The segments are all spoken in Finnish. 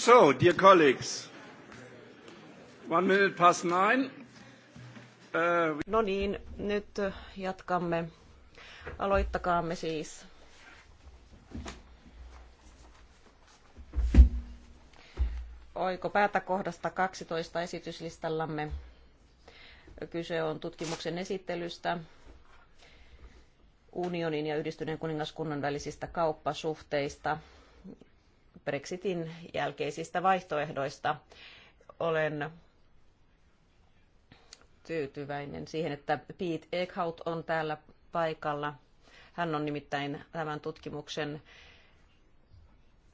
So, dear colleagues, one minute past nine. Uh... No niin, nyt jatkamme. Aloittakaamme siis. Oiko päätäkohdasta kohdasta 12 esityslistallamme. Kyse on tutkimuksen esittelystä unionin ja yhdistyneen kuningaskunnan välisistä kauppasuhteista – Brexitin jälkeisistä vaihtoehdoista. Olen tyytyväinen siihen, että Pete Eckhout on täällä paikalla. Hän on nimittäin tämän tutkimuksen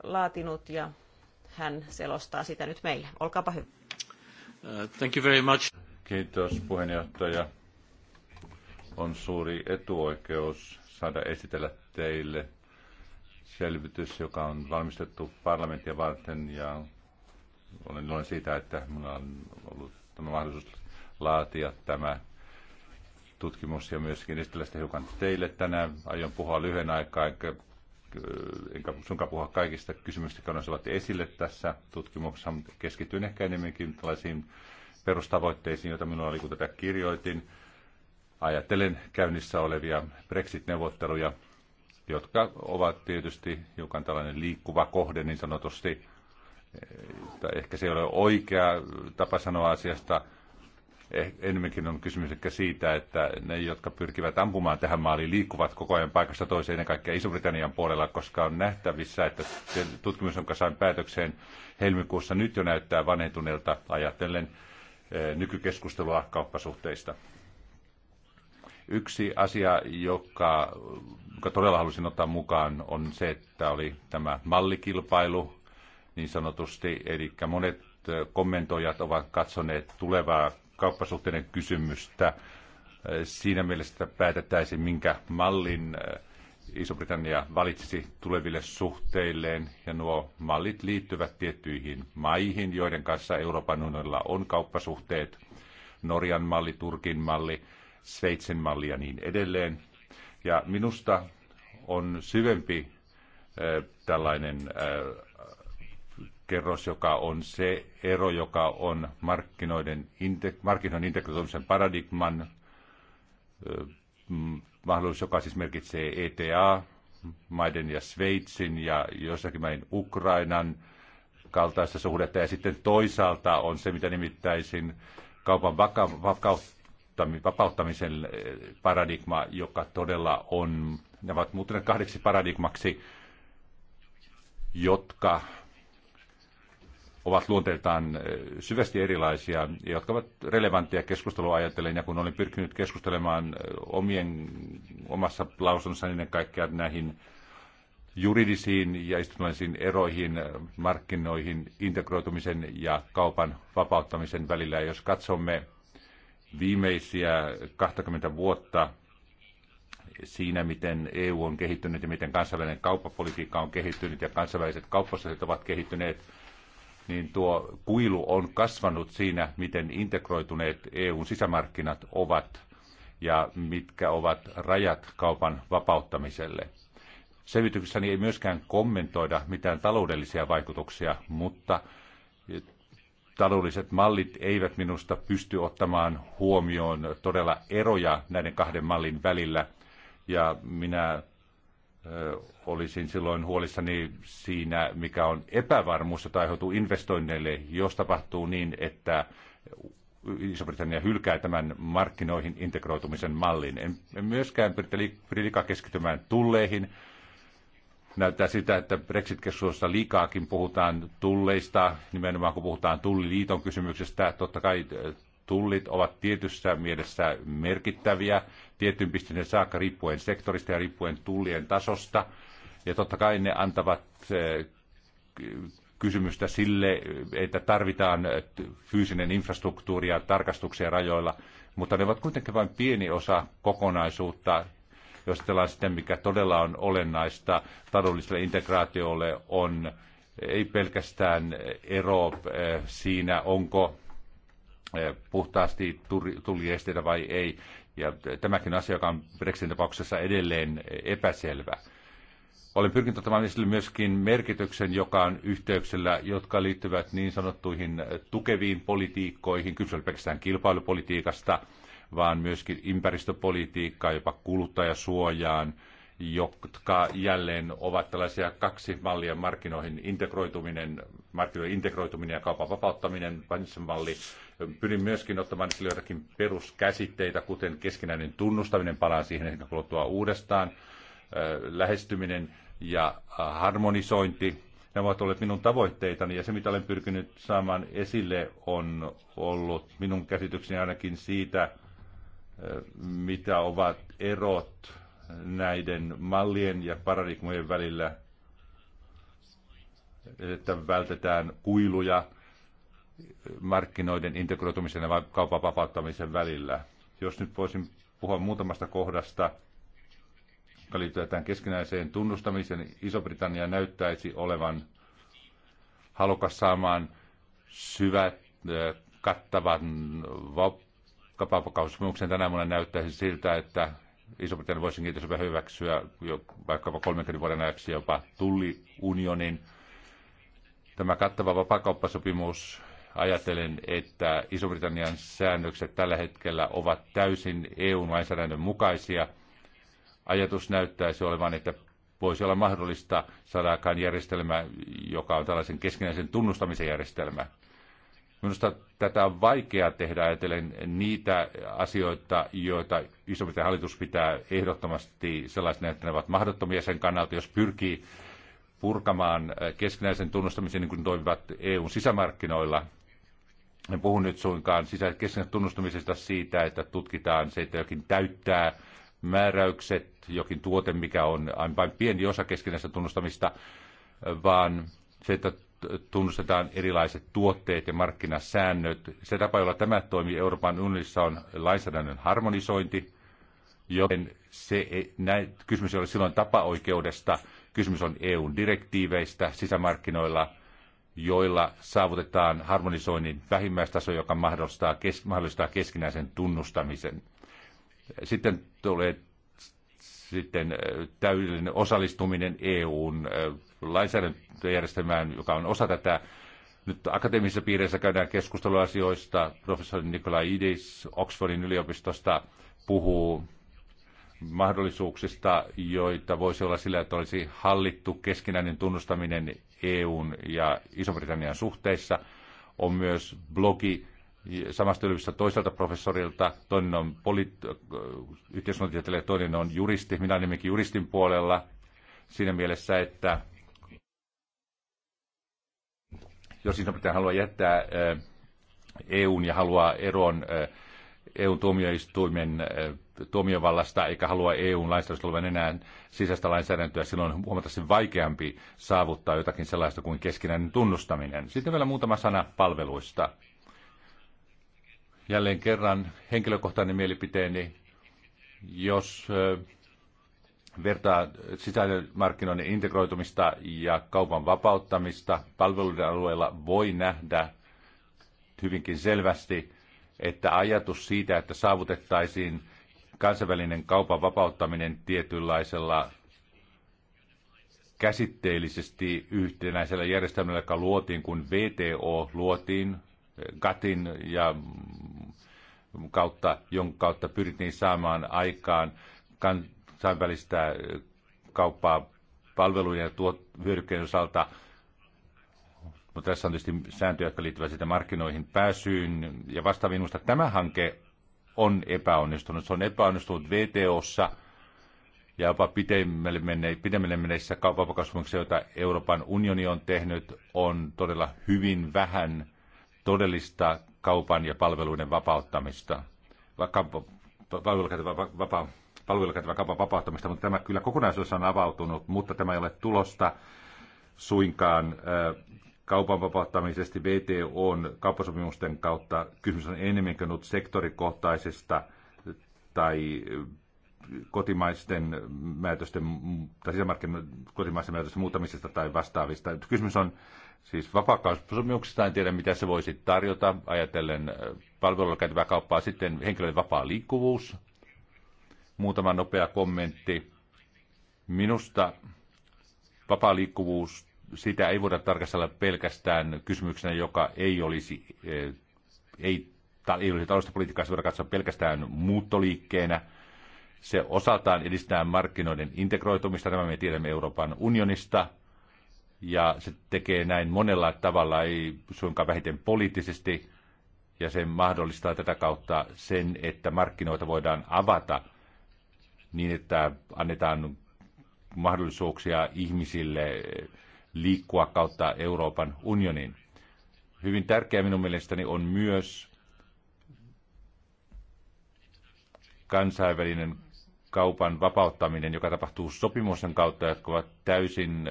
laatinut ja hän selostaa sitä nyt meille. Olkaapa hyvä. Uh, thank you very much. Kiitos puheenjohtaja. On suuri etuoikeus saada esitellä teille selvitys, joka on valmistettu parlamenttia varten ja olen iloinen siitä, että minulla on ollut tämä mahdollisuus laatia tämä tutkimus ja myöskin esitellä sitä hiukan teille tänään. Aion puhua lyhyen aikaa, enkä, enkä sunkaan puhua kaikista kysymyksistä, jotka nousevat esille tässä tutkimuksessa, mutta keskityn ehkä enemmänkin tällaisiin perustavoitteisiin, joita minulla oli, kun tätä kirjoitin. Ajattelen käynnissä olevia Brexit-neuvotteluja, jotka ovat tietysti hiukan tällainen liikkuva kohde niin sanotusti. Tai ehkä se ei ole oikea tapa sanoa asiasta. Eh, enemmänkin on kysymys ehkä siitä, että ne, jotka pyrkivät ampumaan tähän maaliin, liikkuvat koko ajan paikasta toiseen, ennen kaikkea Iso-Britannian puolella, koska on nähtävissä, että tutkimus, jonka sain päätökseen helmikuussa, nyt jo näyttää vanhentuneelta ajatellen eh, nykykeskustelua kauppasuhteista. Yksi asia, joka, joka todella halusin ottaa mukaan, on se, että oli tämä mallikilpailu niin sanotusti. Eli monet kommentoijat ovat katsoneet tulevaa kauppasuhteiden kysymystä siinä mielessä, päätettäisiin, minkä mallin Iso-Britannia valitsisi tuleville suhteilleen, ja nuo mallit liittyvät tiettyihin maihin, joiden kanssa Euroopan unionilla on kauppasuhteet. Norjan malli, Turkin malli, Sveitsin malli ja niin edelleen. Ja minusta on syvempi tällainen kerros, joka on se ero, joka on markkinoiden, markkinoiden integroitumisen paradigman mahdollisuus, joka siis merkitsee ETA, maiden ja Sveitsin ja jossakin mäin Ukrainan kaltaista suhdetta. Ja sitten toisaalta on se, mitä nimittäisin kaupan vaka- vapauttamisen eh, paradigma, joka todella on, ne ovat muuttuneet kahdeksi paradigmaksi, jotka ovat luonteeltaan eh, syvästi erilaisia, jotka ovat relevantteja keskustelua ajatellen, ja kun olen pyrkinyt keskustelemaan eh, omien, omassa lausunnossani ennen kaikkea näihin juridisiin ja institutionaalisiin eroihin, markkinoihin, integroitumisen ja kaupan vapauttamisen välillä. Ja jos katsomme viimeisiä 20 vuotta siinä, miten EU on kehittynyt ja miten kansainvälinen kauppapolitiikka on kehittynyt ja kansainväliset kauppasuhteet ovat kehittyneet, niin tuo kuilu on kasvanut siinä, miten integroituneet EUn sisämarkkinat ovat ja mitkä ovat rajat kaupan vapauttamiselle. Selvityksessäni ei myöskään kommentoida mitään taloudellisia vaikutuksia, mutta taloudelliset mallit eivät minusta pysty ottamaan huomioon todella eroja näiden kahden mallin välillä. Ja minä olisin silloin huolissani siinä, mikä on epävarmuus, jota aiheutuu investoinneille, jos tapahtuu niin, että Iso-Britannia hylkää tämän markkinoihin integroitumisen mallin. En, myöskään pyri liikaa keskittymään tulleihin, näyttää sitä, että Brexit-keskustelussa liikaakin puhutaan tulleista, nimenomaan kun puhutaan tulliliiton kysymyksestä. Totta kai äh, tullit ovat tietyssä mielessä merkittäviä, tietyn pisteen saakka riippuen sektorista ja riippuen tullien tasosta. Ja totta kai ne antavat äh, kysymystä sille, että tarvitaan äh, fyysinen infrastruktuuri ja tarkastuksia rajoilla, mutta ne ovat kuitenkin vain pieni osa kokonaisuutta, jos ajatellaan sitä, mikä todella on olennaista taloudelliselle integraatiolle, on ei pelkästään ero eh, siinä, onko eh, puhtaasti tuliesteitä vai ei. Ja tämäkin asia, joka on Brexitin tapauksessa edelleen epäselvä. Olen pyrkinyt ottamaan esille myöskin merkityksen, joka on yhteyksellä, jotka liittyvät niin sanottuihin tukeviin politiikkoihin, kysymys pelkästään kilpailupolitiikasta – vaan myöskin ympäristöpolitiikkaa, jopa kuluttajasuojaan, jotka jälleen ovat tällaisia kaksi mallia markkinoihin integroituminen, markkinoiden integroituminen ja kaupan vapauttaminen, malli. Pyrin myöskin ottamaan sille jotakin peruskäsitteitä, kuten keskinäinen tunnustaminen, palaan siihen ehkä kuluttua uudestaan, lähestyminen ja harmonisointi. Nämä ovat olleet minun tavoitteitani ja se, mitä olen pyrkinyt saamaan esille, on ollut minun käsitykseni ainakin siitä, mitä ovat erot näiden mallien ja paradigmojen välillä, että vältetään kuiluja markkinoiden integroitumisen ja kaupan vapauttamisen välillä. Jos nyt voisin puhua muutamasta kohdasta, joka liittyy tähän keskinäiseen tunnustamiseen, niin Iso-Britannia näyttäisi olevan halukas saamaan syvät, eh, kattavan kapapakaussopimuksen tänä vuonna näyttäisi siltä, että Iso-Britannia voisi kiitos hyväksyä jo vaikkapa 30 vuoden ajaksi jopa tulliunionin. Tämä kattava vapakauppasopimus ajatellen, että Iso-Britannian säännökset tällä hetkellä ovat täysin EU-lainsäädännön mukaisia. Ajatus näyttäisi olevan, että voisi olla mahdollista saada aikaan järjestelmä, joka on tällaisen keskinäisen tunnustamisen järjestelmä. Minusta tätä on vaikea tehdä ajatellen niitä asioita, joita iso hallitus pitää ehdottomasti sellaisena, että ne ovat mahdottomia sen kannalta, jos pyrkii purkamaan äh, keskinäisen tunnustamisen niin kuin toimivat EUn sisämarkkinoilla. En puhu nyt suinkaan sisäkeskinäisen tunnustamisesta siitä, että tutkitaan se, että jokin täyttää määräykset, jokin tuote, mikä on vain pieni osa keskinäistä tunnustamista, vaan se, että tunnustetaan erilaiset tuotteet ja markkinasäännöt. Se tapa, jolla tämä toimii Euroopan unionissa, on lainsäädännön harmonisointi, joten se ei, näin, kysymys ei ole silloin tapaoikeudesta, kysymys on EUn direktiiveistä sisämarkkinoilla, joilla saavutetaan harmonisoinnin vähimmäistaso, joka mahdollistaa, kes, mahdollistaa keskinäisen tunnustamisen. Sitten tulee sitten äh, täydellinen osallistuminen EUn äh, lainsäädäntöjärjestelmään, joka on osa tätä. Nyt akateemisissa piireissä käydään keskustelua asioista. Professori Nikola Idis Oxfordin yliopistosta puhuu mahdollisuuksista, joita voisi olla sillä, että olisi hallittu keskinäinen tunnustaminen EUn ja Iso-Britannian suhteissa. On myös blogi, samasta yliopistosta toiselta professorilta, toinen on äh, yhteiskuntatieteilijä, toinen on juristi. Minä olen nimenkin juristin puolella siinä mielessä, että jos pitää haluaa jättää äh, EUn ja haluaa eroon äh, EUn tuomioistuimen tuomiovallasta eikä halua EUn lainsäädännöstä olevan enää sisäistä lainsäädäntöä, silloin on huomattavasti vaikeampi saavuttaa jotakin sellaista kuin keskinäinen tunnustaminen. Sitten vielä muutama sana palveluista jälleen kerran henkilökohtainen mielipiteeni, jos vertaa sisämarkkinoiden integroitumista ja kaupan vapauttamista palveluiden alueella, voi nähdä hyvinkin selvästi, että ajatus siitä, että saavutettaisiin kansainvälinen kaupan vapauttaminen tietynlaisella käsitteellisesti yhtenäisellä järjestelmällä, joka luotiin, kun VTO luotiin, GATin ja kautta, jonka kautta pyrittiin saamaan aikaan kansainvälistä kauppaa palvelujen ja tuot, hyödykkeiden osalta. Mutta tässä on tietysti sääntöjä, jotka liittyvät sitä markkinoihin pääsyyn ja vasta Minusta tämä hanke on epäonnistunut. Se on epäonnistunut VTOssa ja jopa pidemmälle, menne, pidemmälle menneissä vapakasvumuksissa, joita Euroopan unioni on tehnyt, on todella hyvin vähän todellista kaupan ja palveluiden vapauttamista, palveluiden käytävän kaupan vapauttamista, mutta tämä kyllä kokonaisuus on avautunut, mutta tämä ei ole tulosta suinkaan kaupan vapauttamisesti VTOn kauppasopimusten kautta. Kysymys on enemmänkin ollut sektorikohtaisesta tai kotimaisten määtösten tai sisämarkkinoiden kotimaisten määtösten muuttamisesta tai vastaavista. Kysymys on Siis vapaakauppasopimuksesta en tiedä, mitä se voisi tarjota, ajatellen äh, palvelulla käytävää kauppaa. Sitten henkilöiden vapaa liikkuvuus. Muutama nopea kommentti. Minusta vapaa liikkuvuus, sitä ei voida tarkastella pelkästään kysymyksenä, joka ei olisi, äh, ei, ei olisi taloudellista politiikkaa, se voidaan katsoa pelkästään muuttoliikkeenä. Se osaltaan edistää markkinoiden integroitumista, tämä me tiedämme Euroopan unionista – ja se tekee näin monella tavalla, ei suinkaan vähiten poliittisesti, ja se mahdollistaa tätä kautta sen, että markkinoita voidaan avata niin, että annetaan mahdollisuuksia ihmisille liikkua kautta Euroopan unionin. Hyvin tärkeää minun mielestäni on myös kansainvälinen kaupan vapauttaminen, joka tapahtuu sopimusten kautta, jotka ovat täysin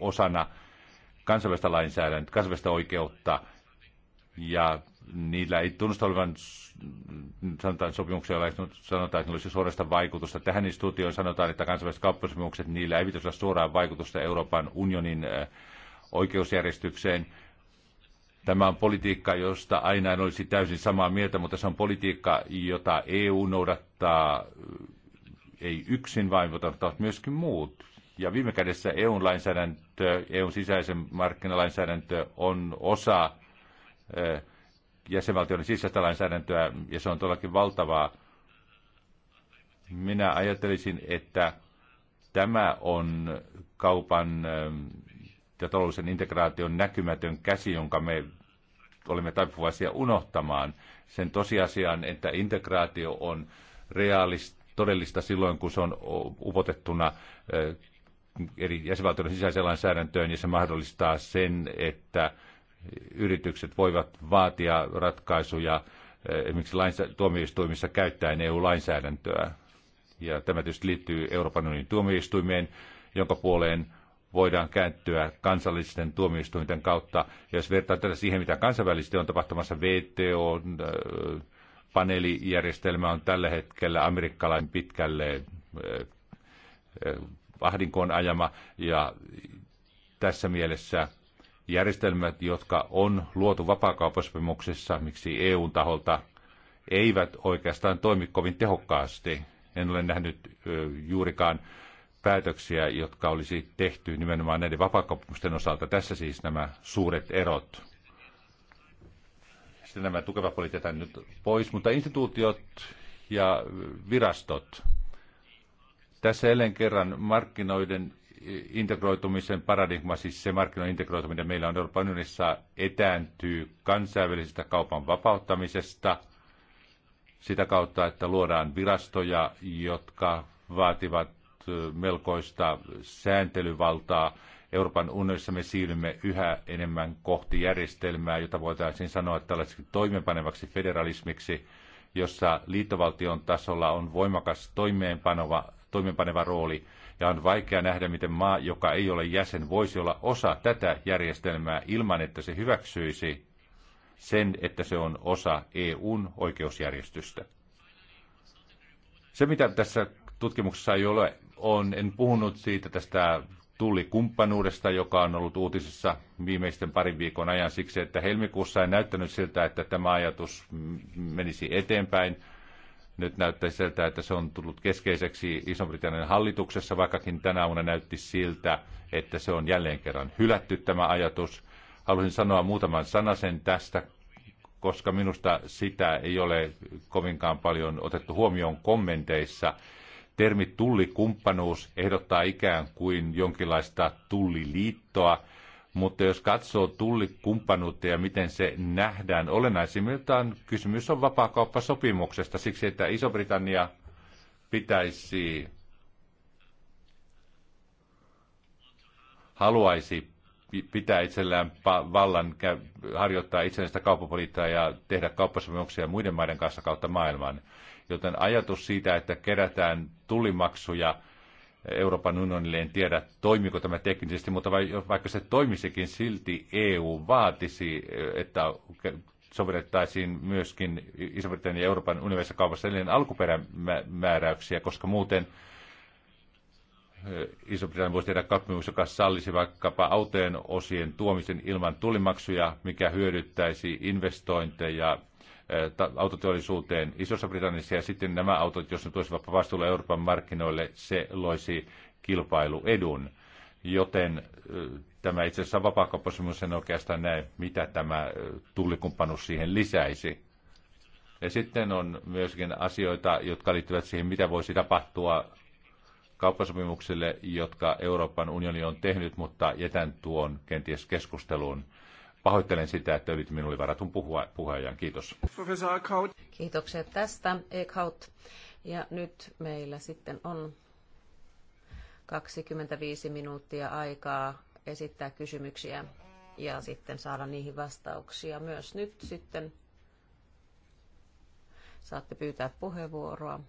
osana kansainvälistä lainsäädäntöä, kansainvälistä oikeutta, ja niillä ei tunnusta olevan sanotaan, sopimuksia, joilla sanotaan, että olisi suorasta vaikutusta. Tähän instituutioon sanotaan, että kansainväliset kauppasopimukset, niillä ei pitäisi olla suoraan vaikutusta Euroopan unionin oikeusjärjestykseen. Tämä on politiikka, josta aina en olisi täysin samaa mieltä, mutta se on politiikka, jota EU noudattaa ei yksin vain, mutta myöskin muut. Ja viime kädessä EUn lainsäädäntö, EUn sisäisen markkinalainsäädäntö on osa jäsenvaltioiden sisäistä lainsäädäntöä, ja se on todellakin valtavaa. Minä ajattelisin, että tämä on kaupan ja taloudellisen integraation näkymätön käsi, jonka me olemme taipuvaisia unohtamaan sen tosiasian, että integraatio on realist, todellista silloin, kun se on upotettuna eri jäsenvaltioiden sisäiseen lainsäädäntöön ja se mahdollistaa sen, että yritykset voivat vaatia ratkaisuja eh, esimerkiksi lainsä- tuomioistuimissa käyttäen EU-lainsäädäntöä. Ja tämä tietysti liittyy Euroopan unionin tuomioistuimeen, jonka puoleen voidaan kääntyä kansallisten tuomioistuinten kautta. Ja jos vertaa tätä siihen, mitä kansainvälisesti on tapahtumassa, VTO, eh, paneelijärjestelmä on tällä hetkellä amerikkalainen pitkälle eh, ahdinkoon ajama ja tässä mielessä järjestelmät, jotka on luotu vapaakauppasopimuksessa, miksi EUn taholta, eivät oikeastaan toimi kovin tehokkaasti. En ole nähnyt juurikaan päätöksiä, jotka olisi tehty nimenomaan näiden vapaakauppamusten osalta. Tässä siis nämä suuret erot. Sitten nämä tukevat poliitit nyt pois, mutta instituutiot ja virastot, tässä jälleen kerran markkinoiden integroitumisen paradigma, siis se markkinoiden integroituminen meillä on Euroopan unionissa, etääntyy kansainvälisestä kaupan vapauttamisesta sitä kautta, että luodaan virastoja, jotka vaativat melkoista sääntelyvaltaa. Euroopan unionissa me siirrymme yhä enemmän kohti järjestelmää, jota voitaisiin sanoa tällaiseksi toimenpanevaksi federalismiksi, jossa liittovaltion tasolla on voimakas toimeenpanova toimenpaneva rooli, ja on vaikea nähdä, miten maa, joka ei ole jäsen, voisi olla osa tätä järjestelmää ilman, että se hyväksyisi sen, että se on osa EUn oikeusjärjestystä. Se, mitä tässä tutkimuksessa ei ole, on, en puhunut siitä tästä tullikumppanuudesta, joka on ollut uutisissa viimeisten parin viikon ajan siksi, että helmikuussa ei näyttänyt siltä, että tämä ajatus menisi eteenpäin – nyt näyttää siltä, että se on tullut keskeiseksi Iso-Britannian hallituksessa, vaikkakin tänä aamuna näytti siltä, että se on jälleen kerran hylätty tämä ajatus. Haluaisin sanoa muutaman sanasen tästä, koska minusta sitä ei ole kovinkaan paljon otettu huomioon kommenteissa. Termi tullikumppanuus ehdottaa ikään kuin jonkinlaista tulliliittoa, mutta jos katsoo tullikumppanuutta ja miten se nähdään olennaisimmiltaan, kysymys on vapaakauppasopimuksesta siksi, että Iso-Britannia pitäisi, haluaisi pitää itsellään vallan harjoittaa itsenäistä kauppapolitiikkaa ja tehdä kauppasopimuksia muiden maiden kanssa kautta maailman. Joten ajatus siitä, että kerätään tullimaksuja – Euroopan unionille, en tiedä toimiko tämä teknisesti, mutta vaikka se toimisikin, silti EU vaatisi, että sovellettaisiin myöskin Iso-Britannian ja Euroopan unionissa kaupassa edelleen alkuperämääräyksiä, koska muuten eh, Iso-Britannia voisi tehdä kauppamus, joka sallisi vaikkapa autojen osien tuomisen ilman tulimaksuja, mikä hyödyttäisi investointeja Eh, autoteollisuuteen Isossa Britanniassa ja sitten nämä autot, jos ne tulisivat vastuulla Euroopan markkinoille, se loisi kilpailuedun. Joten eh, tämä itse asiassa vapaakauppasopimus en oikeastaan näe, mitä tämä eh, tullikumppanuus siihen lisäisi. Ja sitten on myöskin asioita, jotka liittyvät siihen, mitä voisi tapahtua kauppasopimuksille, jotka Euroopan unioni on tehnyt, mutta jätän tuon kenties keskusteluun. Pahoittelen sitä, että ylitin minulle varatun puhua, puheenjohtajan. Kiitos. Kiitokset tästä, Eckhout. Ja nyt meillä sitten on 25 minuuttia aikaa esittää kysymyksiä ja sitten saada niihin vastauksia. Myös nyt sitten saatte pyytää puheenvuoroa.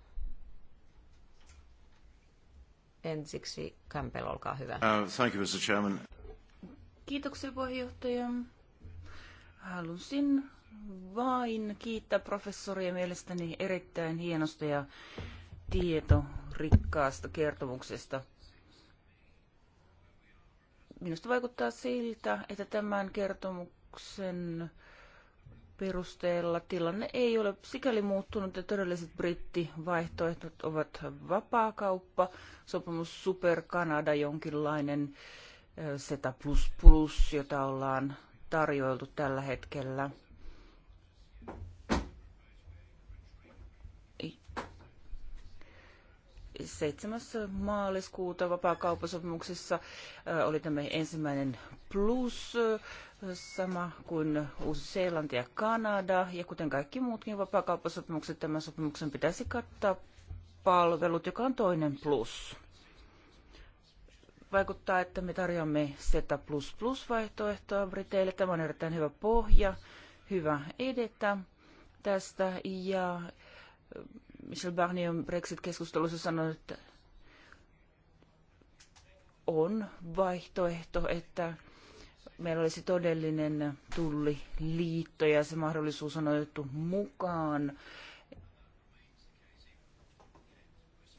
Ensiksi Campbell, olkaa hyvä. Uh, thank you, Mr. Chairman. Kiitoksia puheenjohtaja. Halusin vain kiittää professoria mielestäni erittäin hienosta ja tietorikkaasta kertomuksesta. Minusta vaikuttaa siltä, että tämän kertomuksen perusteella tilanne ei ole sikäli muuttunut, ja todelliset brittivaihtoehdot ovat vapaa kauppa sopimus Super Kanada, jonkinlainen SETA++, jota ollaan tarjoiltu tällä hetkellä. seitsemässä maaliskuuta vapaakauppasopimuksessa äh, oli tämä ensimmäinen plus, äh, sama kuin Uusi-Seelanti ja Kanada, ja kuten kaikki muutkin vapaakauppasopimukset, tämän sopimuksen pitäisi kattaa palvelut, joka on toinen plus vaikuttaa, että me tarjoamme SETA vaihtoehtoa Briteille. Tämä on erittäin hyvä pohja, hyvä edetä tästä. Ja äh, Michel Barnier on Brexit-keskustelussa sanonut, että on vaihtoehto, että meillä olisi todellinen tulliliitto ja se mahdollisuus on otettu mukaan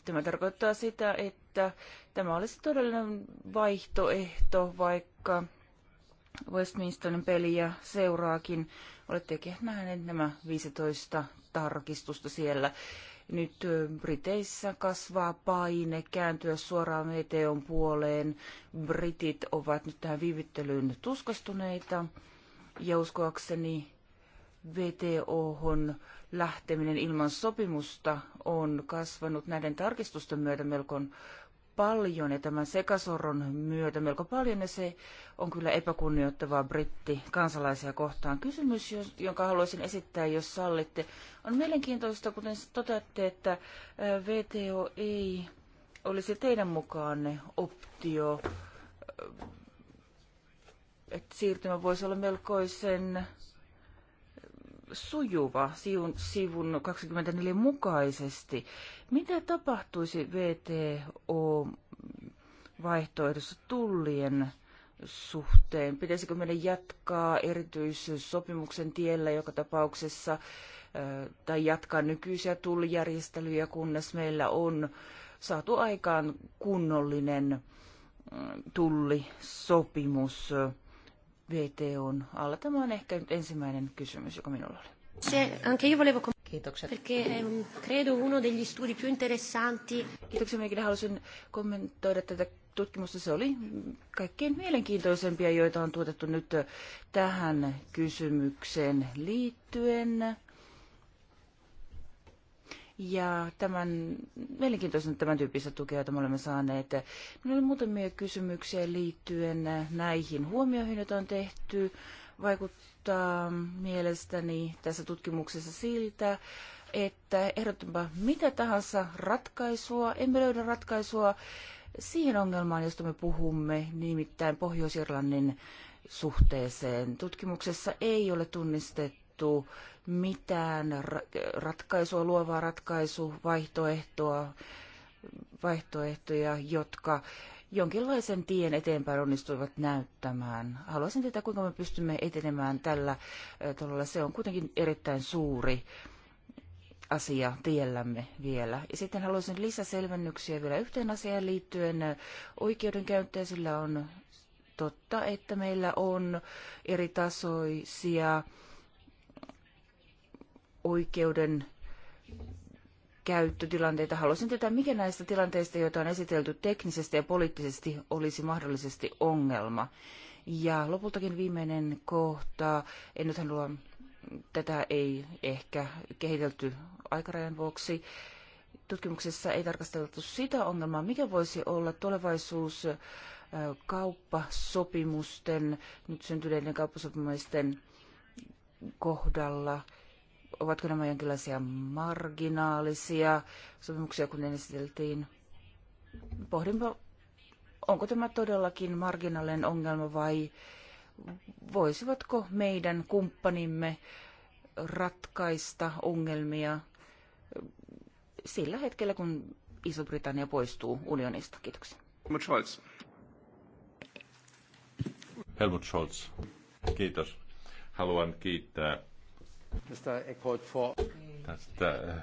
Tämä tarkoittaa sitä, että tämä olisi todellinen vaihtoehto, vaikka Westminsterin peliä seuraakin. Olettekin nähneet nämä 15 tarkistusta siellä. Nyt Briteissä kasvaa paine kääntyä suoraan VTOn puoleen. Britit ovat nyt tähän viivyttelyyn tuskastuneita ja uskoakseni VTOhon lähteminen ilman sopimusta on kasvanut näiden tarkistusten myötä melko paljon ja tämän sekasorron myötä melko paljon ja se on kyllä epäkunnioittavaa britti kansalaisia kohtaan. Kysymys, jonka haluaisin esittää, jos sallitte, on mielenkiintoista, kuten toteatte, että VTO ei olisi teidän mukaanne optio, että siirtymä voisi olla melkoisen sujuva sivun, sivun 24 mukaisesti. Mitä tapahtuisi VTO-vaihtoehdossa tullien suhteen? Pitäisikö meidän jatkaa erityissopimuksen tiellä joka tapauksessa äh, tai jatkaa nykyisiä tullijärjestelyjä, kunnes meillä on saatu aikaan kunnollinen äh, tullisopimus? sopimus? VTOn alla. Tämä on ehkä nyt ensimmäinen kysymys, joka minulla oli. Se, anche io volevo... Kiitokset. Perché ehm, credo uno degli studi più interessanti. Kiitoksia, minäkin halusin kommentoida tätä tutkimusta. Se oli kaikkein mielenkiintoisempia, joita on tuotettu nyt tähän kysymykseen liittyen ja tämän, mielenkiintoisen tämän tyyppistä tukea, jota me olemme saaneet. Minulla oli muutamia kysymyksiä liittyen näihin huomioihin, joita on tehty. Vaikuttaa mielestäni tässä tutkimuksessa siltä, että ehdottomasti mitä tahansa ratkaisua, emme löydä ratkaisua siihen ongelmaan, josta me puhumme, nimittäin Pohjois-Irlannin suhteeseen. Tutkimuksessa ei ole tunnistettu tarjottu mitään ratkaisua, luovaa ratkaisuvaihtoehtoa, vaihtoehtoja, jotka jonkinlaisen tien eteenpäin onnistuivat näyttämään. Haluaisin tietää, kuinka me pystymme etenemään tällä tavalla. Se on kuitenkin erittäin suuri asia tiellämme vielä. Ja sitten haluaisin lisäselvennyksiä vielä yhteen asiaan liittyen. Oikeudenkäyttäjä sillä on totta, että meillä on eri tasoisia oikeuden käyttötilanteita. Haluaisin tietää, mikä näistä tilanteista, joita on esitelty teknisesti ja poliittisesti, olisi mahdollisesti ongelma. Ja lopultakin viimeinen kohta, en nyt halua, tätä ei ehkä kehitelty aikarajan vuoksi. Tutkimuksessa ei tarkasteltu sitä ongelmaa, mikä voisi olla tulevaisuus kauppasopimusten, nyt syntyneiden kauppasopimusten kohdalla – ovatko nämä jonkinlaisia marginaalisia sopimuksia, kun ne esiteltiin. Pohdinpa, onko tämä todellakin marginaalinen ongelma vai voisivatko meidän kumppanimme ratkaista ongelmia sillä hetkellä, kun Iso-Britannia poistuu unionista. Kiitoksia. Helmut Scholz. Helmut Scholz. Kiitos. Haluan kiittää Tästä äh,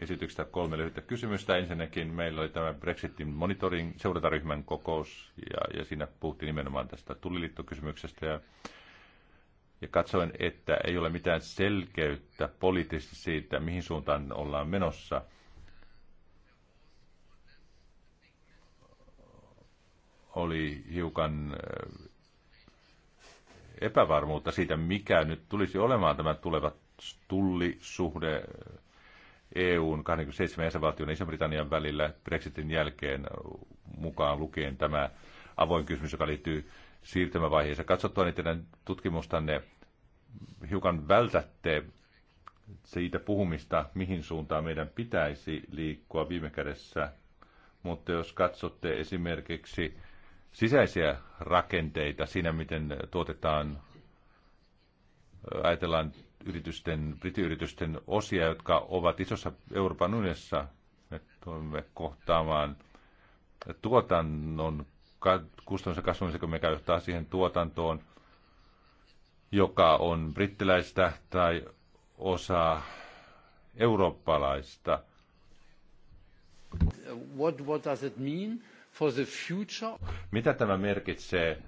esityksestä kolme lyhyttä kysymystä. Ensinnäkin meillä oli tämä Brexitin monitoring seurantaryhmän kokous ja, ja siinä puhuttiin nimenomaan tästä tuliliittokysymyksestä ja, ja katsoin, että ei ole mitään selkeyttä poliittisesti siitä, mihin suuntaan ollaan menossa. Oli hiukan äh, epävarmuutta siitä, mikä nyt tulisi olemaan tämä tuleva tullisuhde EUn 27 jäsenvaltion ja Iso-Britannian välillä Brexitin jälkeen mukaan lukien tämä avoin kysymys, joka liittyy siirtymävaiheessa. Katsottua teidän tutkimustanne hiukan vältätte siitä puhumista, mihin suuntaan meidän pitäisi liikkua viime kädessä. Mutta jos katsotte esimerkiksi sisäisiä rakenteita siinä, miten tuotetaan, ajatellaan yritysten, brittiyritysten osia, jotka ovat isossa Euroopan unionissa. Me tulemme kohtaamaan tuotannon ja kasvun, mikä johtaa siihen tuotantoon, joka on brittiläistä tai osa eurooppalaista. What, what does it mean? for the future. Mitä tämä merkitsee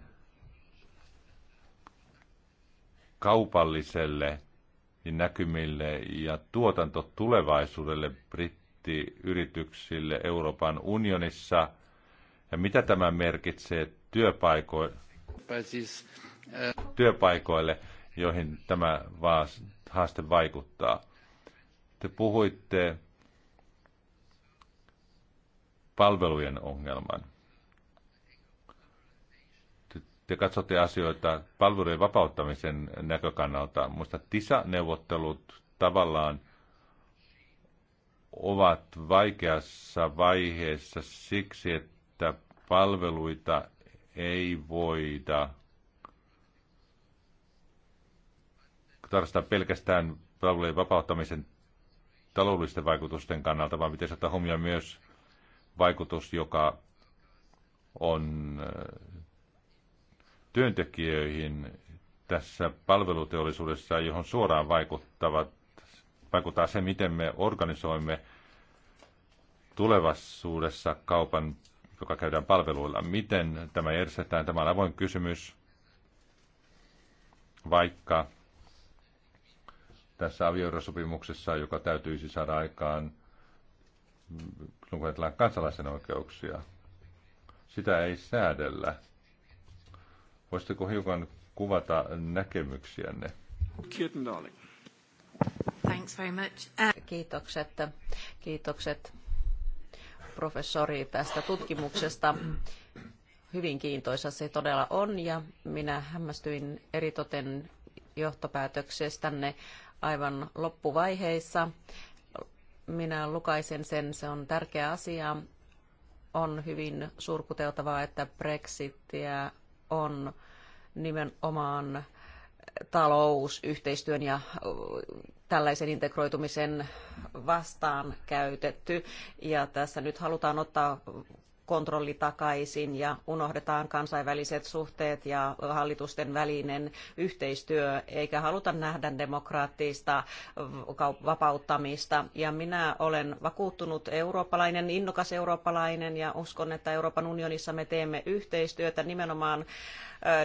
kaupalliselle näkymille ja tuotanto tulevaisuudelle brittiyrityksille Euroopan unionissa? Ja mitä tämä merkitsee työpaiko- eh, työpaikoille, joihin tämä haaste vaikuttaa? Te puhuitte palvelujen ongelman. Te katsotte asioita palvelujen vapauttamisen näkökannalta, mutta TISA-neuvottelut tavallaan ovat vaikeassa vaiheessa siksi, että palveluita ei voida tarkastaa pelkästään palvelujen vapauttamisen taloudellisten vaikutusten kannalta, vaan pitäisi ottaa huomioon myös vaikutus, joka on äh, työntekijöihin tässä palveluteollisuudessa, johon suoraan vaikuttavat, vaikuttaa se, miten me organisoimme tulevaisuudessa kaupan, joka käydään palveluilla. Miten tämä järjestetään? Tämä on avoin kysymys, vaikka tässä avioerosopimuksessa, joka täytyisi saada aikaan kun ajatellaan kansalaisen oikeuksia, sitä ei säädellä. Voisitteko hiukan kuvata näkemyksiänne? Thanks very much. Uh, Kiitokset. Kiitokset professori tästä tutkimuksesta. Hyvin kiintoisa se todella on ja minä hämmästyin eritoten johtopäätöksestänne aivan loppuvaiheissa minä lukaisen sen, se on tärkeä asia. On hyvin surkuteltavaa, että Brexitia on nimenomaan talousyhteistyön ja tällaisen integroitumisen vastaan käytetty. Ja tässä nyt halutaan ottaa kontrolli takaisin ja unohdetaan kansainväliset suhteet ja hallitusten välinen yhteistyö, eikä haluta nähdä demokraattista vapauttamista. Ja minä olen vakuuttunut eurooppalainen, innokas eurooppalainen ja uskon, että Euroopan unionissa me teemme yhteistyötä nimenomaan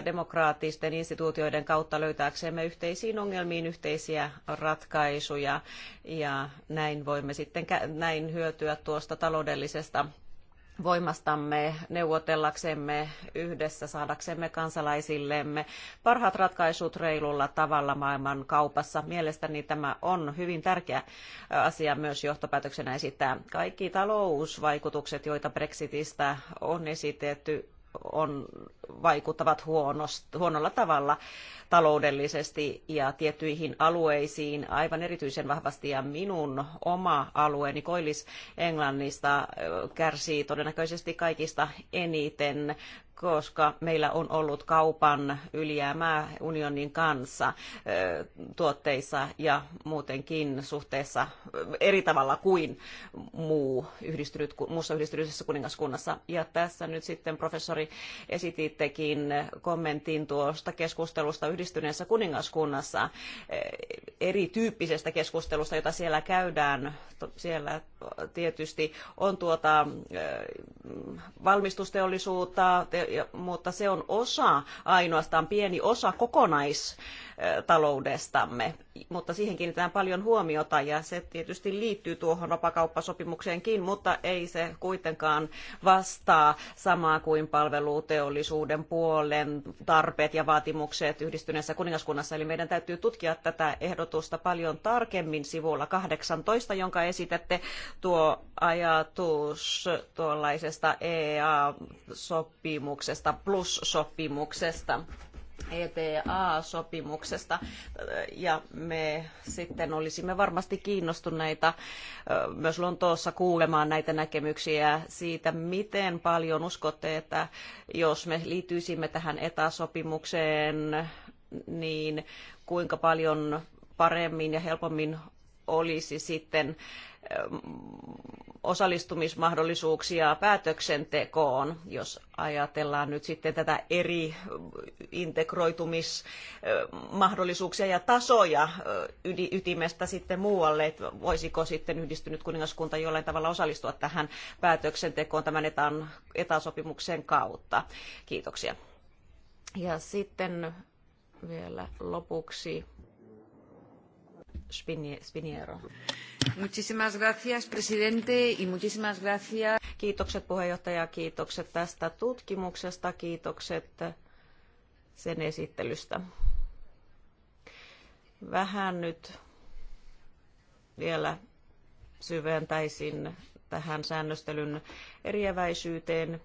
demokraattisten instituutioiden kautta löytääksemme yhteisiin ongelmiin yhteisiä ratkaisuja ja näin voimme sitten näin hyötyä tuosta taloudellisesta voimastamme neuvotellaksemme yhdessä saadaksemme kansalaisillemme parhaat ratkaisut reilulla tavalla maailman kaupassa. Mielestäni tämä on hyvin tärkeä äh, asia myös johtopäätöksenä esittää. Kaikki talousvaikutukset, joita Brexitistä on esitetty, on, vaikuttavat huonost, huonolla tavalla taloudellisesti ja tiettyihin alueisiin aivan erityisen vahvasti. Ja minun oma alueeni Koillis-Englannista kärsii todennäköisesti kaikista eniten koska meillä on ollut kaupan ylijäämää unionin kanssa tuotteissa ja muutenkin suhteessa eri tavalla kuin muu yhdistynyt, muussa yhdistyneessä kuningaskunnassa. Ja tässä nyt sitten professori esitittekin kommentin tuosta keskustelusta yhdistyneessä kuningaskunnassa, erityyppisestä keskustelusta, jota siellä käydään. Siellä tietysti on tuota valmistusteollisuutta, te mutta se on osa, ainoastaan pieni osa kokonais taloudestamme. Mutta siihen kiinnitetään paljon huomiota ja se tietysti liittyy tuohon vapakauppasopimukseenkin, mutta ei se kuitenkaan vastaa samaa kuin palveluteollisuuden puolen tarpeet ja vaatimukset yhdistyneessä kuningaskunnassa. Eli meidän täytyy tutkia tätä ehdotusta paljon tarkemmin sivulla 18, jonka esitätte tuo ajatus tuollaisesta EA-sopimuksesta, plus-sopimuksesta. ETA-sopimuksesta ja me sitten olisimme varmasti kiinnostuneita myös Lontoossa kuulemaan näitä näkemyksiä siitä, miten paljon uskotte, että jos me liittyisimme tähän ETA-sopimukseen, niin kuinka paljon paremmin ja helpommin olisi sitten osallistumismahdollisuuksia päätöksentekoon, jos ajatellaan nyt sitten tätä eri integroitumismahdollisuuksia ja tasoja ytimestä sitten muualle, että voisiko sitten yhdistynyt kuningaskunta jollain tavalla osallistua tähän päätöksentekoon tämän etan, etasopimuksen kautta. Kiitoksia. Ja sitten vielä lopuksi Spiniero. Muchísimas gracias, presidente, y muchísimas gracias. Kiitokset puheenjohtaja, kiitokset tästä tutkimuksesta, kiitokset sen esittelystä. Vähän nyt vielä syventäisin tähän säännöstelyn eriäväisyyteen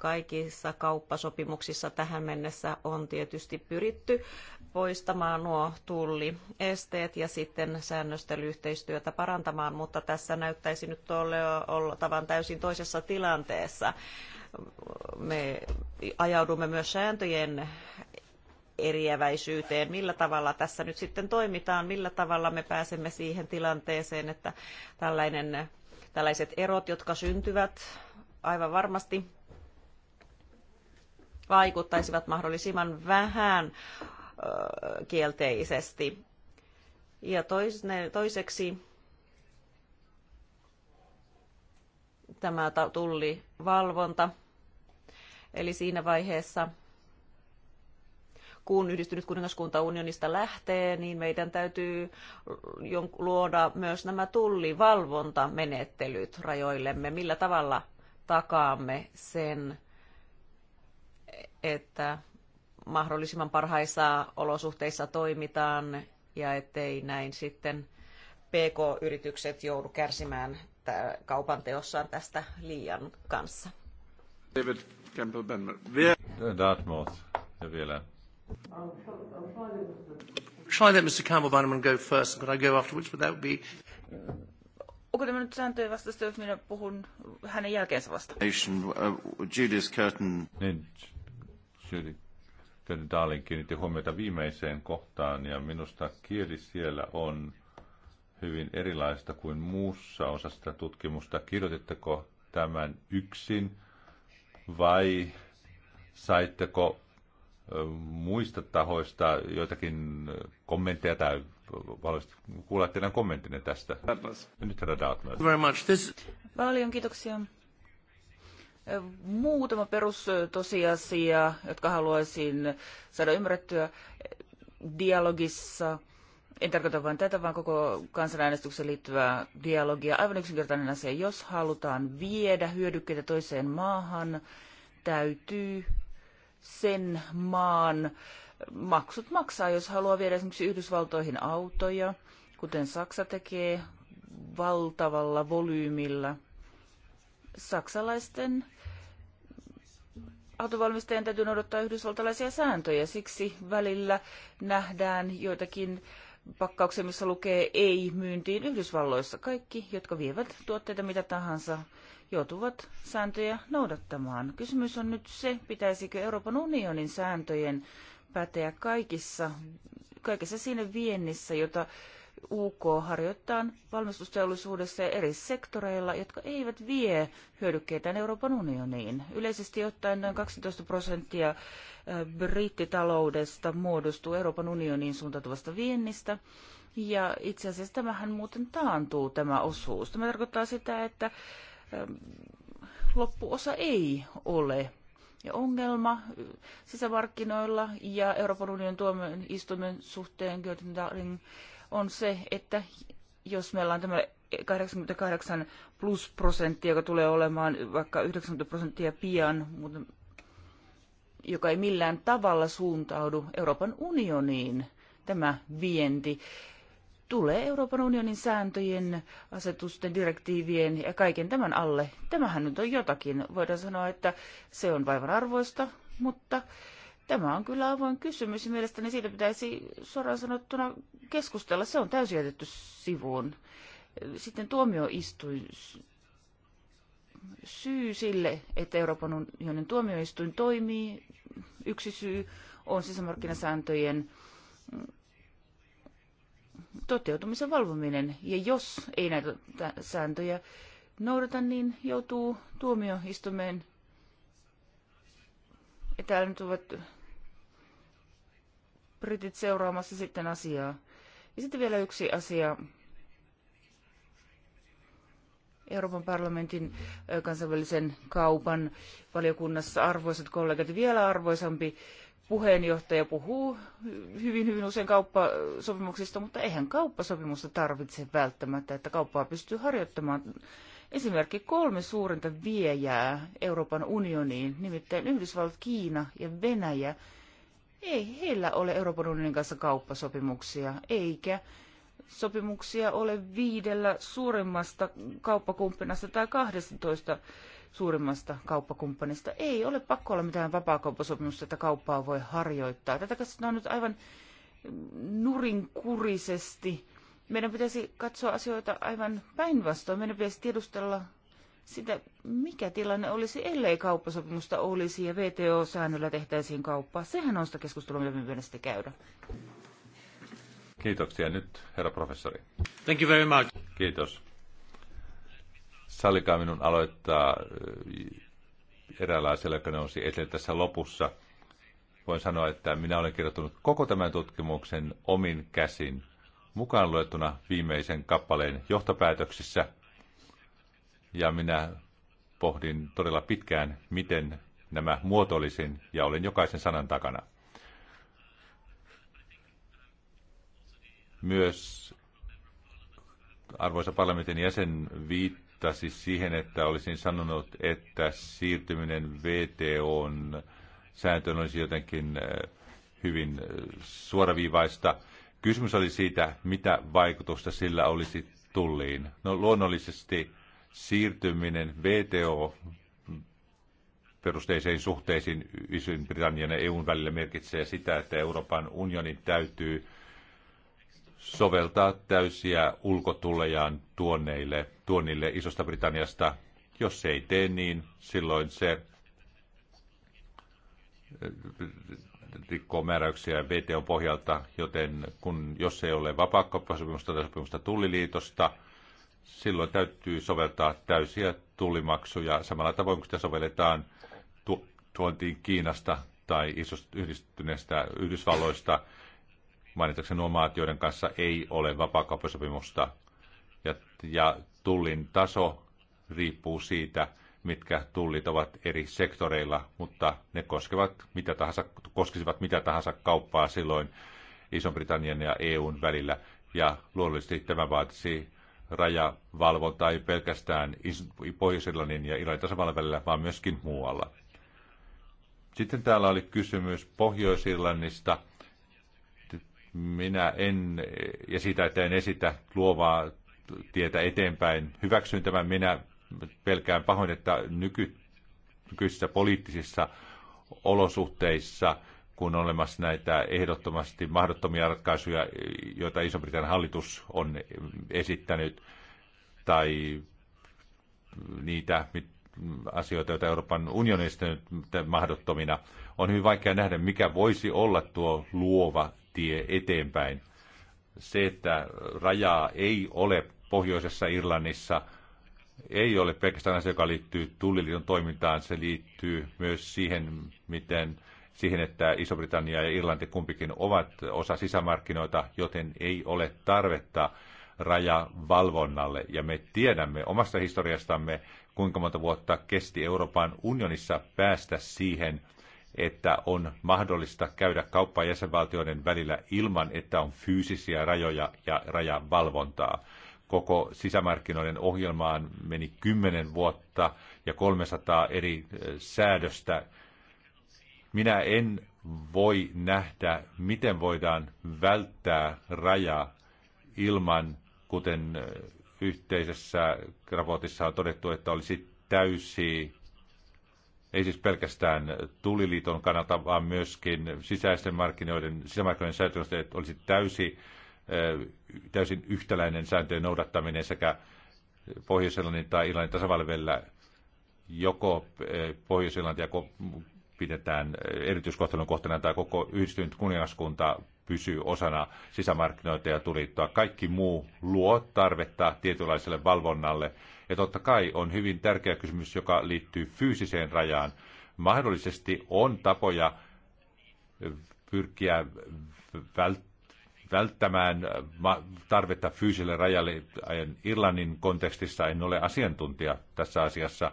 kaikissa kauppasopimuksissa tähän mennessä on tietysti pyritty poistamaan nuo tulliesteet ja sitten säännöstelyyhteistyötä parantamaan, mutta tässä näyttäisi nyt olevan täysin toisessa tilanteessa. Me ajaudumme myös sääntöjen eriäväisyyteen, millä tavalla tässä nyt sitten toimitaan, millä tavalla me pääsemme siihen tilanteeseen, että tällainen, tällaiset erot, jotka syntyvät aivan varmasti vaikuttaisivat mahdollisimman vähän kielteisesti. Ja toiseksi tämä tullivalvonta, eli siinä vaiheessa, kun yhdistynyt kuningaskunta unionista lähtee, niin meidän täytyy luoda myös nämä tullivalvontamenettelyt rajoillemme, millä tavalla takaamme sen, että mahdollisimman parhaissa olosuhteissa toimitaan ja ettei näin sitten PK-yritykset joudu kärsimään kaupan teossaan tästä liian kanssa. David Campbell Benmer. Dartmouth ja vielä. Shall I let Mr. Campbell Bannerman go first? Could I go afterwards? Would that be... Onko tämä nyt sääntöjen vastaista, jos minä puhun hänen jälkeensä vasta? Uh, Julius Curtin. Niin, Syytin Daalin kiinnitti huomiota viimeiseen kohtaan ja minusta kieli siellä on hyvin erilaista kuin muussa osassa tutkimusta. Kirjoititteko tämän yksin vai saitteko muista tahoista joitakin kommentteja tai valmasti kuulla teidän kommenttinne tästä. Nyt herra Dautman. Paljon kiitoksia muutama perustosiasia, jotka haluaisin saada ymmärrettyä dialogissa. En tarkoita vain tätä, vaan koko kansanäänestykseen liittyvää dialogia. Aivan yksinkertainen asia. Jos halutaan viedä hyödykkeitä toiseen maahan, täytyy sen maan maksut maksaa, jos haluaa viedä esimerkiksi Yhdysvaltoihin autoja, kuten Saksa tekee valtavalla volyymilla. Saksalaisten autovalmistajien täytyy noudattaa yhdysvaltalaisia sääntöjä. Siksi välillä nähdään joitakin pakkauksia, missä lukee ei myyntiin Yhdysvalloissa. Kaikki, jotka vievät tuotteita mitä tahansa, joutuvat sääntöjä noudattamaan. Kysymys on nyt se, pitäisikö Euroopan unionin sääntöjen päteä kaikissa, kaikessa siinä viennissä, jota UK harjoittaa valmistusteollisuudessa ja eri sektoreilla, jotka eivät vie hyödykkeitään Euroopan unioniin. Yleisesti ottaen noin 12 prosenttia brittitaloudesta muodostuu Euroopan unioniin suuntautuvasta viennistä. Ja itse asiassa tämähän muuten taantuu tämä osuus. Tämä tarkoittaa sitä, että loppuosa ei ole ja ongelma sisämarkkinoilla ja Euroopan unionin tuomioistuimen suhteen Götting on se, että jos meillä on tämä 88 plus prosenttia, joka tulee olemaan vaikka 90 prosenttia pian, mutta joka ei millään tavalla suuntaudu Euroopan unioniin, tämä vienti, tulee Euroopan unionin sääntöjen, asetusten, direktiivien ja kaiken tämän alle. Tämähän nyt on jotakin. Voidaan sanoa, että se on vaivan arvoista, mutta Tämä on kyllä avoin kysymys ja mielestäni siitä pitäisi suoraan sanottuna keskustella. Se on täysin jätetty sivuun. Sitten tuomioistuin syy sille, että Euroopan unionin tuomioistuin toimii, yksi syy on sisämarkkinasääntöjen toteutumisen valvominen. Ja jos ei näitä sääntöjä noudata, niin joutuu tuomioistumeen. täällä nyt ovat britit seuraamassa sitten asiaa. Ja sitten vielä yksi asia. Euroopan parlamentin kansainvälisen kaupan valiokunnassa arvoisat kollegat, vielä arvoisampi puheenjohtaja puhuu hyvin, hyvin usein kauppasopimuksista, mutta eihän kauppasopimusta tarvitse välttämättä, että kauppaa pystyy harjoittamaan. Esimerkki kolme suurinta viejää Euroopan unioniin, nimittäin Yhdysvallat, Kiina ja Venäjä – ei heillä ole Euroopan unionin kanssa kauppasopimuksia, eikä sopimuksia ole viidellä suurimmasta kauppakumppanista tai 12 suurimmasta kauppakumppanista. Ei ole pakko olla mitään vapaakauppasopimusta, että kauppaa voi harjoittaa. Tätä katsotaan nyt aivan nurinkurisesti. Meidän pitäisi katsoa asioita aivan päinvastoin. Meidän pitäisi tiedustella sitä, mikä tilanne olisi, ellei kauppasopimusta olisi ja VTO-säännöllä tehtäisiin kauppaa. Sehän on sitä keskustelua, mitä me sitten käydä. Kiitoksia nyt, herra professori. Thank you very much. Kiitos. Sallikaa minun aloittaa äh, eräänlaisella, joka nousi esille tässä lopussa. Voin sanoa, että minä olen kirjoittanut koko tämän tutkimuksen omin käsin, mukaan luettuna viimeisen kappaleen johtopäätöksissä – ja minä pohdin todella pitkään, miten nämä muotoilisin ja olen jokaisen sanan takana. Myös arvoisa parlamentin jäsen viittasi siihen, että olisin sanonut, että siirtyminen VTOn sääntöön olisi jotenkin äh, hyvin äh, suoraviivaista. Kysymys oli siitä, mitä vaikutusta sillä olisi tulliin. No luonnollisesti siirtyminen VTO perusteisiin suhteisiin Iso-Britannian ja EUn välillä merkitsee sitä, että Euroopan unionin täytyy soveltaa täysiä ulkotulejaan tuonneille, tuonnille Isosta Britanniasta. Jos se ei tee niin, silloin se äh, rikkoo määräyksiä VTOn pohjalta, joten kun, jos ei ole vapaakauppasopimusta tai sopimusta tulliliitosta, silloin täytyy soveltaa täysiä tullimaksuja samalla tavoin kuin sitä sovelletaan tu- tuontiin Kiinasta tai isosta yhdistyneestä Yhdysvalloista, mainitakseni nuo maat, joiden kanssa ei ole vapaakauppasopimusta. Ja, ja tullin taso riippuu siitä, mitkä tullit ovat eri sektoreilla, mutta ne koskevat mitä tahansa, koskisivat mitä tahansa kauppaa silloin iso britannian ja EUn välillä. Ja luonnollisesti tämä vaatisi rajavalvonta ei pelkästään Pohjois-Irlannin ja Irlannin tasavallan välillä, vaan myöskin muualla. Sitten täällä oli kysymys Pohjois-Irlannista. Minä en, ja siitä, että en esitä luovaa tietä eteenpäin. Hyväksyn tämän minä pelkään pahoin, että nyky, nykyisissä poliittisissa olosuhteissa – kun on olemassa näitä ehdottomasti mahdottomia ratkaisuja, joita Iso-Britannian hallitus on esittänyt, tai niitä asioita, joita Euroopan unioni on mahdottomina, on hyvin vaikea nähdä, mikä voisi olla tuo luova tie eteenpäin. Se, että rajaa ei ole pohjoisessa Irlannissa, ei ole pelkästään asia, joka liittyy tulliliiton toimintaan, se liittyy myös siihen, miten siihen, että Iso-Britannia ja Irlanti kumpikin ovat osa sisämarkkinoita, joten ei ole tarvetta rajavalvonnalle. Ja me tiedämme omasta historiastamme, kuinka monta vuotta kesti Euroopan unionissa päästä siihen, että on mahdollista käydä kauppaa jäsenvaltioiden välillä ilman, että on fyysisiä rajoja ja rajavalvontaa. Koko sisämarkkinoiden ohjelmaan meni 10 vuotta ja 300 eri eh, säädöstä minä en voi nähdä, miten voidaan välttää raja ilman, kuten yhteisessä raportissa on todettu, että olisi täysi, ei siis pelkästään tuliliiton kannalta, vaan myöskin sisäisten markkinoiden, sisämarkkinoiden sääntelystä, että olisi täysi, täysin yhtäläinen sääntöjen noudattaminen sekä pohjois tai Irlannin tasavallan joko pohjois ja pidetään eh, erityiskohtelun kohtana tai koko yhdistynyt kuningaskunta pysyy osana sisämarkkinoita ja tuliittoa. Kaikki muu luo tarvetta tietynlaiselle valvonnalle. Ja totta kai on hyvin tärkeä kysymys, joka liittyy fyysiseen rajaan. Mahdollisesti on tapoja eh, pyrkiä välttämään välttämään eh, tarvetta fyysille rajalle. Irlannin kontekstissa en ole asiantuntija tässä asiassa.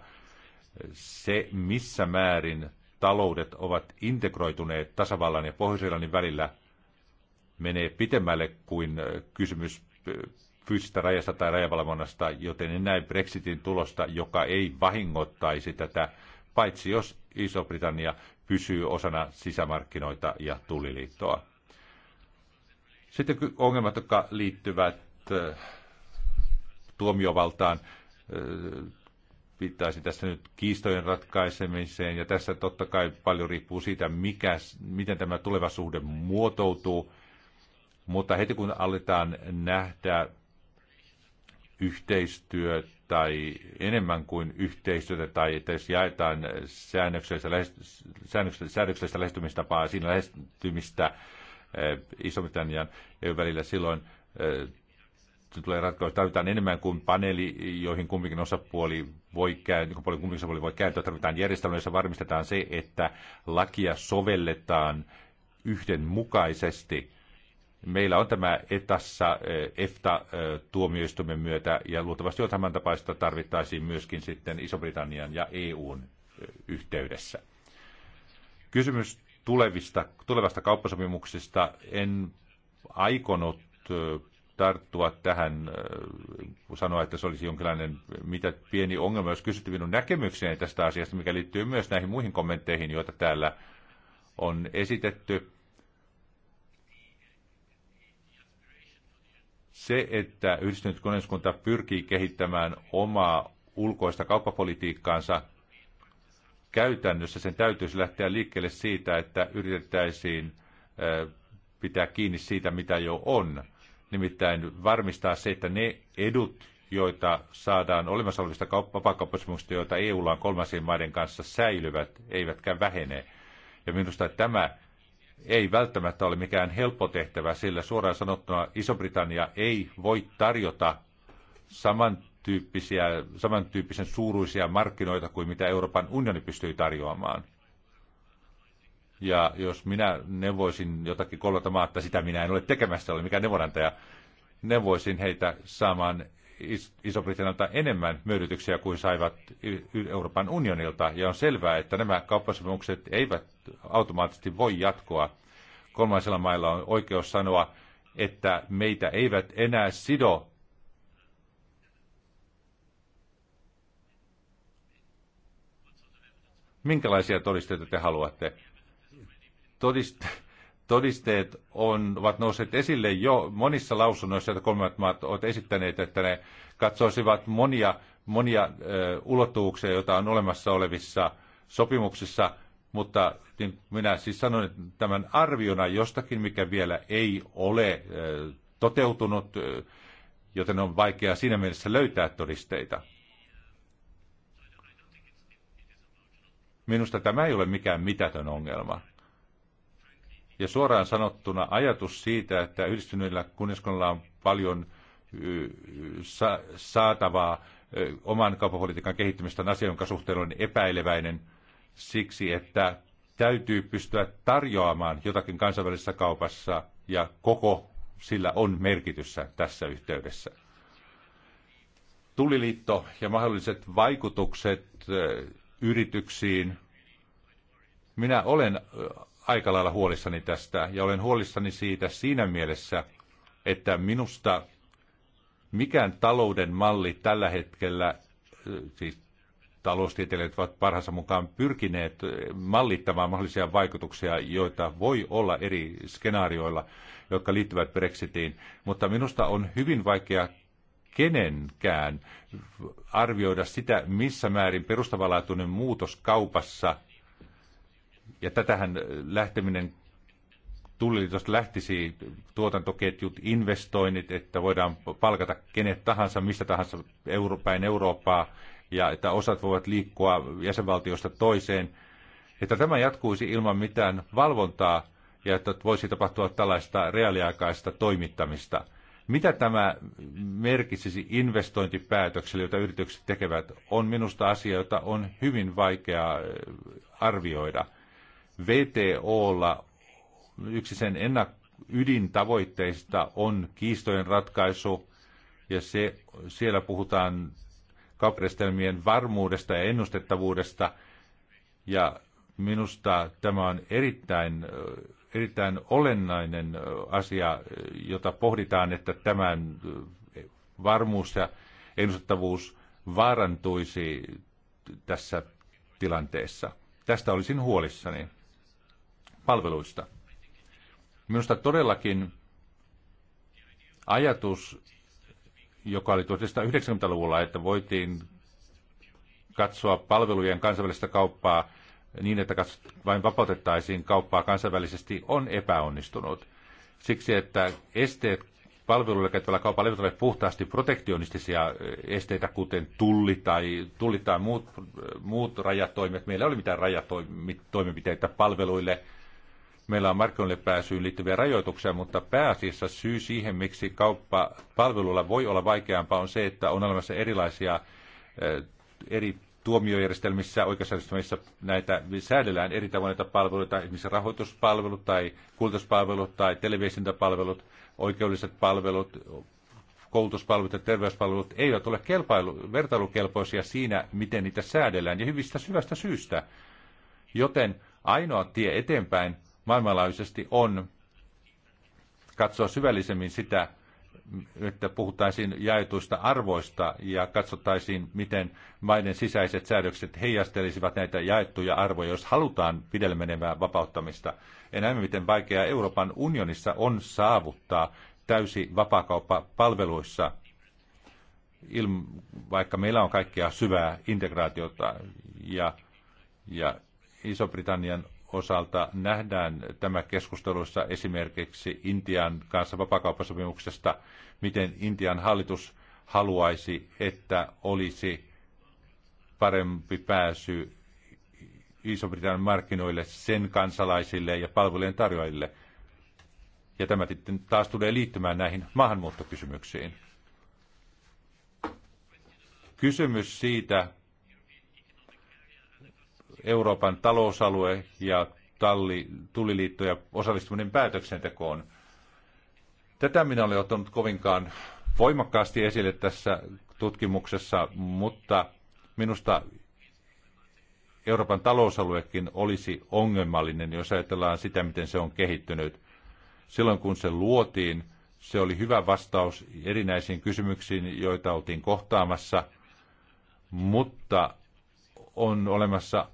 Se, missä määrin taloudet ovat integroituneet tasavallan ja pohjois välillä, menee pitemmälle kuin kysymys fyysistä rajasta tai rajavalvonnasta, joten en näe Brexitin tulosta, joka ei vahingoittaisi tätä, paitsi jos Iso-Britannia pysyy osana sisämarkkinoita ja tuliliittoa. Sitten ongelmat, jotka liittyvät tuomiovaltaan, viittaisin tässä nyt kiistojen ratkaisemiseen, ja tässä totta kai paljon riippuu siitä, mikä, miten tämä tuleva suhde muotoutuu. Mutta heti kun aletaan nähdä yhteistyö tai enemmän kuin yhteistyötä, tai että jos jaetaan säännöksellistä, säännöksellistä, säännöksellistä lähestymistapaa, siinä lähestymistä eh, Iso-Britannian välillä silloin eh, tulee ratkaisu tarvitaan enemmän kuin paneeli, joihin kumpikin osapuoli voi, kääntyä, niin kumpikin osapuoli voi kääntyä. Tarvitaan järjestelmä, jossa varmistetaan se, että lakia sovelletaan yhdenmukaisesti. Meillä on tämä etassa EFTA-tuomioistuimen myötä ja luultavasti jo tämän tapaista tarvittaisiin myöskin sitten Iso-Britannian ja EUn yhteydessä. Kysymys tulevista, tulevasta kauppasopimuksista en aikonut tarttua tähän, äh, sanoa, että se olisi jonkinlainen mitä pieni ongelma, jos kysytty minun näkemykseni tästä asiasta, mikä liittyy myös näihin muihin kommentteihin, joita täällä on esitetty. Se, että yhdistynyt koneiskunta pyrkii kehittämään omaa ulkoista kauppapolitiikkaansa, käytännössä sen täytyisi lähteä liikkeelle siitä, että yritettäisiin äh, pitää kiinni siitä, mitä jo on nimittäin varmistaa se, että ne edut, joita saadaan olemassa olevista vapaakauppasopimuksista, joita EUlla on kolmansien maiden kanssa, säilyvät, eivätkä vähene. Ja minusta tämä ei välttämättä ole mikään helppo tehtävä, sillä suoraan sanottuna Iso-Britannia ei voi tarjota samantyyppisiä, samantyyppisen suuruisia markkinoita kuin mitä Euroopan unioni pystyy tarjoamaan. Ja jos minä neuvoisin jotakin kolmatta maata, sitä minä en ole tekemässä, ole mikä neuvonantaja, neuvoisin heitä saamaan iso enemmän myödytyksiä kuin saivat Euroopan unionilta. Ja on selvää, että nämä kauppasopimukset eivät automaattisesti voi jatkoa. Kolmansilla mailla on oikeus sanoa, että meitä eivät enää sido Minkälaisia todisteita te haluatte? todiste, todisteet on, ovat nousseet esille jo monissa lausunnoissa, joita kolmat maat ovat esittäneet, että ne katsoisivat monia, monia ö, ulottuvuuksia, joita on olemassa olevissa sopimuksissa, mutta niin minä siis sanon, että tämän arviona jostakin, mikä vielä ei ole ö, toteutunut, ö, joten on vaikea siinä mielessä löytää todisteita. Minusta tämä ei ole mikään mitätön ongelma. Ja suoraan sanottuna ajatus siitä, että yhdistyneillä kuningaskunnalla on paljon saatavaa oman kauppapolitiikan kehittymistä on asia, jonka suhteen on epäileväinen siksi, että täytyy pystyä tarjoamaan jotakin kansainvälisessä kaupassa ja koko sillä on merkityssä tässä yhteydessä. Tuliliitto ja mahdolliset vaikutukset yrityksiin. Minä olen aika lailla huolissani tästä ja olen huolissani siitä siinä mielessä, että minusta mikään talouden malli tällä hetkellä, siis taloustieteilijät ovat parhaansa mukaan pyrkineet mallittamaan mahdollisia vaikutuksia, joita voi olla eri skenaarioilla, jotka liittyvät Brexitiin. Mutta minusta on hyvin vaikea kenenkään arvioida sitä, missä määrin perustavanlaatuinen muutos kaupassa ja tätähän lähteminen tulliliitosta lähtisi tuotantoketjut, investoinnit, että voidaan palkata kenet tahansa, mistä tahansa päin Eurooppaa, ja että osat voivat liikkua jäsenvaltiosta toiseen, että tämä jatkuisi ilman mitään valvontaa ja että voisi tapahtua tällaista reaaliaikaista toimittamista. Mitä tämä merkitsisi investointipäätökselle, jota yritykset tekevät, on minusta asia, jota on hyvin vaikea arvioida – VTOlla yksi sen ennak- ydintavoitteista on kiistojen ratkaisu, ja se, siellä puhutaan kauppajärjestelmien varmuudesta ja ennustettavuudesta, ja minusta tämä on erittäin, erittäin olennainen asia, jota pohditaan, että tämän varmuus ja ennustettavuus vaarantuisi tässä tilanteessa. Tästä olisin huolissani palveluista. Minusta todellakin ajatus, joka oli 1990-luvulla, että voitiin katsoa palvelujen kansainvälistä kauppaa niin, että vain vapautettaisiin kauppaa kansainvälisesti, on epäonnistunut. Siksi, että esteet palveluille käyttävällä kaupalla eivät ole puhtaasti protektionistisia eh, esteitä, kuten tulli tai, tulli tai muut, eh, muut rajatoimet. Meillä ei ole mitään rajatoimenpiteitä palveluille – meillä on markkinoille pääsyyn liittyviä rajoituksia, mutta pääasiassa syy siihen, miksi kauppapalvelulla voi olla vaikeampaa, on se, että on olemassa erilaisia eh, eri tuomiojärjestelmissä, oikeusjärjestelmissä näitä säädellään eri tavoin näitä palveluita, esimerkiksi rahoituspalvelut tai kulutuspalvelut tai televisintäpalvelut, oikeudelliset palvelut, koulutuspalvelut ja terveyspalvelut eivät ole kelpailu, vertailukelpoisia siinä, miten niitä säädellään ja hyvistä syvästä syystä. Joten ainoa tie eteenpäin maailmanlaajuisesti on katsoa syvällisemmin sitä, että puhuttaisiin jaetuista arvoista ja katsottaisiin, miten maiden sisäiset säädökset heijastelisivat näitä jaettuja arvoja, jos halutaan pidelmenevää vapauttamista. Ja näemme, miten vaikeaa Euroopan unionissa on saavuttaa täysi vapaakauppa palveluissa, vaikka meillä on kaikkea syvää integraatiota ja, ja Iso-Britannian osalta nähdään tämä keskusteluissa esimerkiksi Intian kanssa vapakauppasopimuksesta, miten Intian hallitus haluaisi, että olisi parempi pääsy Iso-Britannian markkinoille sen kansalaisille ja palvelujen tarjoajille. Ja tämä sitten taas tulee liittymään näihin maahanmuuttokysymyksiin. Kysymys siitä, Euroopan talousalue ja talli, tuliliitto ja osallistuminen päätöksentekoon. Tätä minä olen ottanut kovinkaan voimakkaasti esille tässä tutkimuksessa, mutta minusta Euroopan talousaluekin olisi ongelmallinen, jos ajatellaan sitä, miten se on kehittynyt. Silloin kun se luotiin, se oli hyvä vastaus erinäisiin kysymyksiin, joita oltiin kohtaamassa, mutta on olemassa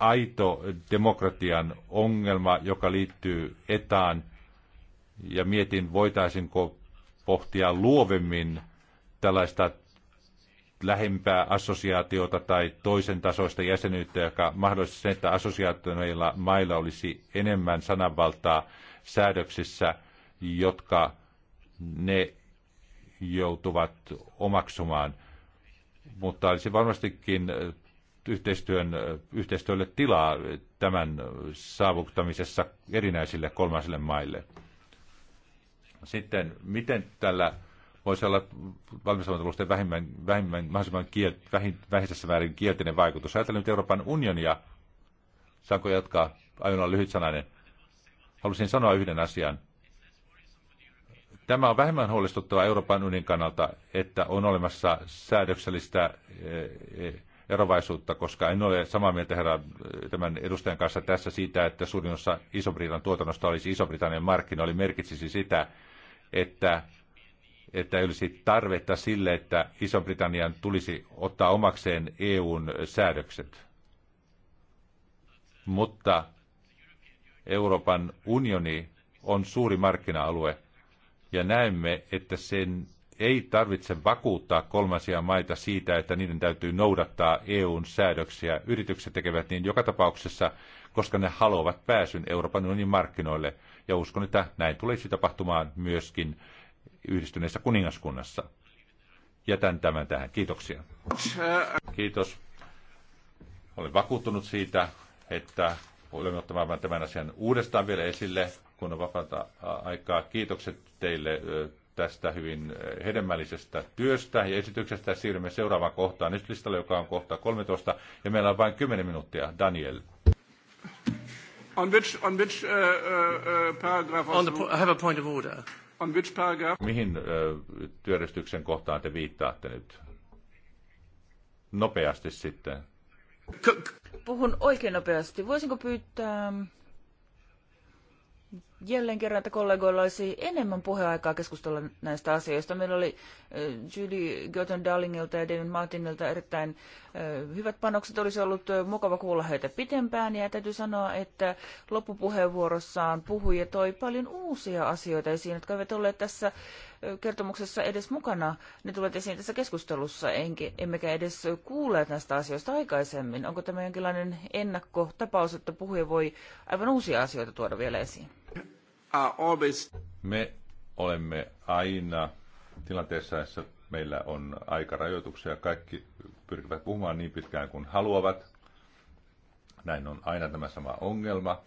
aito demokratian ongelma, joka liittyy etaan, ja mietin, voitaisinko pohtia luovemmin tällaista lähempää assosiaatiota tai toisen tasoista jäsenyyttä, joka mahdollisesti sen, että assosiaatioilla mailla olisi enemmän sananvaltaa säädöksissä, jotka ne joutuvat omaksumaan. Mutta olisi varmastikin yhteistyön, yhteistyölle tilaa tämän saavuttamisessa erinäisille kolmansille maille. Sitten, miten tällä voisi olla valmistautumatulosten vähimmän, vähimmän, mahdollisimman kiel, vähin, vähisessä määrin kielteinen vaikutus. Ajattelen nyt Euroopan unionia. Saanko jatkaa? Aion olla lyhyt sanainen. Haluaisin sanoa yhden asian. Tämä on vähemmän huolestuttava Euroopan unionin kannalta, että on olemassa säädöksellistä e, e, erovaisuutta, koska en ole samaa mieltä herra tämän edustajan kanssa tässä siitä, että suurin osa Iso-Britannian tuotannosta olisi Iso-Britannian markkinoilla, merkitsisi sitä, että että ei olisi tarvetta sille, että Iso-Britannian tulisi ottaa omakseen EUn säädökset. Mutta Euroopan unioni on suuri markkina-alue ja näemme, että sen ei tarvitse vakuuttaa kolmansia maita siitä, että niiden täytyy noudattaa EUn säädöksiä. Yritykset tekevät niin joka tapauksessa, koska ne haluavat pääsyn Euroopan unionin markkinoille. Ja uskon, että näin tulisi tapahtumaan myöskin yhdistyneessä kuningaskunnassa. Jätän tämän tähän. Kiitoksia. Kiitos. Olen vakuuttunut siitä, että olemme ottamaan tämän asian uudestaan vielä esille, kun on vapaata aikaa. Kiitokset teille tästä hyvin eh, hedelmällisestä työstä ja esityksestä. Siirrymme seuraavaan kohtaan esityslistalle, joka on kohta 13, ja meillä on vain 10 minuuttia. Daniel. On which, on which uh, uh, paragraph on the, I have a point of order. On which paragraph? Mihin uh, työjärjestyksen kohtaan te viittaatte nyt? Nopeasti sitten. Puhun oikein nopeasti. Voisinko pyytää jälleen kerran, että kollegoilla olisi enemmän puheaikaa keskustella näistä asioista. Meillä oli eh, Judy Gotten Darlingilta ja David Martinilta erittäin eh, hyvät panokset. Olisi ollut eh, mukava kuulla heitä pitempään ja täytyy sanoa, että loppupuheenvuorossaan puhuja toi paljon uusia asioita esiin, jotka eivät olleet tässä kertomuksessa edes mukana. Ne tulevat esiin tässä keskustelussa, enkä, emmekä edes kuulleet näistä asioista aikaisemmin. Onko tämä jonkinlainen ennakkotapaus, että puhuja voi aivan uusia asioita tuoda vielä esiin? Me olemme aina tilanteessa, jossa meillä on aikarajoituksia. Kaikki pyrkivät puhumaan niin pitkään kuin haluavat. Näin on aina tämä sama ongelma.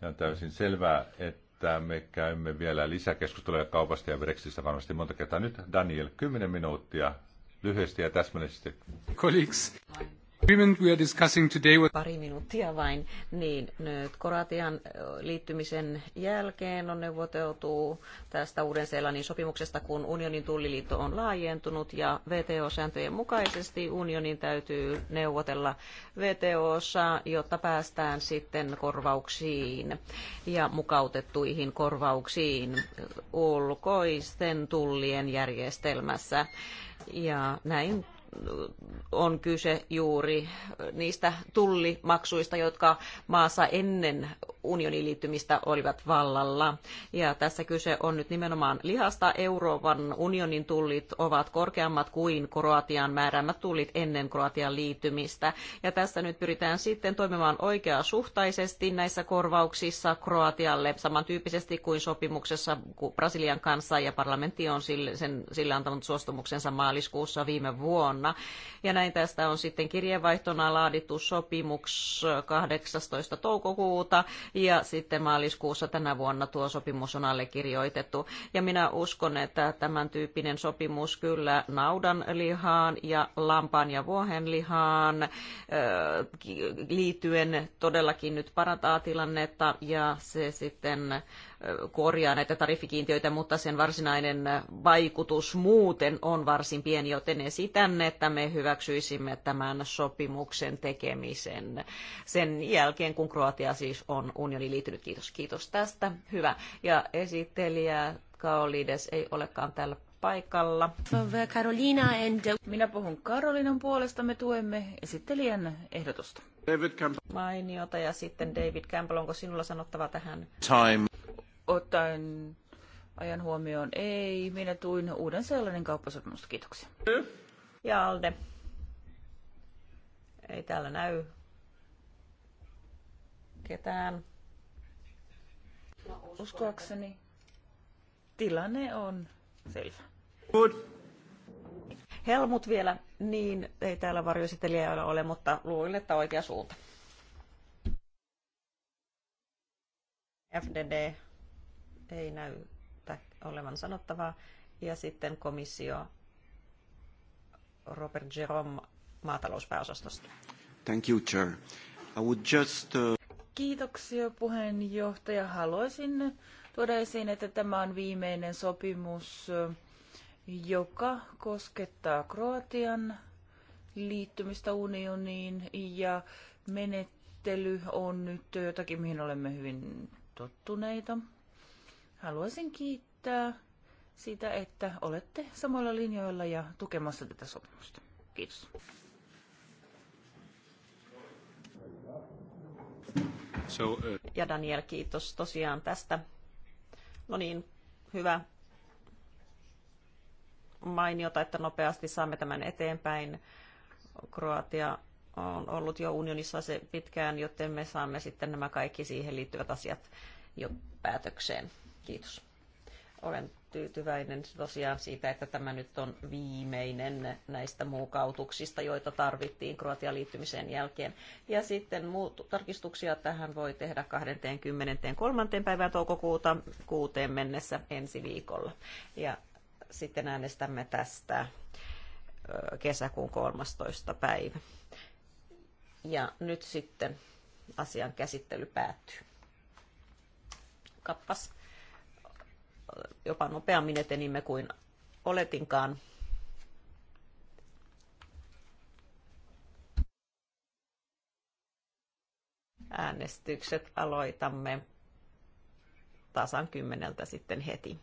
Ja on täysin selvää, että me käymme vielä lisäkeskusteluja kaupasta ja Brexitistä varmasti monta kertaa. Nyt Daniel, 10 minuuttia lyhyesti ja täsmällisesti. Colleagues. Pari minuuttia vain. Niin, nyt Kroatian liittymisen jälkeen on neuvoteltu tästä Uuden-Seelannin sopimuksesta, kun unionin tulliliitto on laajentunut ja VTO-sääntöjen mukaisesti unionin täytyy neuvotella VTOssa, jotta päästään sitten korvauksiin ja mukautettuihin korvauksiin ulkoisten tullien järjestelmässä. Ja näin on kyse juuri niistä tullimaksuista, jotka maassa ennen unionin liittymistä olivat vallalla. Ja tässä kyse on nyt nimenomaan lihasta. Euroopan unionin tullit ovat korkeammat kuin Kroatian määräämät tullit ennen Kroatian liittymistä. Ja tässä nyt pyritään sitten toimimaan oikeasuhtaisesti näissä korvauksissa Kroatialle samantyyppisesti kuin sopimuksessa Brasilian kanssa ja parlamentti on sille, sen, sille antanut suostumuksensa maaliskuussa viime vuonna vuonna. Ja näin tästä on sitten kirjeenvaihtona laadittu sopimus 18. toukokuuta ja sitten maaliskuussa tänä vuonna tuo sopimus on allekirjoitettu. Ja minä uskon, että tämän tyyppinen sopimus kyllä naudan lihaan ja lampaan ja vuohen lihaan liittyen todellakin nyt parantaa tilannetta ja se sitten korjaa näitä tariffikiintiöitä, mutta sen varsinainen vaikutus muuten on varsin pieni, joten esitän, että me hyväksyisimme tämän sopimuksen tekemisen sen jälkeen, kun Kroatia siis on unioniin liittynyt. Kiitos, kiitos tästä. Hyvä. Ja esittelijä Kaolides ei olekaan täällä paikalla. Carolina and... Minä puhun Karolinan puolesta. Me tuemme esittelijän ehdotusta. David Campbell. Mainiota ja sitten David Campbell, onko sinulla sanottava tähän? Time ottaen ajan huomioon ei. Minä tuin uuden sellainen kauppasopimusta. Kiitoksia. Ja Alde. Ei täällä näy ketään. Uskoakseni tilanne on selvä. Good. Helmut vielä, niin ei täällä varjoesittelijä ole, mutta luulin, että oikea suunta. FDD ei näytä olevan sanottavaa. Ja sitten komissio Robert Jerome maatalouspääosastosta. Thank you, Chair. I would just, uh... Kiitoksia puheenjohtaja. Haluaisin tuoda esiin, että tämä on viimeinen sopimus, joka koskettaa Kroatian liittymistä unioniin ja menettely on nyt jotakin, mihin olemme hyvin tottuneita. Haluaisin kiittää siitä, että olette samoilla linjoilla ja tukemassa tätä sopimusta. Kiitos. So, uh... Ja Daniel, kiitos tosiaan tästä. No niin, hyvä mainiota, että nopeasti saamme tämän eteenpäin. Kroatia on ollut jo unionissa se pitkään, joten me saamme sitten nämä kaikki siihen liittyvät asiat jo päätökseen. Kiitos. Olen tyytyväinen tosiaan siitä, että tämä nyt on viimeinen näistä muukautuksista, joita tarvittiin Kroatian liittymisen jälkeen. Ja sitten muut tarkistuksia tähän voi tehdä 23. päivää toukokuuta kuuteen mennessä ensi viikolla. Ja sitten äänestämme tästä kesäkuun 13. päivä. Ja nyt sitten asian käsittely päättyy. Kappas jopa nopeammin etenimme kuin oletinkaan. Äänestykset aloitamme tasan kymmeneltä sitten heti.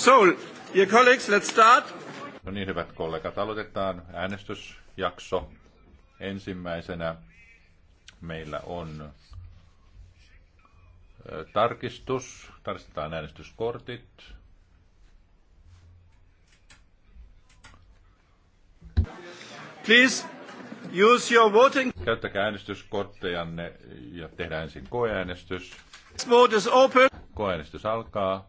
So, dear colleagues, let's start. No niin, hyvät kollegat, aloitetaan äänestysjakso. Ensimmäisenä meillä on tarkistus. Tarkistetaan äänestyskortit. Please use your voting. Käyttäkää äänestyskorttejanne ja tehdään ensin koeäänestys. Vote is open. Koeäänestys alkaa.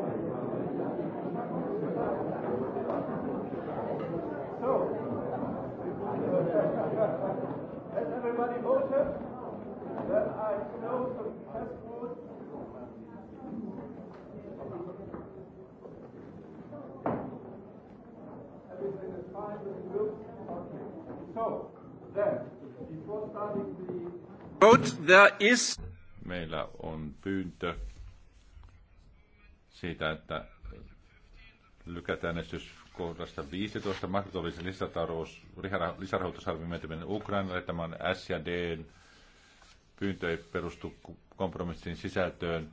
Meillä on pyyntö siitä, että lykätään äänestys kohdasta 15 mahdollisen lisätarous, lisärahoitusarvin myöntäminen Ukrainalle. Tämä on S ja D. Pyyntö ei perustu kompromissin sisältöön,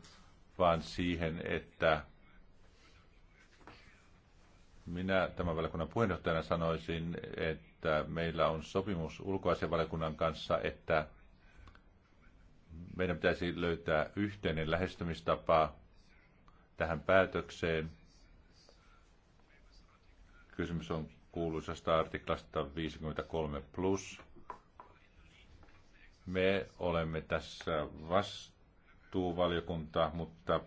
vaan siihen, että minä tämän valiokunnan puheenjohtajana sanoisin, että meillä on sopimus ulkoasianvaliokunnan kanssa, että meidän pitäisi löytää yhteinen lähestymistapa tähän päätökseen. Kysymys on kuuluisasta artiklasta 53 plus. Me olemme tässä vastuuvaliokunta, mutta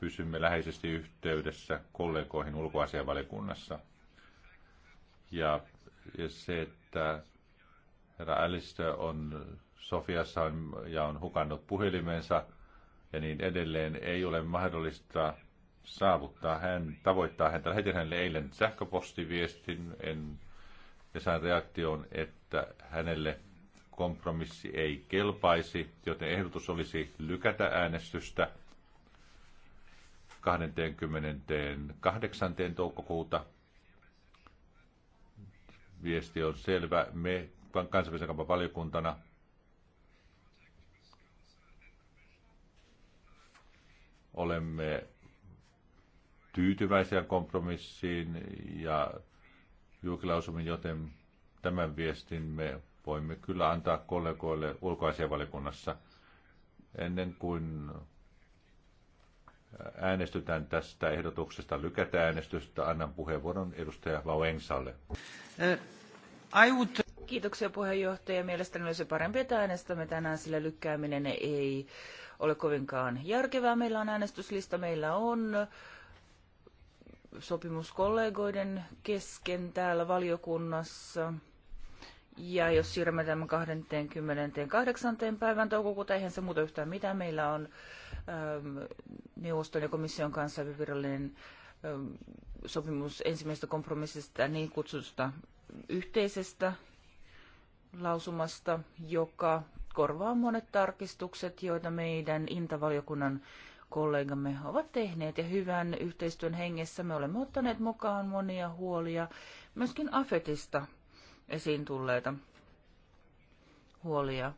pysymme läheisesti yhteydessä kollegoihin ulkoasianvaliokunnassa. Ja, ja se, että herra Alistair on Sofiassa on, ja on hukannut puhelimensa ja niin edelleen, ei ole mahdollista saavuttaa hän, tavoittaa häntä. Lähetin hänelle eilen sähköpostiviestin en, ja sain reaktion, että hänelle kompromissi ei kelpaisi, joten ehdotus olisi lykätä äänestystä 28. toukokuuta. Viesti on selvä. Me kansainvälisen kaupan valiokuntana olemme tyytyväisiä kompromissiin ja julkilausumin, joten tämän viestin me voimme kyllä antaa kollegoille ulkoasianvalikunnassa ennen kuin äänestytään tästä ehdotuksesta, lykätä äänestystä. Annan puheenvuoron edustaja Vauengsalle. Äh, Kiitoksia puheenjohtaja. Mielestäni olisi parempi, että äänestämme tänään, sillä lykkääminen ei ole kovinkaan järkevää. Meillä on äänestyslista, meillä on sopimuskollegoiden kesken täällä valiokunnassa. Ja jos siirrämme tämän 28. päivän toukokuuta, eihän se muuta yhtään mitään. Meillä on äm, neuvoston ja komission kanssa virallinen äm, sopimus ensimmäisestä kompromissista niin kutsutusta yhteisestä lausumasta, joka korvaa monet tarkistukset, joita meidän intavaliokunnan kollegamme ovat tehneet ja hyvän yhteistyön hengessä me olemme ottaneet mukaan monia huolia, myöskin Afetista esiin tulleita huolia.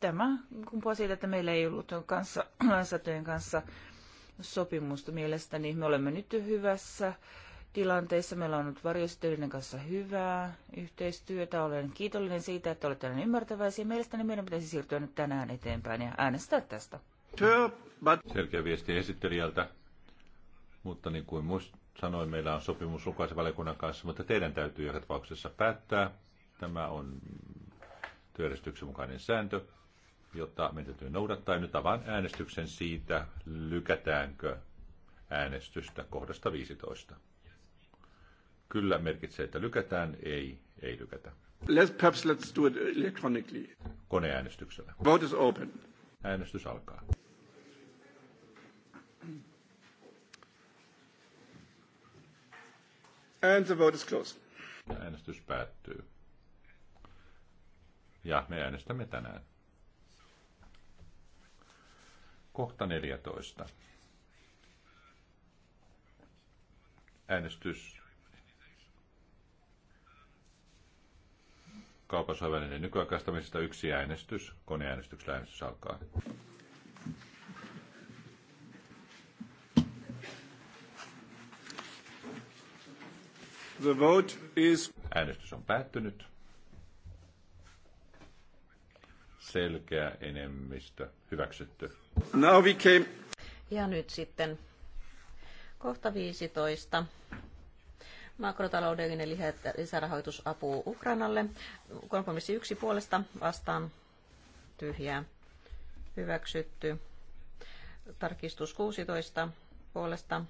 Tämä kumpuaa siitä, että meillä ei ollut kanssa, lainsäätöjen kanssa sopimusta mielestäni. Me olemme nyt hyvässä tilanteissa. Meillä on ollut varjostelijoiden kanssa hyvää yhteistyötä. Olen kiitollinen siitä, että olette näin ymmärtäväisiä. Mielestäni meidän pitäisi siirtyä nyt tänään eteenpäin ja äänestää tästä. Selkeä viesti esittelijältä, mutta niin kuin muist sanoin, meillä on sopimus valiokunnan kanssa, mutta teidän täytyy joka tapauksessa päättää. Tämä on työjärjestyksen mukainen sääntö, jota meidän täytyy noudattaa. Ja nyt avaan äänestyksen siitä, lykätäänkö äänestystä kohdasta 15. Kyllä merkitsee, että lykätään, ei, ei lykätä. Let's, perhaps let's do it electronically. Koneäänestyksellä. Vote is open. Äänestys alkaa. And the vote is closed. Äänestys päättyy. Ja me äänestämme tänään. Kohta 14. Äänestys kaupansa välinen nykyaikaistamisesta yksi äänestys. Koneäänestyksellä äänestys alkaa. The vote is... Äänestys on päättynyt. Selkeä enemmistö hyväksytty. Now we came... Ja nyt sitten kohta 15 makrotaloudellinen lisärahoitusapu Ukrainalle. Kompromissi yksi puolesta vastaan tyhjää hyväksytty. Tarkistus 16 puolesta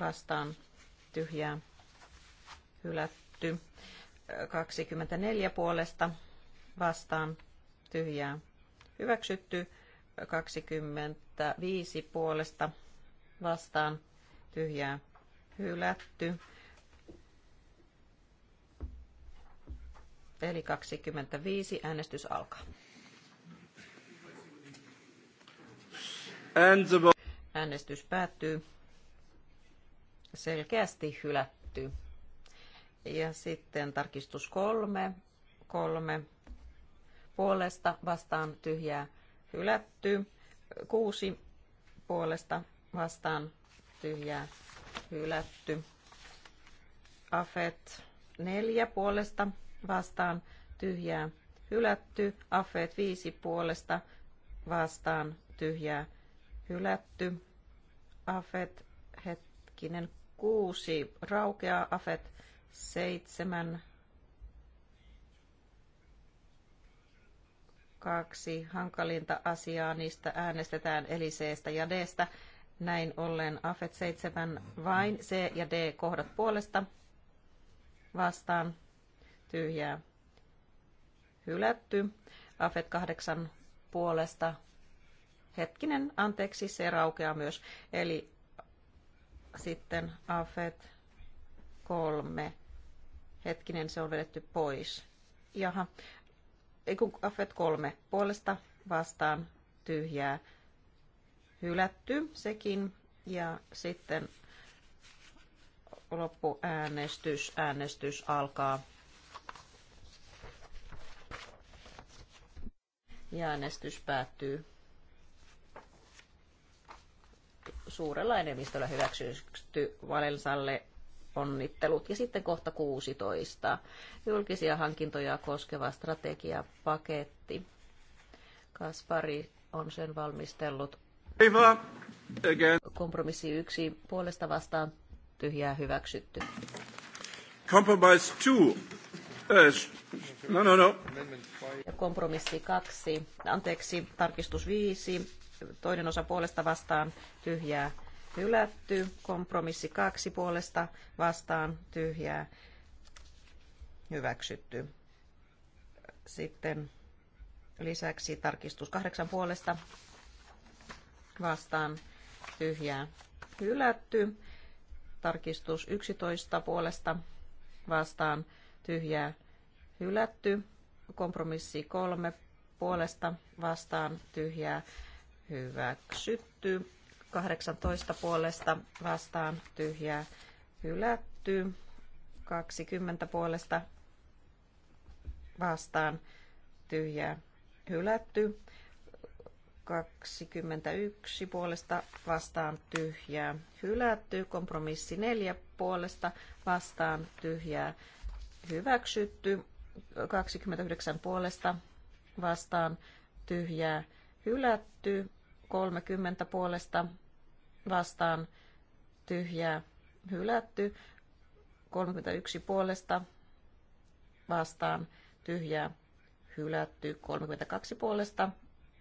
vastaan tyhjää hylätty. 24 puolesta vastaan tyhjää hyväksytty. 25 puolesta vastaan tyhjää hylätty. Eli 25 äänestys alkaa. Äänestys päättyy. Selkeästi hylätty. Ja sitten tarkistus kolme. Kolme puolesta vastaan tyhjää hylätty. Kuusi puolesta vastaan tyhjää hylätty. Afet neljä puolesta vastaan tyhjää hylätty. Afeet 5 puolesta vastaan tyhjää hylätty. Afet hetkinen 6 raukeaa. Afet 7 kaksi hankalinta asiaa, niistä äänestetään eli c ja d -stä. Näin ollen AFET 7 vain C ja D kohdat puolesta vastaan tyhjää hylätty. Afet kahdeksan puolesta hetkinen, anteeksi, se raukeaa myös. Eli sitten Afet kolme hetkinen, se on vedetty pois. Jaha, ei kun Afet kolme puolesta vastaan tyhjää hylätty sekin. Ja sitten loppuäänestys, äänestys alkaa. Ja äänestys päättyy suurella enemmistöllä hyväksytty Valensalle onnittelut. Ja sitten kohta 16. Julkisia hankintoja koskeva strategiapaketti. Kaspari on sen valmistellut. Kompromissi yksi puolesta vastaan tyhjää hyväksytty. Compromise 2. No, no, no. Kompromissi kaksi, anteeksi, tarkistus viisi, toinen osa puolesta vastaan, tyhjää, hylätty. Kompromissi kaksi puolesta vastaan, tyhjää, hyväksytty. Sitten lisäksi tarkistus kahdeksan puolesta vastaan, tyhjää, hylätty. Tarkistus 11 puolesta vastaan, tyhjää, tyhjää hylätty. Kompromissi kolme puolesta vastaan tyhjää hyväksytty. 18 puolesta vastaan tyhjää hylätty. 20 puolesta vastaan tyhjää hylätty. 21 puolesta vastaan tyhjää hylätty. Kompromissi 4 puolesta vastaan tyhjää hyväksytty. 29 puolesta vastaan tyhjää hylätty. 30 puolesta vastaan tyhjää hylätty. 31 puolesta vastaan tyhjää hylätty. 32 puolesta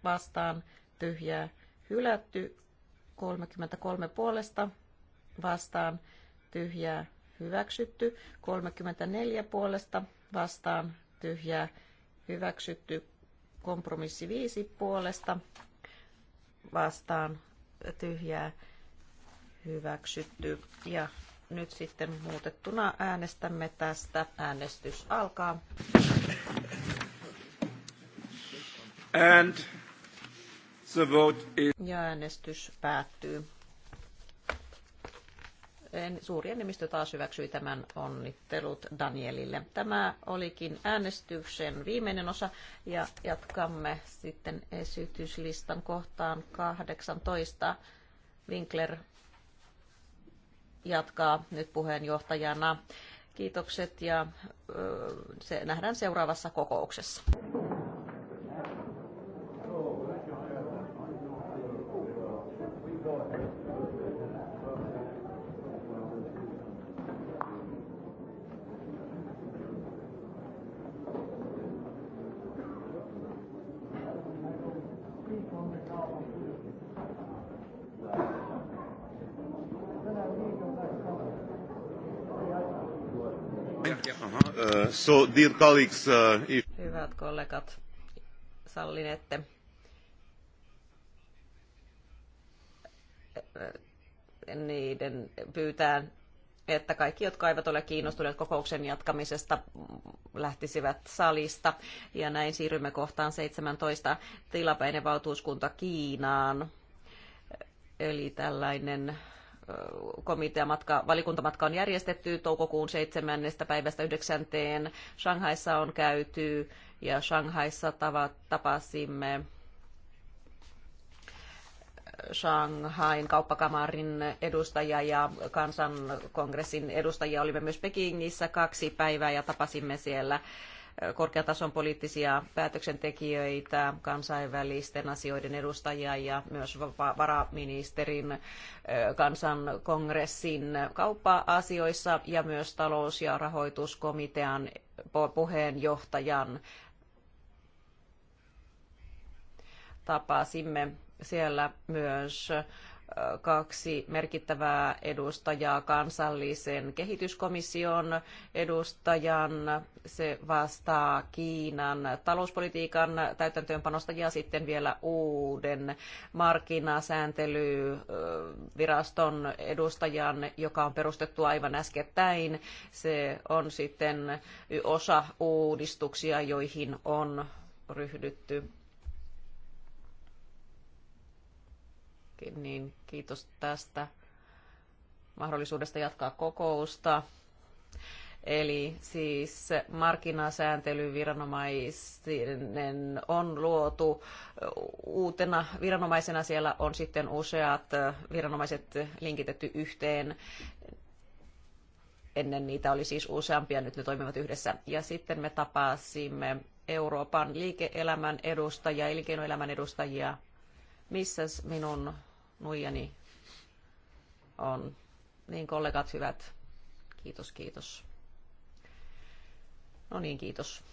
vastaan tyhjää hylätty. 33 puolesta vastaan tyhjää hyväksytty. 34 puolesta vastaan tyhjää hyväksytty. Kompromissi 5 puolesta vastaan tyhjää hyväksytty. Ja nyt sitten muutettuna äänestämme tästä. Äänestys alkaa. And the vote is... Ja äänestys päättyy suuri enemmistö taas hyväksyi tämän onnittelut Danielille. Tämä olikin äänestyksen viimeinen osa ja jatkamme sitten esityslistan kohtaan 18. Winkler jatkaa nyt puheenjohtajana. Kiitokset ja se nähdään seuraavassa kokouksessa. So, dear colleagues, uh, if... Hyvät kollegat, sallinette. Äh, niiden pyytää, että kaikki, jotka eivät ole kiinnostuneet kokouksen jatkamisesta, lähtisivät salista. Ja näin siirrymme kohtaan 17, tilapäinen valtuuskunta Kiinaan. Eli tällainen komiteamatka, valikuntamatka on järjestetty toukokuun 7. päivästä 9. Shanghaissa on käyty ja Shanghaissa tapasimme äh, Shanghain kauppakamarin edustajia ja kansankongressin edustajia. Olimme myös Pekingissä kaksi päivää ja tapasimme siellä korkeatason poliittisia päätöksentekijöitä, kansainvälisten asioiden edustajia ja myös varaministerin kansankongressin kauppa-asioissa ja myös talous- ja rahoituskomitean puheenjohtajan tapasimme siellä myös kaksi merkittävää edustajaa kansallisen kehityskomission edustajan. Se vastaa Kiinan talouspolitiikan täytäntöönpanosta ja sitten vielä uuden markkinasääntelyviraston edustajan, joka on perustettu aivan äskettäin. Se on sitten osa uudistuksia, joihin on ryhdytty niin kiitos tästä mahdollisuudesta jatkaa kokousta. Eli siis markkinasääntelyviranomainen on luotu uutena viranomaisena. Siellä on sitten useat viranomaiset linkitetty yhteen. Ennen niitä oli siis useampia, nyt ne toimivat yhdessä. Ja sitten me tapasimme Euroopan liike-elämän edustajia, elinkeinoelämän edustajia, missäs minun nuijani on. Niin kollegat hyvät, kiitos kiitos. No niin, kiitos.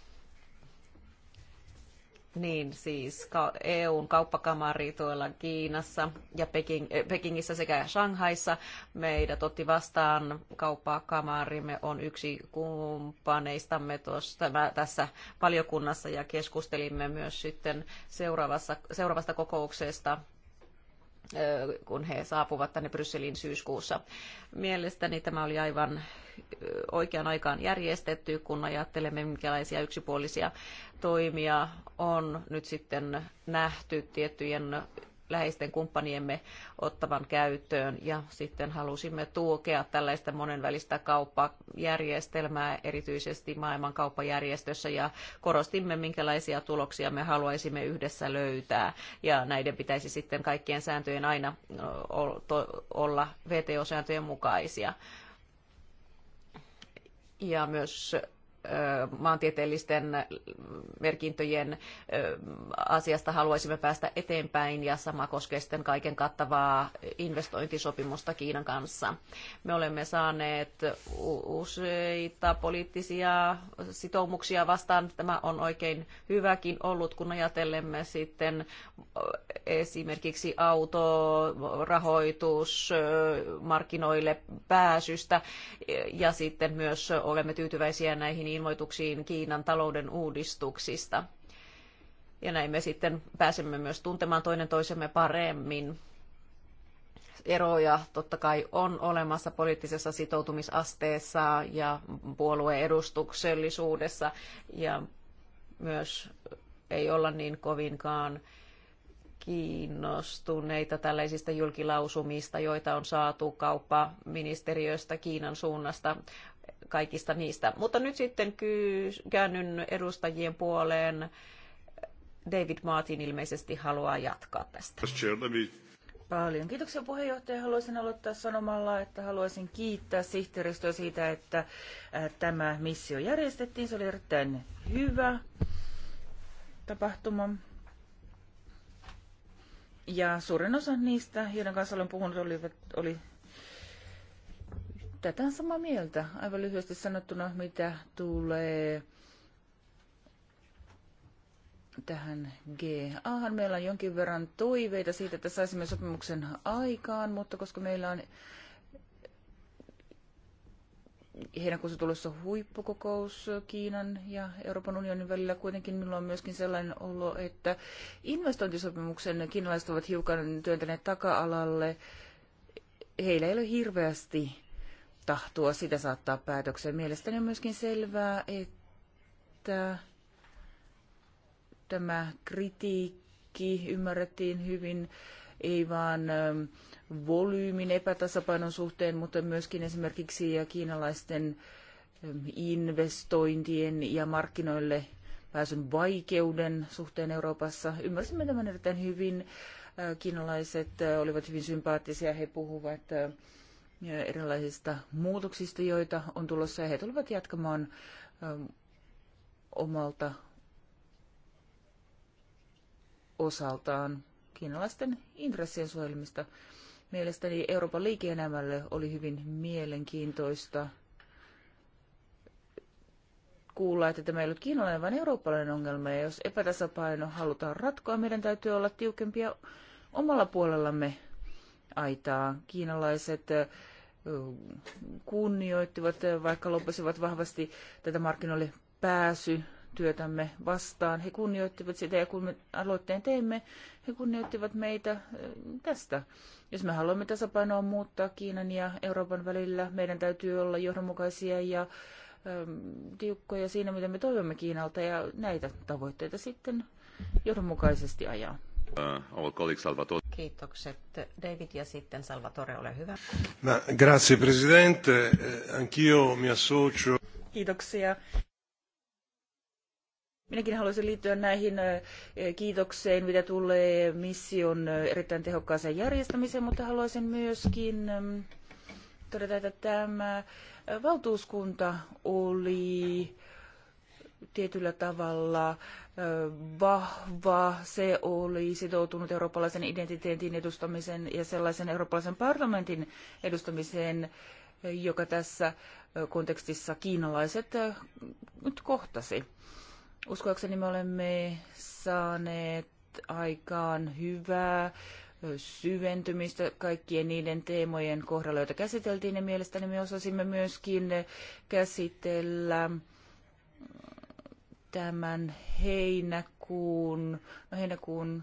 Niin siis EUn kauppakamari tuolla Kiinassa ja Peking, eh, Pekingissä sekä Shanghaissa meidät otti vastaan kauppakamarimme on yksi kumppaneistamme tuossa, tässä valiokunnassa ja keskustelimme myös sitten seuraavassa, seuraavasta kokouksesta kun he saapuvat tänne Brysselin syyskuussa. Mielestäni tämä oli aivan oikean aikaan järjestetty, kun ajattelemme, minkälaisia yksipuolisia toimia on nyt sitten nähty tiettyjen läheisten kumppaniemme ottavan käyttöön. Ja sitten halusimme tukea tällaista monenvälistä kauppajärjestelmää, erityisesti maailman kauppajärjestössä, ja korostimme, minkälaisia tuloksia me haluaisimme yhdessä löytää. Ja näiden pitäisi sitten kaikkien sääntöjen aina olla VTO-sääntöjen mukaisia. Ja myös maantieteellisten merkintöjen asiasta haluaisimme päästä eteenpäin ja sama koskee sitten kaiken kattavaa investointisopimusta Kiinan kanssa. Me olemme saaneet useita poliittisia sitoumuksia vastaan. Tämä on oikein hyväkin ollut, kun ajatellemme sitten esimerkiksi autorahoitus markkinoille pääsystä ja sitten myös olemme tyytyväisiä näihin ilmoituksiin Kiinan talouden uudistuksista. Ja näin me sitten pääsemme myös tuntemaan toinen toisemme paremmin. Eroja totta kai on olemassa poliittisessa sitoutumisasteessa ja puolueedustuksellisuudessa ja myös ei olla niin kovinkaan kiinnostuneita tällaisista julkilausumista, joita on saatu kauppaministeriöstä Kiinan suunnasta kaikista niistä. Mutta nyt sitten käännyn edustajien puoleen. David Martin ilmeisesti haluaa jatkaa tästä. Paljon. Kiitoksia puheenjohtaja. Haluaisin aloittaa sanomalla, että haluaisin kiittää sihteeristöä siitä, että äh, tämä missio järjestettiin. Se oli erittäin hyvä tapahtuma. Ja suurin osa niistä, joiden kanssa olen puhunut, oli, oli tätä samaa mieltä. Aivan lyhyesti sanottuna, mitä tulee tähän GA. Meillä on jonkin verran toiveita siitä, että saisimme sopimuksen aikaan, mutta koska meillä on heinäkuussa tulossa huippukokous Kiinan ja Euroopan unionin välillä. Kuitenkin minulla on myöskin sellainen olo, että investointisopimuksen kiinalaiset ovat hiukan työntäneet taka-alalle. Heillä ei ole hirveästi tahtoa sitä saattaa päätökseen. Mielestäni on myöskin selvää, että tämä kritiikki ymmärrettiin hyvin, ei vaan volyymin epätasapainon suhteen, mutta myöskin esimerkiksi kiinalaisten investointien ja markkinoille pääsyn vaikeuden suhteen Euroopassa. Ymmärsimme tämän erittäin hyvin. Kiinalaiset olivat hyvin sympaattisia. He puhuvat erilaisista muutoksista, joita on tulossa, ja he tulevat jatkamaan omalta osaltaan kiinalaisten intressien suojelmista Mielestäni Euroopan liike-elämälle oli hyvin mielenkiintoista kuulla, että tämä ei ollut kiinalainen, vaan eurooppalainen ongelma. Ja jos epätasapaino halutaan ratkoa, meidän täytyy olla tiukempia omalla puolellamme aitaa. Kiinalaiset kunnioittivat, vaikka loppasivat vahvasti tätä markkinoille pääsy työtämme vastaan. He kunnioittivat sitä ja kun me aloitteen teimme, he kunnioittivat meitä äh, tästä. Jos me haluamme tasapainoa muuttaa Kiinan ja Euroopan välillä, meidän täytyy olla johdonmukaisia ja ähm, tiukkoja siinä, mitä me toivomme Kiinalta ja näitä tavoitteita sitten johdonmukaisesti ajaa. Äh, Kiitokset David ja sitten Salvatore, ole hyvä. grazie presidente, eh, anch'io mi associo. Kiitoksia Minäkin haluaisin liittyä näihin kiitokseen, mitä tulee mission erittäin tehokkaaseen järjestämiseen, mutta haluaisin myöskin todeta, että tämä valtuuskunta oli tietyllä tavalla vahva. Se oli sitoutunut eurooppalaisen identiteetin edustamiseen ja sellaisen eurooppalaisen parlamentin edustamiseen, joka tässä kontekstissa kiinalaiset nyt kohtasi. Uskoakseni me olemme saaneet aikaan hyvää syventymistä kaikkien niiden teemojen kohdalla, joita käsiteltiin, ja mielestäni me osasimme myöskin käsitellä tämän heinäkuun, no heinäkuun,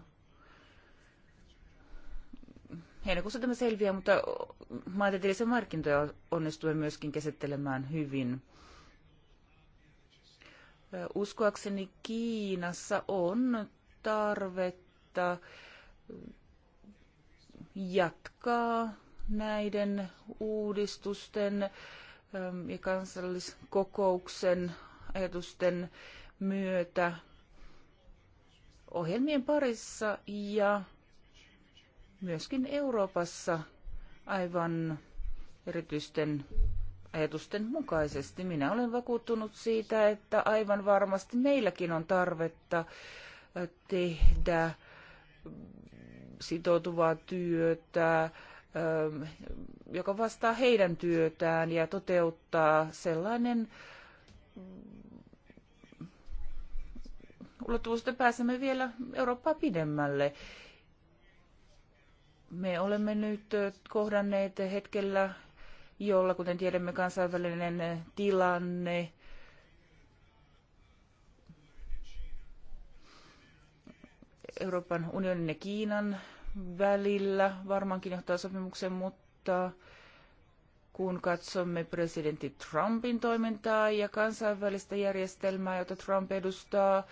heinäkuussa tämä selviää, mutta maantieteellisiä markkintoja onnistuen myöskin käsittelemään hyvin. Uskoakseni Kiinassa on tarvetta jatkaa näiden uudistusten ähm, ja kansalliskokouksen ajatusten myötä ohjelmien parissa ja myöskin Euroopassa aivan erityisten ajatusten mukaisesti. Minä olen vakuuttunut siitä, että aivan varmasti meilläkin on tarvetta äh, tehdä sitoutuvaa työtä, äh, joka vastaa heidän työtään ja toteuttaa sellainen ulottuvuus, että pääsemme vielä Eurooppaa pidemmälle. Me olemme nyt kohdanneet hetkellä, jolla, kuten tiedämme, kansainvälinen tilanne Euroopan unionin ja Kiinan välillä varmaankin johtaa sopimuksen, mutta kun katsomme presidentti Trumpin toimintaa ja kansainvälistä järjestelmää, jota Trump edustaa,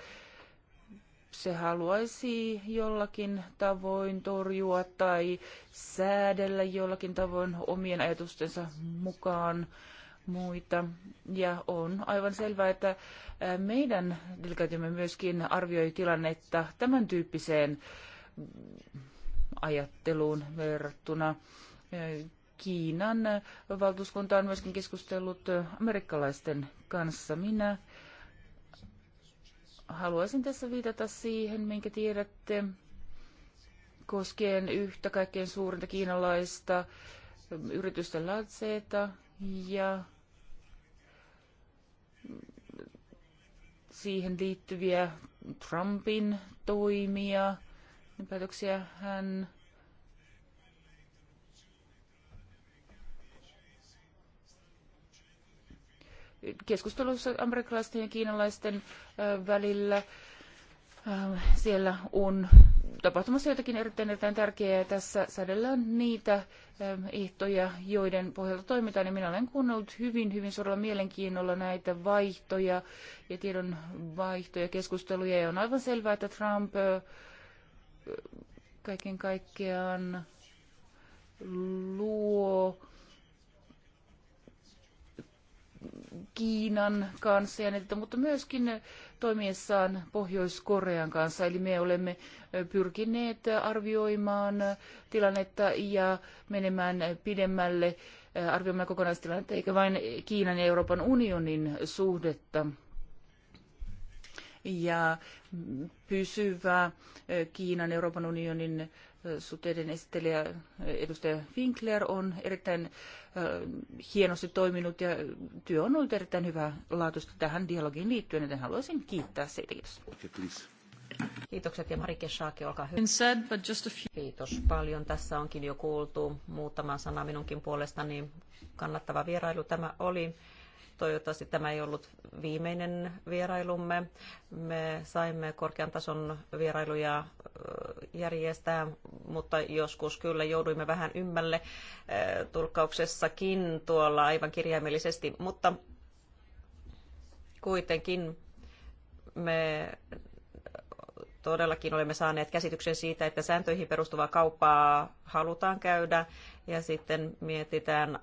se haluaisi jollakin tavoin torjua tai säädellä jollakin tavoin omien ajatustensa mukaan muita. Ja on aivan selvää, että meidän delegaatiomme myöskin arvioi tilannetta tämän tyyppiseen mm, ajatteluun verrattuna. Kiinan valtuuskunta on myöskin keskustellut amerikkalaisten kanssa. Minä haluaisin tässä viitata siihen, minkä tiedätte koskien yhtä kaikkein suurinta kiinalaista ähm, yritystä Latseta ja mm, siihen liittyviä Trumpin toimia. Päätöksiä hän keskustelussa amerikkalaisten ja kiinalaisten välillä. Siellä on tapahtumassa jotakin erittäin, erittäin tärkeää ja tässä säädellään niitä ehtoja, joiden pohjalta toimitaan. Ja minä olen kuunnellut hyvin, hyvin suurella mielenkiinnolla näitä vaihtoja ja tiedon vaihtoja, keskusteluja. Ja on aivan selvää, että Trump kaiken kaikkiaan luo Kiinan kanssa, ja netiltä, mutta myöskin toimiessaan Pohjois-Korean kanssa. Eli me olemme pyrkineet arvioimaan tilannetta ja menemään pidemmälle äh, arvioimaan kokonaistilannetta, eikä vain Kiinan ja Euroopan unionin suhdetta ja pysyvä äh, Kiinan Euroopan unionin suhteiden esittelijä edustaja Winkler on erittäin hienosti toiminut ja työ on ollut erittäin hyvä laatusta tähän dialogiin liittyen, joten haluaisin kiittää siitä. Kiitos. Kiitokset ja Marike Schaake, olkaa hyvä. Kiitos paljon. Tässä onkin jo kuultu muutama sana minunkin puolestani. Kannattava vierailu tämä oli. Toivottavasti tämä ei ollut viimeinen vierailumme. Me saimme korkean tason vierailuja järjestää, mutta joskus kyllä jouduimme vähän ymmälle tulkkauksessakin tuolla aivan kirjaimellisesti, mutta kuitenkin me todellakin olemme saaneet käsityksen siitä, että sääntöihin perustuvaa kauppaa halutaan käydä ja sitten mietitään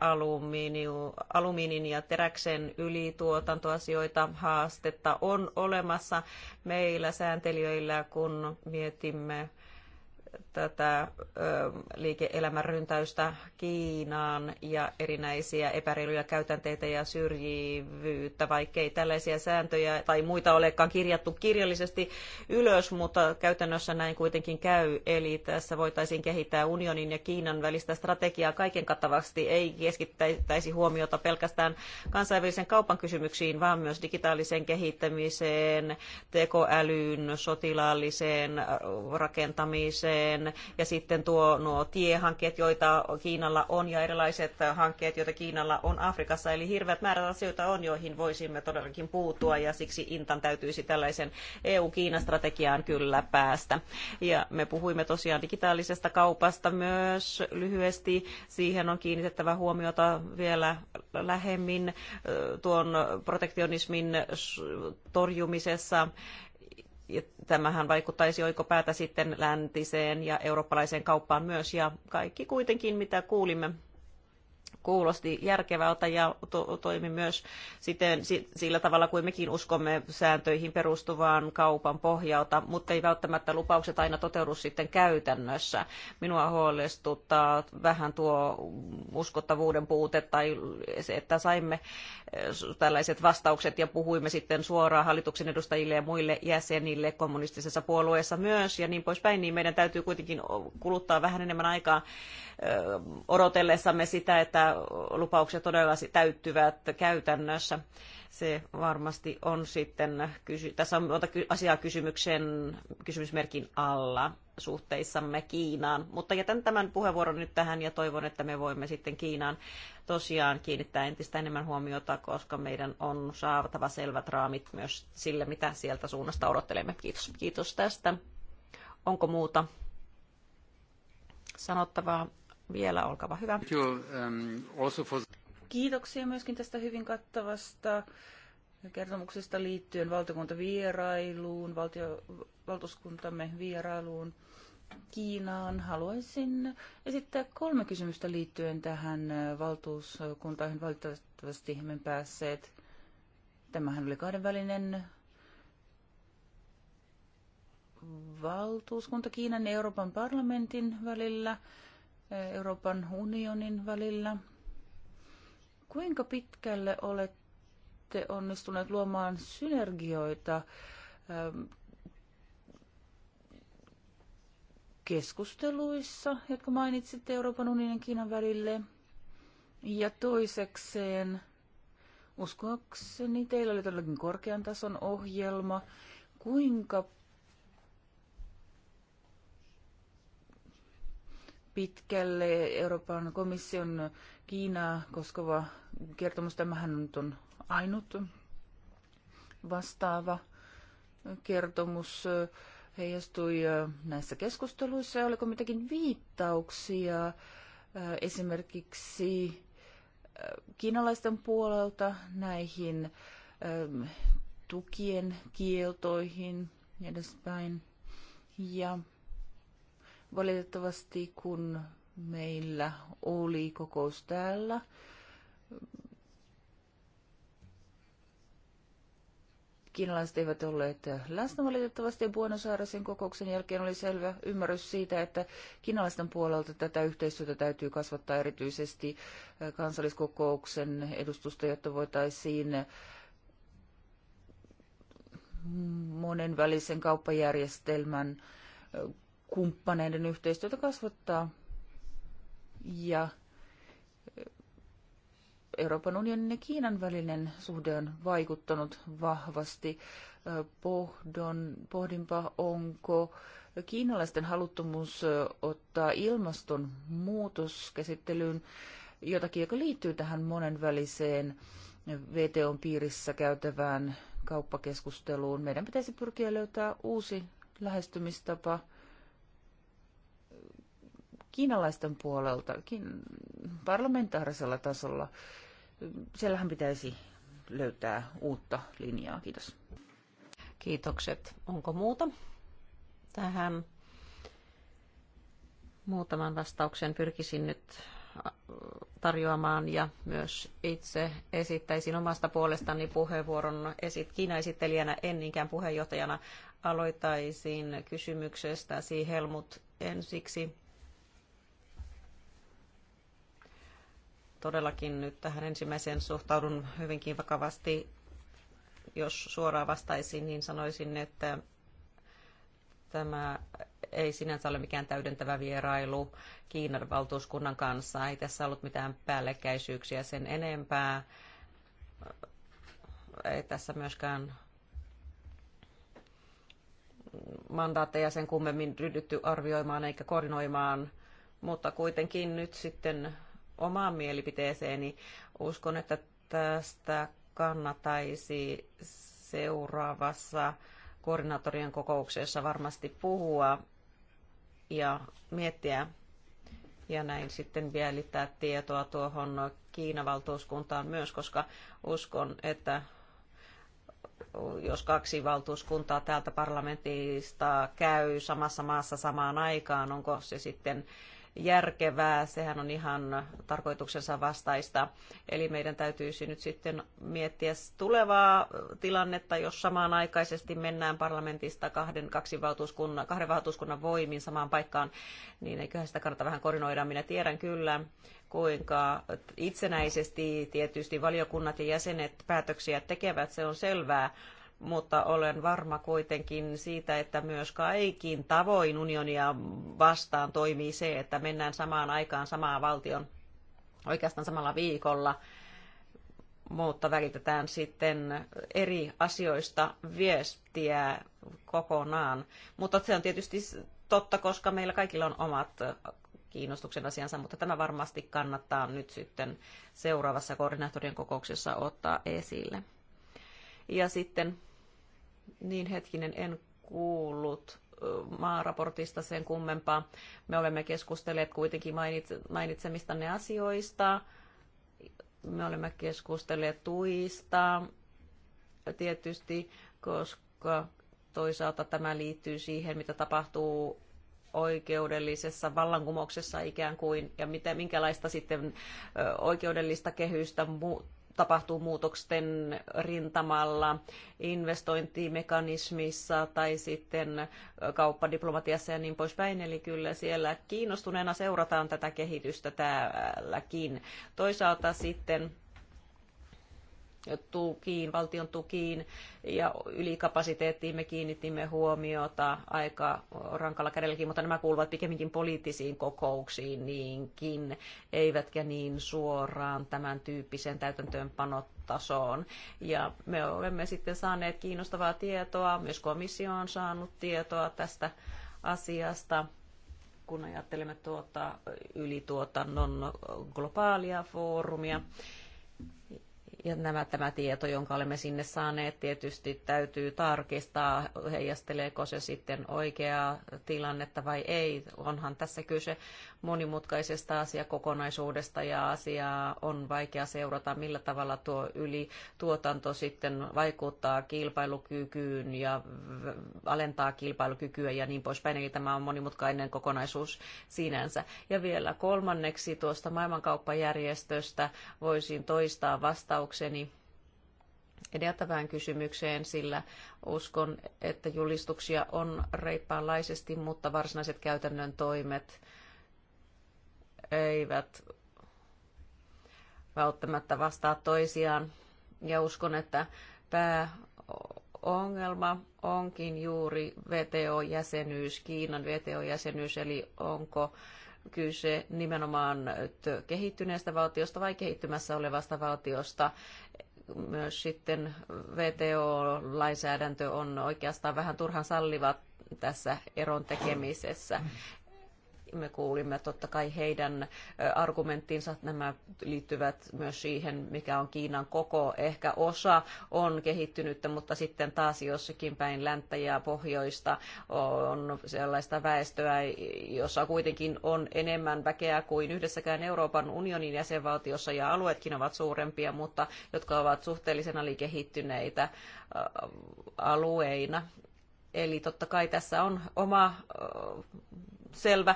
alumiinin ja teräksen ylituotantoasioita. Haastetta on olemassa meillä sääntelijöillä, kun mietimme tätä liike-elämän ryntäystä Kiinaan ja erinäisiä epäreiluja käytänteitä ja syrjivyyttä, vaikkei tällaisia sääntöjä tai muita olekaan kirjattu kirjallisesti ylös, mutta käytännössä näin kuitenkin käy. Eli tässä voitaisiin kehittää unionin ja Kiinan välistä strategiaa kaiken kattavasti, ei keskittäisi huomiota pelkästään kansainvälisen kaupan kysymyksiin, vaan myös digitaaliseen kehittämiseen, tekoälyyn, sotilaalliseen rakentamiseen, liikenteeseen ja sitten tuo, nuo tiehankkeet, joita Kiinalla on ja erilaiset hankkeet, joita Kiinalla on Afrikassa. Eli hirveät määrät asioita on, joihin voisimme todellakin puuttua ja siksi Intan täytyisi tällaisen EU-Kiina-strategiaan kyllä päästä. Ja me puhuimme tosiaan digitaalisesta kaupasta myös lyhyesti. Siihen on kiinnitettävä huomiota vielä lähemmin tuon protektionismin torjumisessa ja tämähän vaikuttaisi oikopäätä sitten läntiseen ja eurooppalaiseen kauppaan myös, ja kaikki kuitenkin, mitä kuulimme kuulosti järkevältä ja to- toimi myös siten, sillä tavalla kuin mekin uskomme sääntöihin perustuvaan kaupan pohjalta, mutta ei välttämättä lupaukset aina toteudu sitten käytännössä. Minua huolestuttaa vähän tuo uskottavuuden puute tai se, että saimme eh, tällaiset vastaukset ja puhuimme sitten suoraan hallituksen edustajille ja muille jäsenille kommunistisessa puolueessa myös ja niin poispäin, niin meidän täytyy kuitenkin kuluttaa vähän enemmän aikaa eh, odotellessamme sitä, että lupaukset todella täyttyvät käytännössä. Se varmasti on sitten, tässä on monta asiaa kysymyksen, kysymysmerkin alla suhteissamme Kiinaan. Mutta jätän tämän puheenvuoron nyt tähän ja toivon, että me voimme sitten Kiinaan tosiaan kiinnittää entistä enemmän huomiota, koska meidän on saatava selvät raamit myös sille, mitä sieltä suunnasta odottelemme. Kiitos, Kiitos tästä. Onko muuta sanottavaa? vielä, olkaa hyvä. Um, Kiitoksia myöskin tästä hyvin kattavasta kertomuksesta liittyen valtakuntavierailuun, valtio, valtuuskuntamme vierailuun Kiinaan. Haluaisin esittää kolme kysymystä liittyen tähän valtuuskuntaan. Valitettavasti emme päässeet. Tämähän oli kahdenvälinen valtuuskunta Kiinan ja Euroopan parlamentin välillä. Euroopan unionin välillä. Kuinka pitkälle olette onnistuneet luomaan synergioita ähm, keskusteluissa, jotka mainitsitte Euroopan unionin ja Kiinan välille? Ja toisekseen, uskoakseni teillä oli todellakin korkean tason ohjelma. Kuinka pitkälle Euroopan komission Kiinaa koskeva kertomus. Tämähän nyt on ainut vastaava kertomus heijastui äh, näissä keskusteluissa. Oliko mitäkin viittauksia äh, esimerkiksi äh, kiinalaisten puolelta näihin tukien kieltoihin ja edespäin. Ja Valitettavasti kun meillä oli kokous täällä, kiinalaiset eivät olleet läsnä valitettavasti ja Buenos Airesin kokouksen jälkeen oli selvä ymmärrys siitä, että kiinalaisten puolelta tätä yhteistyötä täytyy kasvattaa erityisesti eh, kansalliskokouksen edustusta, jotta voitaisiin monenvälisen kauppajärjestelmän eh, kumppaneiden yhteistyötä kasvattaa. Ja Euroopan unionin ja Kiinan välinen suhde on vaikuttanut vahvasti. Pohdon, pohdinpa, onko kiinalaisten haluttomuus ottaa ilmastonmuutos käsittelyyn jotakin, joka liittyy tähän monenväliseen VTOn piirissä käytävään kauppakeskusteluun. Meidän pitäisi pyrkiä löytää uusi lähestymistapa – kiinalaisten puolelta, kiin, parlamentaarisella tasolla. Siellähän pitäisi löytää uutta linjaa. Kiitos. Kiitokset. Onko muuta tähän? Muutaman vastauksen pyrkisin nyt äh, tarjoamaan ja myös itse esittäisin omasta puolestani puheenvuoron esit, Kiina-esittelijänä, en niinkään puheenjohtajana. Aloitaisin kysymyksestäsi Helmut ensiksi Todellakin nyt tähän ensimmäiseen suhtaudun hyvinkin vakavasti. Jos suoraan vastaisin, niin sanoisin, että tämä ei sinänsä ole mikään täydentävä vierailu Kiinan valtuuskunnan kanssa. Ei tässä ollut mitään päällekkäisyyksiä sen enempää. Ei tässä myöskään mandaatteja sen kummemmin ryhdytty arvioimaan eikä koordinoimaan, mutta kuitenkin nyt sitten omaan mielipiteeseeni. Uskon, että tästä kannattaisi seuraavassa koordinaattorien kokouksessa varmasti puhua ja miettiä ja näin sitten vielittää tietoa tuohon Kiinan valtuuskuntaan myös, koska uskon, että jos kaksi valtuuskuntaa täältä parlamentista käy samassa maassa samaan aikaan, onko se sitten järkevää, sehän on ihan tarkoituksensa vastaista. Eli meidän täytyisi nyt sitten miettiä tulevaa tilannetta, jos samanaikaisesti mennään parlamentista kahden, kaksi valtuuskunnan, kahden valtuuskunnan voimin samaan paikkaan, niin eiköhän sitä kannata vähän koordinoida. Minä tiedän kyllä, kuinka itsenäisesti tietysti valiokunnat ja jäsenet päätöksiä tekevät, se on selvää, mutta olen varma kuitenkin siitä, että myös kaikin tavoin unionia vastaan toimii se, että mennään samaan aikaan samaan valtion oikeastaan samalla viikolla, mutta välitetään sitten eri asioista viestiä kokonaan. Mutta se on tietysti totta, koska meillä kaikilla on omat kiinnostuksen asiansa, mutta tämä varmasti kannattaa nyt sitten seuraavassa koordinaattorien kokouksessa ottaa esille. Ja sitten niin hetkinen, en kuullut maaraportista sen kummempaa. Me olemme keskustelleet kuitenkin mainitsemistanne asioista. Me olemme keskustelleet tuista tietysti, koska toisaalta tämä liittyy siihen, mitä tapahtuu oikeudellisessa vallankumouksessa ikään kuin, ja mitä, minkälaista sitten oikeudellista kehystä tapahtuu muutoksen rintamalla, investointimekanismissa tai sitten kauppadiplomatiassa ja niin poispäin. Eli kyllä siellä kiinnostuneena seurataan tätä kehitystä täälläkin. Toisaalta sitten tukiin, valtion tukiin ja ylikapasiteettiin me kiinnitimme huomiota aika rankalla kädelläkin, mutta nämä kuuluvat pikemminkin poliittisiin kokouksiin niinkin, eivätkä niin suoraan tämän tyyppiseen täytäntöönpanotasoon. Ja me olemme sitten saaneet kiinnostavaa tietoa, myös komissio on saanut tietoa tästä asiasta kun ajattelemme tuota, ylituotannon globaalia foorumia ja nämä, tämä tieto, jonka olemme sinne saaneet, tietysti täytyy tarkistaa, heijasteleeko se sitten oikeaa tilannetta vai ei. Onhan tässä kyse monimutkaisesta asiakokonaisuudesta ja asiaa on vaikea seurata, millä tavalla tuo ylituotanto sitten vaikuttaa kilpailukykyyn ja alentaa kilpailukykyä ja niin poispäin. Eli tämä on monimutkainen kokonaisuus sinänsä. Ja vielä kolmanneksi tuosta maailmankauppajärjestöstä voisin toistaa vastauksen vastaukseni edeltävään kysymykseen, sillä uskon, että julistuksia on reippaanlaisesti, mutta varsinaiset käytännön toimet eivät välttämättä vastaa toisiaan. Ja uskon, että pääongelma onkin juuri VTO-jäsenyys, Kiinan VTO-jäsenyys, eli onko kyse nimenomaan kehittyneestä valtiosta vai kehittymässä olevasta valtiosta. Myös sitten VTO-lainsäädäntö on oikeastaan vähän turhan salliva tässä eron tekemisessä. Me kuulimme totta kai heidän argumenttinsa. Nämä liittyvät myös siihen, mikä on Kiinan koko. Ehkä osa on kehittynyttä, mutta sitten taas jossakin päin länttä ja pohjoista on sellaista väestöä, jossa kuitenkin on enemmän väkeä kuin yhdessäkään Euroopan unionin jäsenvaltiossa ja alueetkin ovat suurempia, mutta jotka ovat suhteellisen alikehittyneitä alueina. Eli totta kai tässä on oma selvä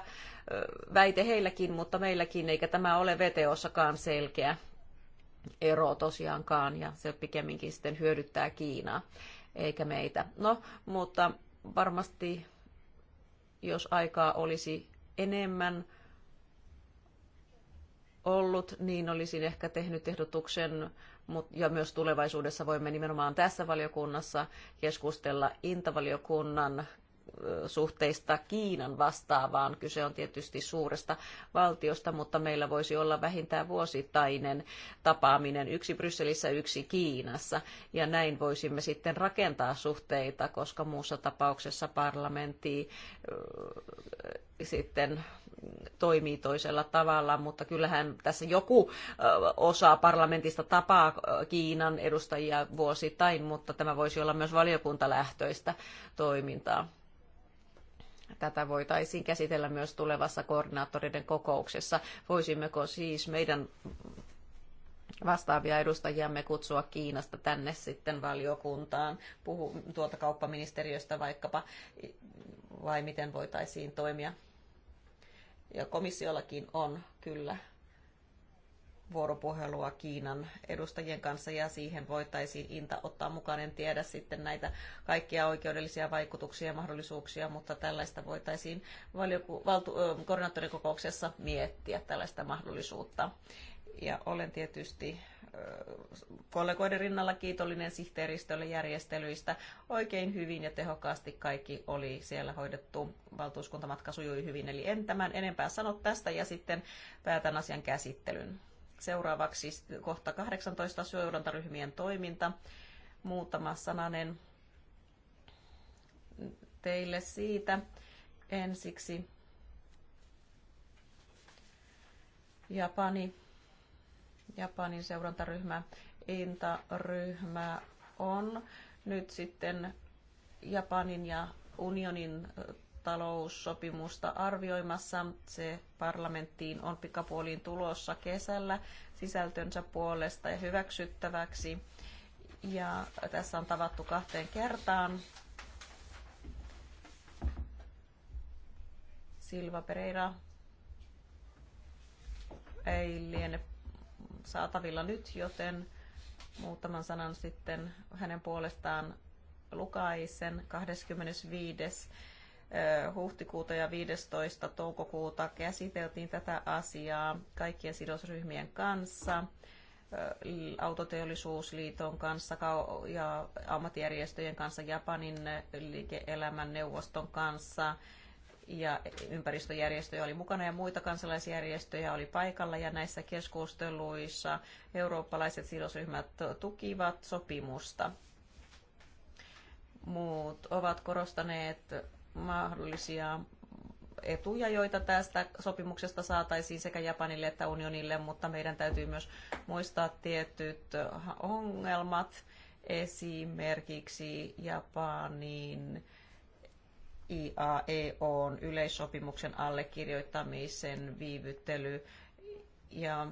väite heilläkin, mutta meilläkin, eikä tämä ole VTOssakaan selkeä ero tosiaankaan, ja se pikemminkin sitten hyödyttää Kiinaa, eikä meitä. No, mutta varmasti jos aikaa olisi enemmän ollut, niin olisin ehkä tehnyt ehdotuksen, ja myös tulevaisuudessa voimme nimenomaan tässä valiokunnassa keskustella intavaliokunnan suhteista Kiinan vastaavaan. Kyse on tietysti suuresta valtiosta, mutta meillä voisi olla vähintään vuosittainen tapaaminen yksi Brysselissä, yksi Kiinassa. Ja näin voisimme sitten rakentaa suhteita, koska muussa tapauksessa parlamentti sitten toimii toisella tavalla, mutta kyllähän tässä joku osa parlamentista tapaa Kiinan edustajia vuosittain, mutta tämä voisi olla myös valiokuntalähtöistä toimintaa tätä voitaisiin käsitellä myös tulevassa koordinaattoreiden kokouksessa. Voisimmeko siis meidän vastaavia edustajiamme kutsua Kiinasta tänne sitten valiokuntaan, puhu tuolta kauppaministeriöstä vaikkapa, vai miten voitaisiin toimia. Ja komissiollakin on kyllä vuoropuhelua Kiinan edustajien kanssa ja siihen voitaisiin Inta ottaa mukaan. En tiedä sitten näitä kaikkia oikeudellisia vaikutuksia ja mahdollisuuksia, mutta tällaista voitaisiin valioku- valtu- koordinaattorikokouksessa miettiä tällaista mahdollisuutta. Ja olen tietysti kollegoiden rinnalla kiitollinen sihteeristölle järjestelyistä. Oikein hyvin ja tehokkaasti kaikki oli siellä hoidettu. Valtuuskuntamatka sujui hyvin, eli en tämän enempää sano tästä ja sitten päätän asian käsittelyn. Seuraavaksi kohta 18 seurantaryhmien toiminta. Muutama sananen teille siitä ensiksi. Japani, Japanin seurantaryhmä, Inta-ryhmä on nyt sitten Japanin ja unionin taloussopimusta arvioimassa. Se parlamenttiin on pikapuoliin tulossa kesällä sisältönsä puolesta ja hyväksyttäväksi. Ja tässä on tavattu kahteen kertaan. Silva Pereira ei liene saatavilla nyt, joten muutaman sanan sitten hänen puolestaan lukaisen 25 huhtikuuta ja 15. toukokuuta käsiteltiin tätä asiaa kaikkien sidosryhmien kanssa autoteollisuusliiton kanssa ja ammattijärjestöjen kanssa, Japanin liike-elämän neuvoston kanssa ja ympäristöjärjestöjä oli mukana ja muita kansalaisjärjestöjä oli paikalla ja näissä keskusteluissa eurooppalaiset sidosryhmät tukivat sopimusta. Muut ovat korostaneet mahdollisia etuja, joita tästä sopimuksesta saataisiin sekä Japanille että unionille, mutta meidän täytyy myös muistaa tietyt ongelmat, esimerkiksi Japanin IAEOn yleissopimuksen allekirjoittamisen viivyttely ja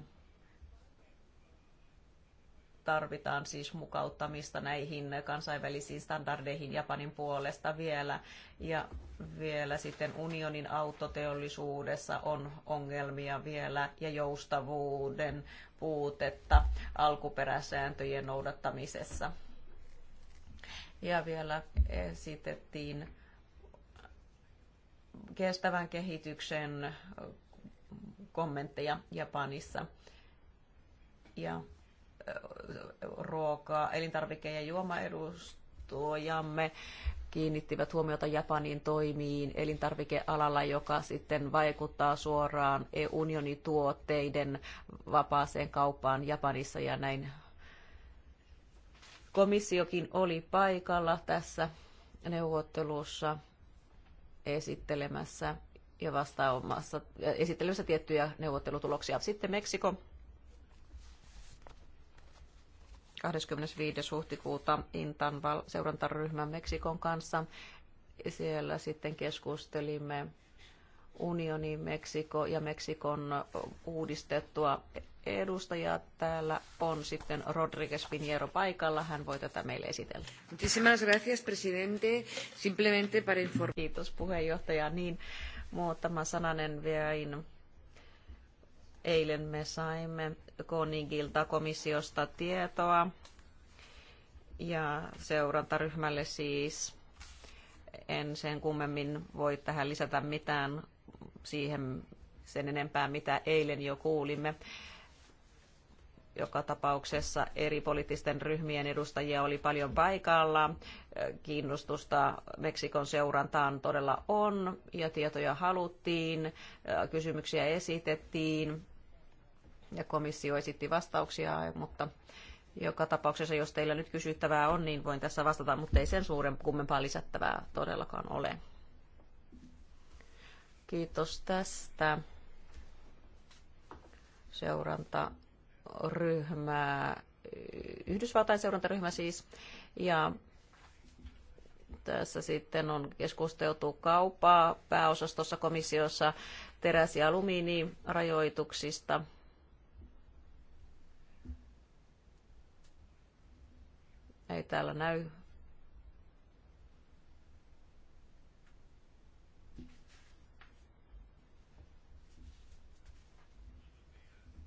tarvitaan siis mukauttamista näihin kansainvälisiin standardeihin Japanin puolesta vielä. Ja vielä sitten unionin autoteollisuudessa on ongelmia vielä ja joustavuuden puutetta alkuperäsääntöjen noudattamisessa. Ja vielä esitettiin kestävän kehityksen kommentteja Japanissa. Ja ruokaa, elintarvike- ja juomaedustuojamme kiinnittivät huomiota Japanin toimiin elintarvikealalla, joka sitten vaikuttaa suoraan unionituotteiden vapaaseen kauppaan Japanissa ja näin komissiokin oli paikalla tässä neuvottelussa esittelemässä ja vastaamassa esittelemässä tiettyjä neuvottelutuloksia. Sitten Meksiko 25. huhtikuuta Intan seurantaryhmän Meksikon kanssa. Siellä sitten keskustelimme unioni Meksiko ja Meksikon uudistettua edustajaa. Täällä on sitten Rodriguez Piniero paikalla. Hän voi tätä meille esitellä. Muchísimas gracias, presidente. Simplemente para informar. Kiitos puheenjohtaja. Niin, muutama sananen vielä Eilen me saimme Koningilta komissiosta tietoa ja seurantaryhmälle siis. En sen kummemmin voi tähän lisätä mitään siihen sen enempää, mitä eilen jo kuulimme. Joka tapauksessa eri poliittisten ryhmien edustajia oli paljon paikalla. Kiinnostusta Meksikon seurantaan todella on ja tietoja haluttiin, kysymyksiä esitettiin ja komissio esitti vastauksia, mutta joka tapauksessa, jos teillä nyt kysyttävää on, niin voin tässä vastata, mutta ei sen suuren kummempaa lisättävää todellakaan ole. Kiitos tästä. seurantaryhmä, Yhdysvaltain seurantaryhmä siis, ja tässä sitten on keskusteltu kaupaa pääosastossa komissiossa teräs- ja alumiinirajoituksista – Ei täällä näy.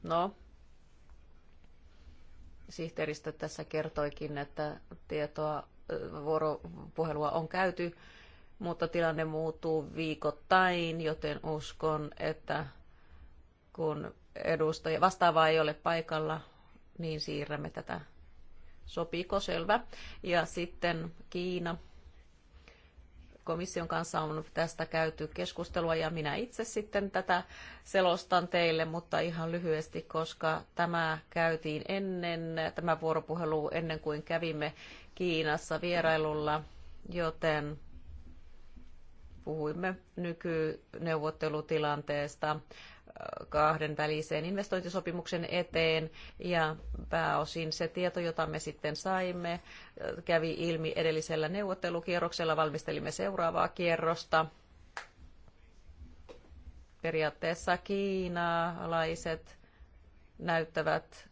No, sihteeristö tässä kertoikin, että tietoa, vuoropuhelua on käyty, mutta tilanne muuttuu viikoittain, joten uskon, että kun edustaja vastaavaa ei ole paikalla, niin siirrämme tätä Sopiiko selvä? Ja sitten Kiina. Komission kanssa on tästä käyty keskustelua ja minä itse sitten tätä selostan teille, mutta ihan lyhyesti, koska tämä käytiin ennen, tämä vuoropuhelu ennen kuin kävimme Kiinassa vierailulla, joten puhuimme nykyneuvottelutilanteesta kahden väliseen investointisopimuksen eteen ja pääosin se tieto, jota me sitten saimme, kävi ilmi edellisellä neuvottelukierroksella. Valmistelimme seuraavaa kierrosta. Periaatteessa kiinalaiset näyttävät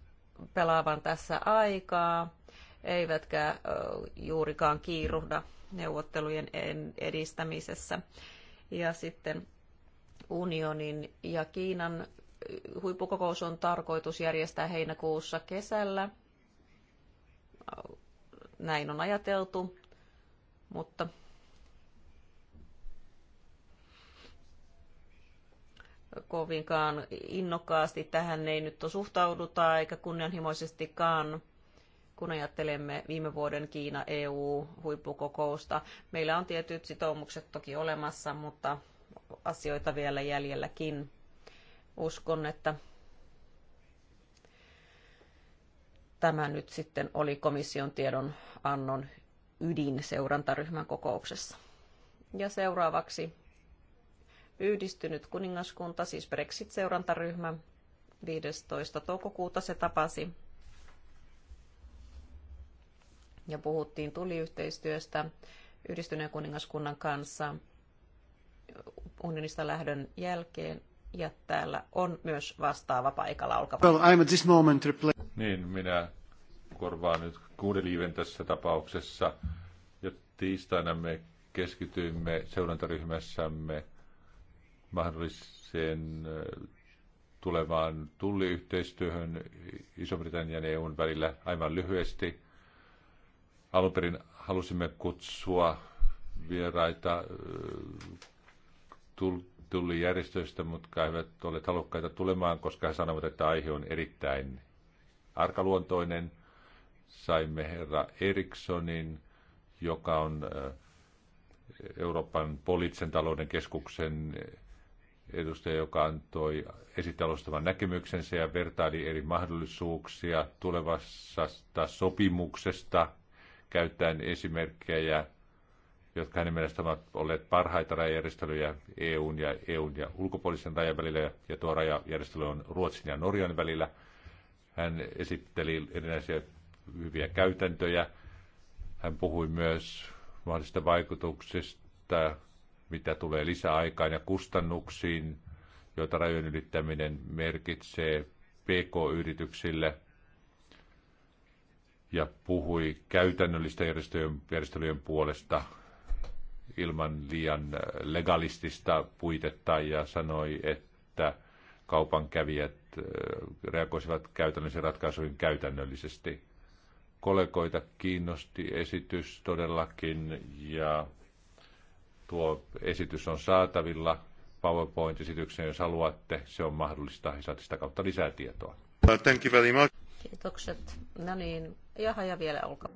pelaavan tässä aikaa, eivätkä juurikaan kiiruhda neuvottelujen edistämisessä. Ja sitten unionin ja Kiinan huippukokous on tarkoitus järjestää heinäkuussa kesällä. Näin on ajateltu, mutta kovinkaan innokkaasti tähän ei nyt ole suhtauduta eikä kunnianhimoisestikaan kun ajattelemme viime vuoden Kiina-EU-huippukokousta. Meillä on tietyt sitoumukset toki olemassa, mutta asioita vielä jäljelläkin. Uskon, että tämä nyt sitten oli komission tiedon annon ydin seurantaryhmän kokouksessa. Ja seuraavaksi yhdistynyt kuningaskunta, siis Brexit-seurantaryhmä, 15. toukokuuta se tapasi ja puhuttiin tuliyhteistyöstä yhdistyneen kuningaskunnan kanssa unionista lähdön jälkeen ja täällä on myös vastaava paikalla. olkava. well, I'm at this moment Niin, minä korvaan nyt kuudeliiven tässä tapauksessa. Ja tiistaina me keskityimme seurantaryhmässämme mahdolliseen tulevaan tulliyhteistyöhön Iso-Britannian ja EUn välillä aivan lyhyesti. Alun perin halusimme kutsua vieraita tuli järjestöistä, mutta eivät ole halukkaita tulemaan, koska he sanovat, että aihe on erittäin arkaluontoinen. Saimme herra Erikssonin, joka on äh, Euroopan poliittisen talouden keskuksen edustaja, joka antoi esitalostavan näkemyksensä ja vertaili eri mahdollisuuksia tulevasta sopimuksesta, käyttäen esimerkkejä jotka hänen mielestään ovat olleet parhaita rajajärjestelyjä EUn ja EUn ja ulkopuolisen rajan välillä, ja tuo rajajärjestely on Ruotsin ja Norjan välillä. Hän esitteli erinäisiä hyviä käytäntöjä. Hän puhui myös mahdollisista vaikutuksista, mitä tulee lisäaikaan ja kustannuksiin, joita rajojen ylittäminen merkitsee PK-yrityksille – ja puhui käytännöllistä järjestelyjen, järjestelyjen puolesta ilman liian äh, legalistista puitetta ja sanoi, että kaupankävijät äh, reagoisivat käytännöllisiin ratkaisuihin käytännöllisesti. Kollegoita kiinnosti esitys todellakin ja tuo esitys on saatavilla powerpoint esityksen jos haluatte. Se on mahdollista ja saatte sitä kautta lisää tietoa. Thank you very much. Kiitokset. No niin, jaha ja vielä olkaa.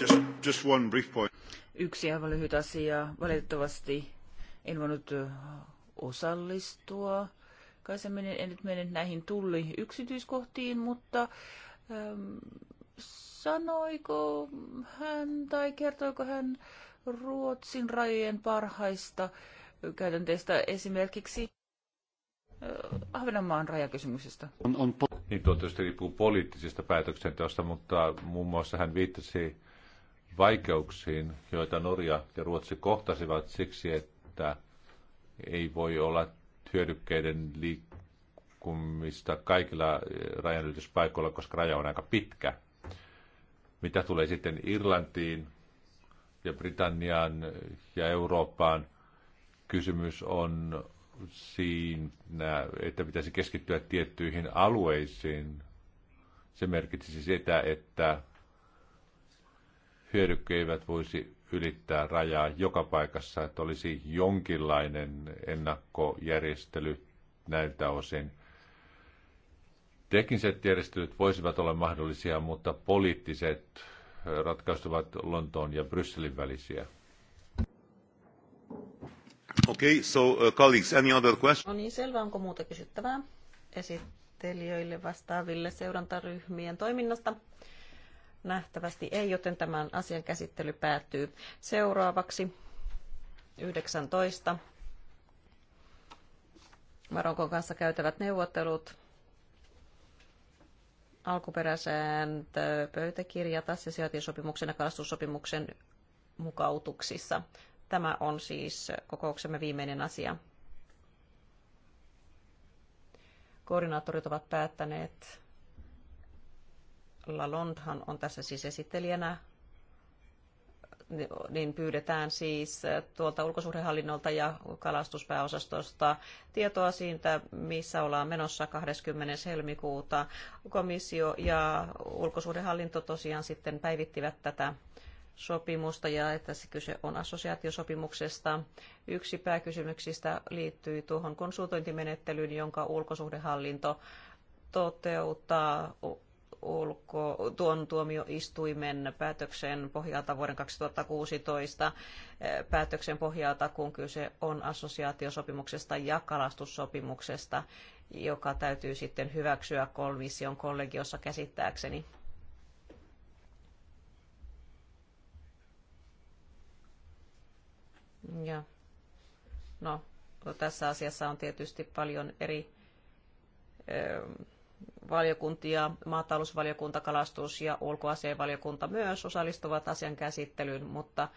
Just, just one brief point. Yksi aivan lyhyt asia. Valitettavasti en voinut osallistua. Kai se menen, en nyt mene näihin tulli yksityiskohtiin, mutta ähm, sanoiko hän tai kertoiko hän Ruotsin rajojen parhaista käytänteistä esimerkiksi Ahvenanmaan rajakysymyksestä? On, on, niin tuo tietysti riippuu poliittisista päätöksenteosta, mutta muun muassa hän viittasi vaikeuksiin, joita Norja ja Ruotsi kohtasivat siksi, että ei voi olla hyödykkeiden liikkumista kaikilla rajanylityspaikoilla, koska raja on aika pitkä. Mitä tulee sitten Irlantiin ja Britanniaan ja Eurooppaan, kysymys on siinä, että pitäisi keskittyä tiettyihin alueisiin. Se merkitsisi sitä, että hyödykkeet eivät voisi ylittää rajaa joka paikassa, että olisi jonkinlainen ennakkojärjestely näiltä osin. Tekniset järjestelyt voisivat olla mahdollisia, mutta poliittiset ratkaisut ovat Lontoon ja Brysselin välisiä. Okay, so uh, colleagues, any other question? No niin, selvä. Onko muuta kysyttävää esittelijöille vastaaville seurantaryhmien toiminnasta? Nähtävästi ei, joten tämän asian käsittely päättyy. Seuraavaksi 19. Marokon kanssa käytävät neuvottelut alkuperäisääntö, pöytäkirja, sopimuksen ja kalastussopimuksen mukautuksissa. Tämä on siis kokouksemme viimeinen asia. Koordinaattorit ovat päättäneet Lalondhan on tässä siis esittelijänä, niin pyydetään siis tuolta ulkosuhdehallinnolta ja kalastuspääosastosta tietoa siitä, missä ollaan menossa 20. helmikuuta. Komissio ja ulkosuhdehallinto tosiaan sitten päivittivät tätä sopimusta ja että se kyse on assosiaatiosopimuksesta. Yksi pääkysymyksistä liittyy tuohon konsultointimenettelyyn, jonka ulkosuhdehallinto toteuttaa ulko, tuon tuomioistuimen päätöksen pohjalta vuoden 2016 eh, päätöksen pohjalta, kun kyse on assosiaatiosopimuksesta ja kalastussopimuksesta, joka täytyy sitten hyväksyä komission kollegiossa käsittääkseni. Ja. No, tässä asiassa on tietysti paljon eri eh, valiokuntia, maatalousvaliokunta, kalastus ja ulkoasianvaliokunta myös osallistuvat asian käsittelyyn, mutta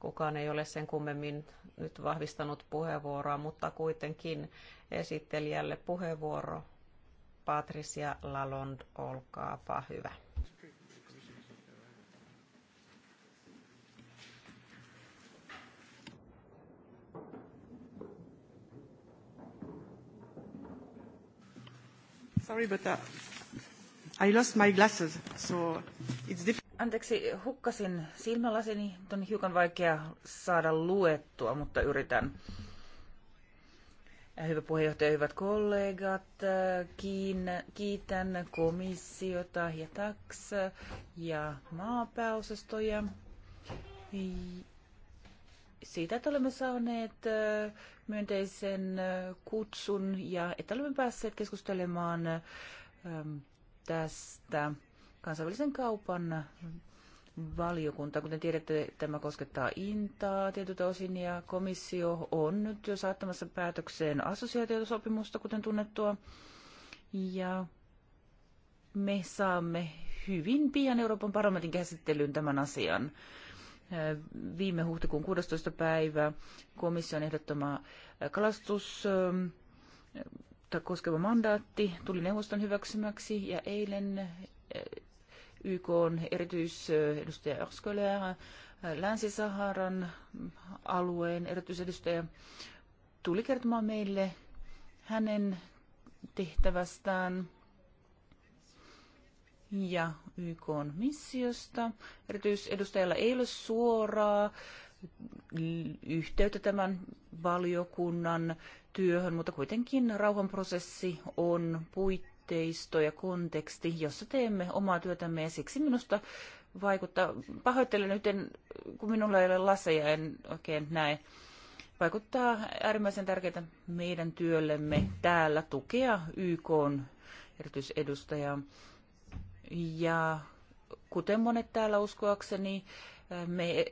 kukaan ei ole sen kummemmin nyt vahvistanut puheenvuoroa, mutta kuitenkin esittelijälle puheenvuoro. Patricia Lalonde, olkaapa hyvä. Sorry, but uh, I lost my glasses, so it's Anteeksi, hukkasin silmälasini. On hiukan vaikea saada luettua, mutta yritän. Hyvä puheenjohtaja, hyvät kollegat, kiitän komissiota ja taks ja maapääosastoja siitä, että olemme saaneet myönteisen kutsun ja että olemme päässeet keskustelemaan tästä kansainvälisen kaupan valiokunta. Kuten tiedätte, tämä koskettaa Intaa tietyltä osin ja komissio on nyt jo saattamassa päätökseen assosiaatiosopimusta, kuten tunnettua. Ja me saamme hyvin pian Euroopan parlamentin käsittelyyn tämän asian viime huhtikuun 16. päivä komission ehdottama kalastus koskeva mandaatti tuli neuvoston hyväksymäksi ja eilen YK on erityisedustaja Erskoler, Länsi-Saharan alueen erityisedustaja, tuli kertomaan meille hänen tehtävästään ja YK missiosta. Erityisedustajalla ei ole suoraa yhteyttä tämän valiokunnan työhön, mutta kuitenkin rauhanprosessi on puitteisto ja konteksti, jossa teemme omaa työtämme ja siksi minusta vaikuttaa, pahoittelen nyt, en, kun minulla ei ole laseja, en oikein näe, vaikuttaa äärimmäisen tärkeää meidän työllemme täällä tukea YK erityisedustajaa. Ja kuten monet täällä uskoakseni, me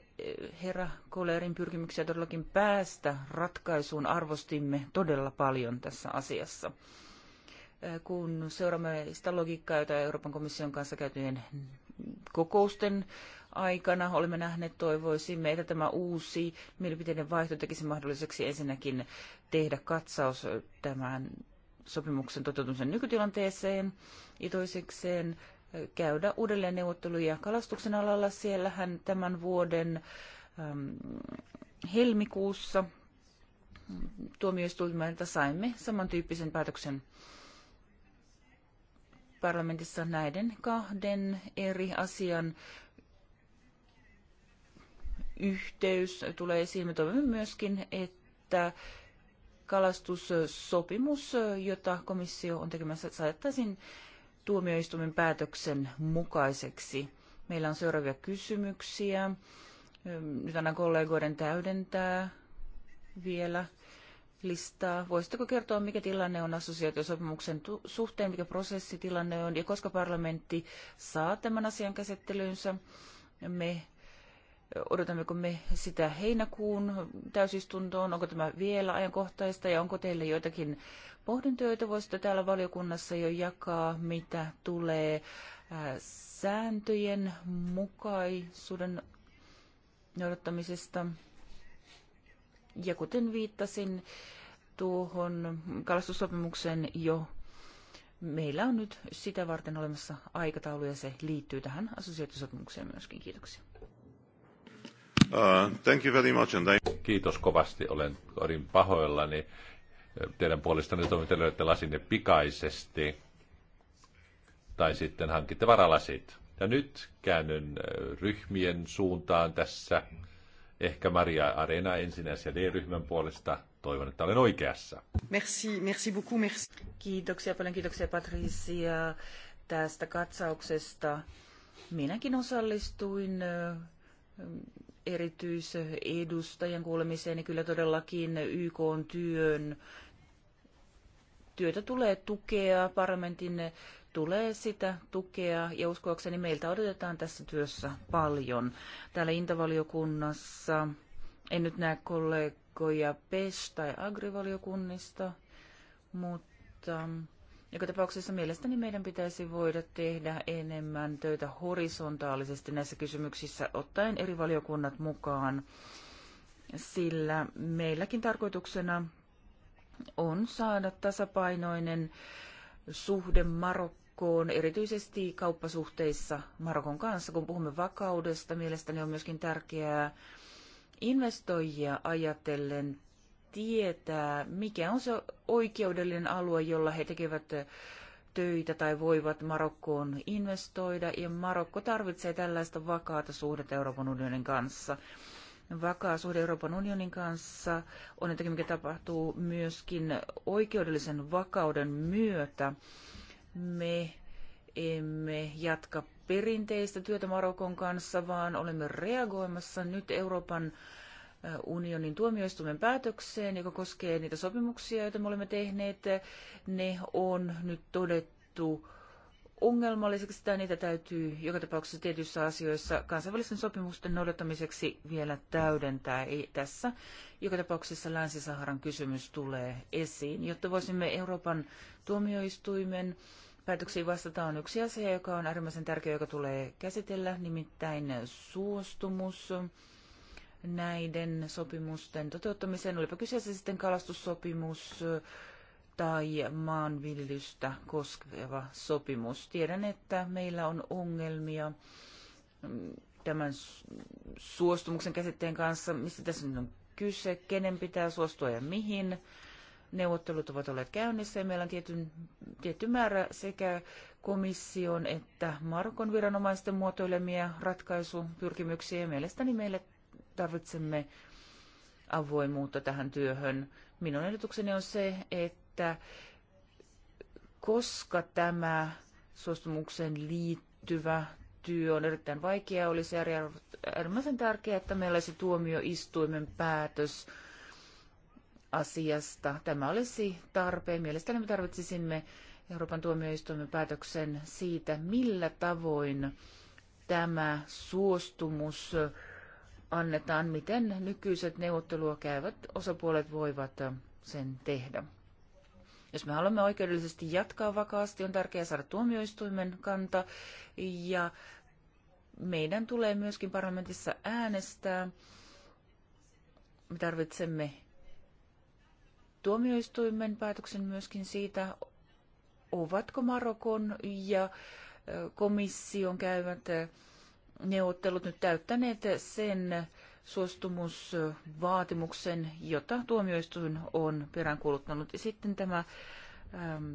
herra Kolerin pyrkimyksiä todellakin päästä ratkaisuun arvostimme todella paljon tässä asiassa. Kun seuraamme sitä logiikkaa, jota Euroopan komission kanssa käytyjen kokousten aikana olemme nähneet, toivoisimme, että tämä uusi mielipiteiden vaihto tekisi mahdolliseksi ensinnäkin tehdä katsaus tämän sopimuksen toteutumisen nykytilanteeseen ja toisekseen käydä uudelleen neuvotteluja kalastuksen alalla. Siellähän tämän vuoden ähm, helmikuussa tuomioistuimelta saimme samantyyppisen päätöksen parlamentissa näiden kahden eri asian yhteys tulee esiin. Me toivomme myöskin, että kalastussopimus, jota komissio on tekemässä, saatettaisiin tuomioistuimen päätöksen mukaiseksi. Meillä on seuraavia kysymyksiä. Nyt annan kollegoiden täydentää vielä listaa. Voisitteko kertoa, mikä tilanne on assosiaatiosopimuksen suhteen, mikä prosessitilanne on ja koska parlamentti saa tämän asian käsittelyynsä? Me odotammeko me sitä heinäkuun täysistuntoon, onko tämä vielä ajankohtaista ja onko teille joitakin pohdintoja, joita voisitte täällä valiokunnassa jo jakaa, mitä tulee äh, sääntöjen mukaisuuden noudattamisesta. Ja kuten viittasin tuohon kalastussopimukseen jo, meillä on nyt sitä varten olemassa aikataulu ja se liittyy tähän assosiaatiosopimukseen myöskin. Kiitoksia. Uh, thank you very much and I... Kiitos kovasti. Olen, olin pahoillani teidän puolestanne toivottavasti löydätte lasinne pikaisesti tai sitten hankitte varalasit. Ja nyt käännyn äh, ryhmien suuntaan tässä. Ehkä Maria Arena ensin sd ryhmän puolesta. Toivon, että olen oikeassa. Merci, merci beaucoup, merci. Kiitoksia, paljon kiitoksia Patricia tästä katsauksesta. Minäkin osallistuin äh, erityisedustajan kuulemiseen, niin kyllä todellakin YK on työn työtä tulee tukea, parlamentin tulee sitä tukea ja uskoakseni meiltä odotetaan tässä työssä paljon. Täällä intavaliokunnassa en nyt näe kollegoja PES- tai agrivaliokunnista, mutta joka tapauksessa mielestäni meidän pitäisi voida tehdä enemmän töitä horisontaalisesti näissä kysymyksissä, ottaen eri valiokunnat mukaan, sillä meilläkin tarkoituksena on saada tasapainoinen suhde Marokkoon, erityisesti kauppasuhteissa Marokon kanssa. Kun puhumme vakaudesta, mielestäni on myöskin tärkeää investoijia ajatellen tietää, mikä on se oikeudellinen alue, jolla he tekevät töitä tai voivat Marokkoon investoida, ja Marokko tarvitsee tällaista vakaata suhdetta Euroopan unionin kanssa. Vakaa suhde Euroopan unionin kanssa on jotakin, mikä tapahtuu myöskin oikeudellisen vakauden myötä. Me emme jatka perinteistä työtä Marokon kanssa, vaan olemme reagoimassa nyt Euroopan unionin tuomioistuimen päätökseen, joka koskee niitä sopimuksia, joita me olemme tehneet. Ne on nyt todettu ongelmalliseksi tai niitä täytyy joka tapauksessa tietyissä asioissa kansainvälisten sopimusten noudattamiseksi vielä täydentää. Ei tässä joka tapauksessa Länsi-Saharan kysymys tulee esiin, jotta voisimme Euroopan tuomioistuimen Päätöksiin vastata on yksi asia, joka on äärimmäisen tärkeä, joka tulee käsitellä, nimittäin suostumus näiden sopimusten toteuttamiseen, olipa kyseessä sitten kalastussopimus tai maanviljelystä koskeva sopimus. Tiedän, että meillä on ongelmia mm, tämän suostumuksen käsitteen kanssa, mistä tässä nyt on kyse, kenen pitää suostua ja mihin. Neuvottelut ovat olleet käynnissä ja meillä on tietyn tietty määrä sekä komission että Marokon viranomaisten muotoilemia ratkaisupyrkimyksiä. mielestäni meille tarvitsemme avoimuutta tähän työhön. Minun ehdotukseni on se, että koska tämä suostumukseen liittyvä työ on erittäin vaikeaa, olisi äärimmäisen tärkeää, että meillä olisi tuomioistuimen päätös asiasta. Tämä olisi tarpeen. Mielestäni me tarvitsisimme Euroopan tuomioistuimen päätöksen siitä, millä tavoin tämä suostumus annetaan, miten nykyiset neuvottelua käyvät osapuolet voivat sen tehdä. Jos me haluamme oikeudellisesti jatkaa vakaasti, on tärkeää saada tuomioistuimen kanta ja meidän tulee myöskin parlamentissa äänestää. Me tarvitsemme tuomioistuimen päätöksen myöskin siitä, ovatko Marokon ja komission käyvät neuvottelut nyt täyttäneet sen suostumusvaatimuksen, jota tuomioistuin on peräänkuuluttanut. Ja sitten tämä ähm,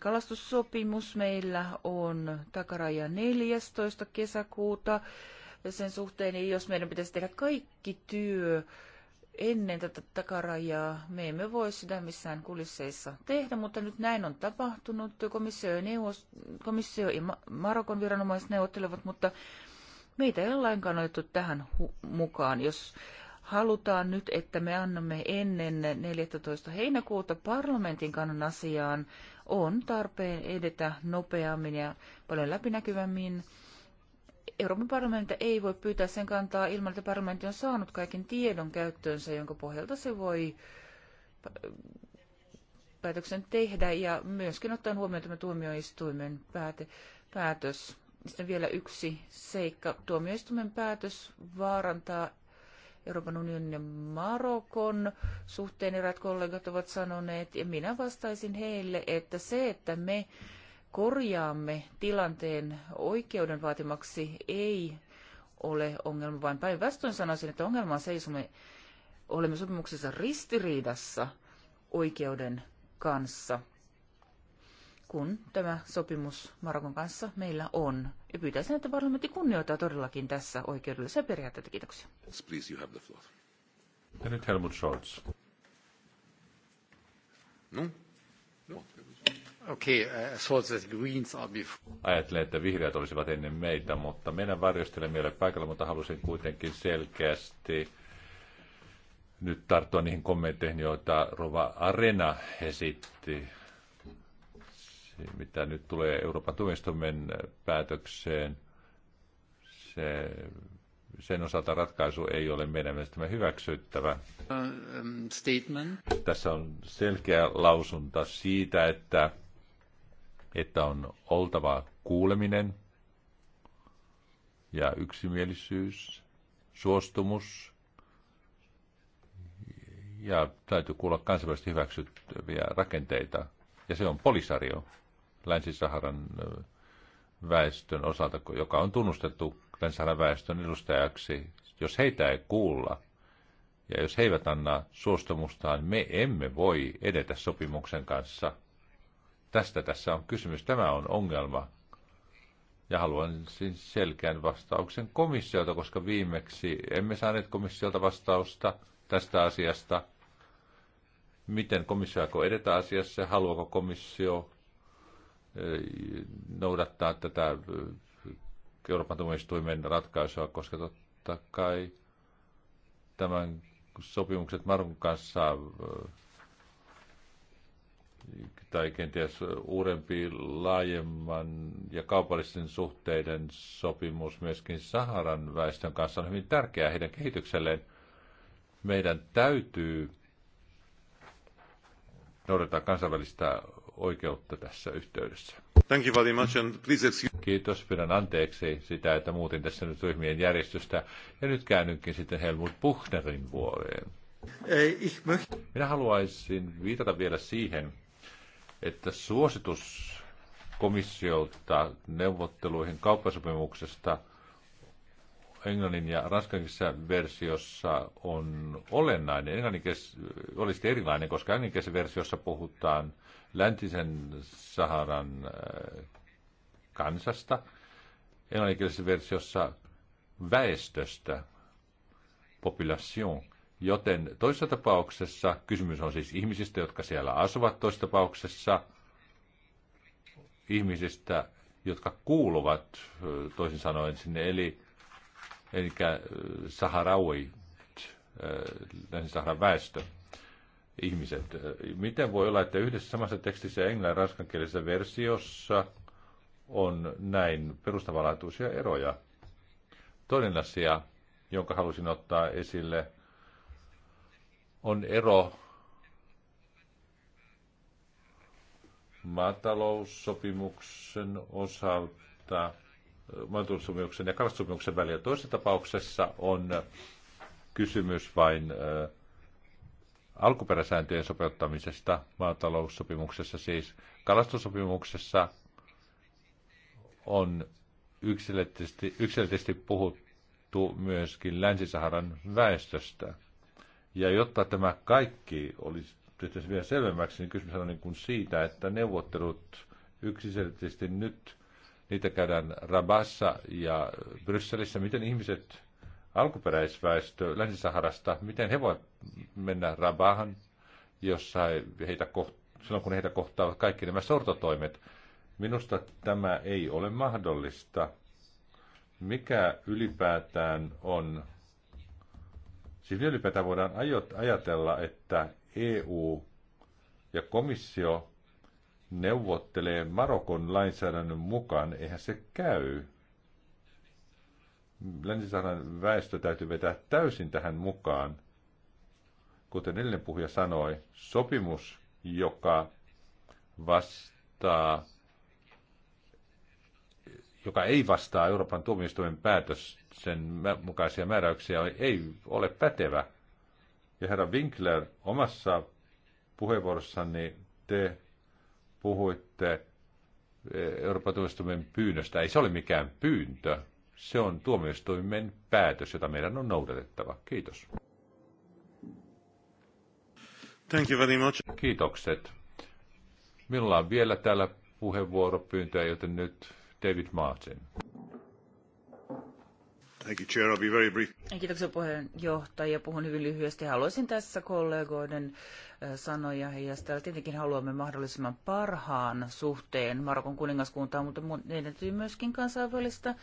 kalastussopimus meillä on takaraja 14. kesäkuuta. Ja sen suhteen, niin jos meidän pitäisi tehdä kaikki työ, äh, ennen tätä takarajaa. Me emme voi sitä missään kulisseissa tehdä, mutta nyt näin on tapahtunut. Komissio ja, neuvos, komissio ja Marokon viranomaiset neuvottelevat, mutta meitä ei ole lainkaan otettu tähän mukaan. Jos halutaan nyt, että me annamme ennen 14. heinäkuuta parlamentin kannan asiaan, on tarpeen edetä nopeammin ja paljon läpinäkyvämmin. Euroopan parlamentti ei voi pyytää sen kantaa ilman, että parlamentti on saanut kaiken tiedon käyttöönsä, jonka pohjalta se voi äh, päätöksen tehdä ja myöskin ottaa huomioon tämä tuomioistuimen päätös. Sitten vielä yksi seikka. Tuomioistuimen päätös vaarantaa Euroopan unionin ja Marokon suhteen eräät kollegat ovat sanoneet, ja minä vastaisin heille, että se, että me korjaamme tilanteen oikeuden vaatimaksi, ei ole ongelma, vaan päinvastoin sanoisin, että ongelma on se, jos me olemme sopimuksessa ristiriidassa oikeuden kanssa, kun tämä sopimus Marokon kanssa meillä on. Ja pyytäisin, että parlamentti kunnioittaa todellakin tässä oikeudellisia periaatteita. Kiitoksia. Please, you have the floor. Ja nyt Helmut Scholz. No? Okay, uh, Ajattelin, että vihreät olisivat ennen meitä, mutta meidän varjostelemme ei paikalla, mutta halusin kuitenkin selkeästi nyt tarttua niihin kommentteihin, joita Rova Arena esitti, mitä nyt tulee Euroopan tuomioistuimen päätökseen. Se, sen osalta ratkaisu ei ole meidän mielestämme hyväksyttävä. Uh, um, statement. Tässä on selkeä lausunta siitä, että että on oltava kuuleminen ja yksimielisyys, suostumus ja täytyy kuulla kansainvälisesti hyväksyttäviä rakenteita. Ja se on polisario Länsi-Saharan väestön osalta, joka on tunnustettu Länsi-Saharan väestön edustajaksi. Jos heitä ei kuulla ja jos he eivät anna suostumustaan, me emme voi edetä sopimuksen kanssa – Tästä tässä on kysymys. Tämä on ongelma. Ja haluan siis selkeän vastauksen komissiolta, koska viimeksi emme saaneet komissiolta vastausta tästä asiasta. Miten komissio aikoo edetä asiassa haluaako komissio e, noudattaa tätä e, Euroopan tuomioistuimen ratkaisua, koska totta kai tämän sopimukset Markun kanssa e, tai kenties uudempi, laajemman ja kaupallisten suhteiden sopimus myöskin Saharan väestön kanssa on hyvin tärkeää heidän kehitykselleen. Meidän täytyy noudattaa kansainvälistä oikeutta tässä yhteydessä. Thank you very much and please excuse... Kiitos, pyydän anteeksi sitä, että muutin tässä nyt ryhmien järjestystä. Ja nyt käännynkin sitten Helmut Buchnerin vuoreen. Minä haluaisin viitata vielä siihen, että suositus komissiolta neuvotteluihin kauppasopimuksesta englannin ja ranskankisessa versiossa on olennainen. Englanninkis olisi erilainen, koska englanninkisessä versiossa puhutaan läntisen Saharan äh, kansasta, englanninkielisessä versiossa väestöstä, population – Joten toisessa tapauksessa, kysymys on siis ihmisistä, jotka siellä asuvat, toisessa tapauksessa ihmisistä, jotka kuuluvat toisin sanoen sinne, eli, eli Saharaui, Länsi-Saharan väestö, ihmiset. Miten voi olla, että yhdessä samassa tekstissä englannin ranskankielisessä versiossa on näin perustavanlaatuisia eroja? Toinen asia, jonka halusin ottaa esille – on ero maataloussopimuksen osalta, maataloussopimuksen ja kalastussopimuksen välillä. Toisessa tapauksessa on kysymys vain alkuperäsääntöjen sopeuttamisesta maataloussopimuksessa, siis kalastussopimuksessa on yksilöllisesti, yksilöllisesti puhuttu myöskin Länsi-Saharan väestöstä – ja jotta tämä kaikki olisi tietysti vielä selvemmäksi, niin kysymys on niin kuin siitä, että neuvottelut yksiselitteisesti nyt, niitä käydään Rabassa ja Brysselissä, miten ihmiset, alkuperäisväestö Länsi-Saharasta, miten he voivat mennä Rabahan, jossa heitä koht- silloin kun heitä kohtaavat kaikki nämä sortotoimet. Minusta tämä ei ole mahdollista. Mikä ylipäätään on Siis ylipäätään voidaan ajatella, että EU ja komissio neuvottelee Marokon lainsäädännön mukaan. Eihän se käy. Länsi-Saharan väestö täytyy vetää täysin tähän mukaan. Kuten edellinen puhuja sanoi, sopimus, joka vastaa joka ei vastaa Euroopan tuomioistuimen päätöstä sen mukaisia määräyksiä ei ole pätevä. Ja herra Winkler, omassa puheenvuorossani te puhuitte e, Euroopan tuomioistuimen pyynnöstä. Ei se ole mikään pyyntö. Se on tuomioistuimen päätös, jota meidän on noudatettava. Kiitos. Thank you very much. Kiitokset. Minulla on vielä täällä puheenvuoropyyntöä, joten nyt David Martin. Thank you, Chair. I'll be very brief. Kiitoksia puheenjohtaja. Puhun hyvin lyhyesti. Haluaisin tässä kollegoiden äh, sanoja heijastella. Tietenkin haluamme mahdollisimman parhaan suhteen Marokon kuningaskuntaan, mutta meidän täytyy myöskin kansainvälistä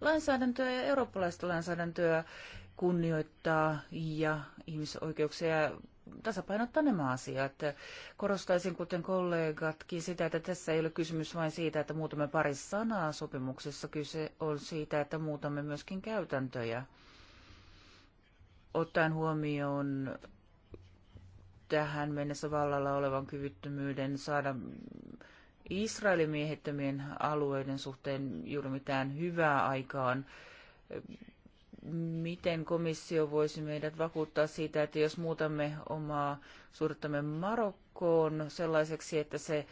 lainsäädäntöä ja eurooppalaista lainsäädäntöä kunnioittaa ja ihmisoikeuksia tasapainottaa nämä asiat. Korostaisin, kuten kollegatkin, sitä, että tässä ei ole kysymys vain siitä, että muutamme pari sanaa sopimuksessa. Kyse on siitä, että muutamme myöskin käytäntöjä. Ottaen huomioon tähän mennessä vallalla olevan kyvyttömyyden saada Israelin miehittämien alueiden suhteen juuri mitään hyvää aikaan miten komissio voisi meidät vakuuttaa siitä, että jos muutamme omaa suhdettamme Marokkoon sellaiseksi, että se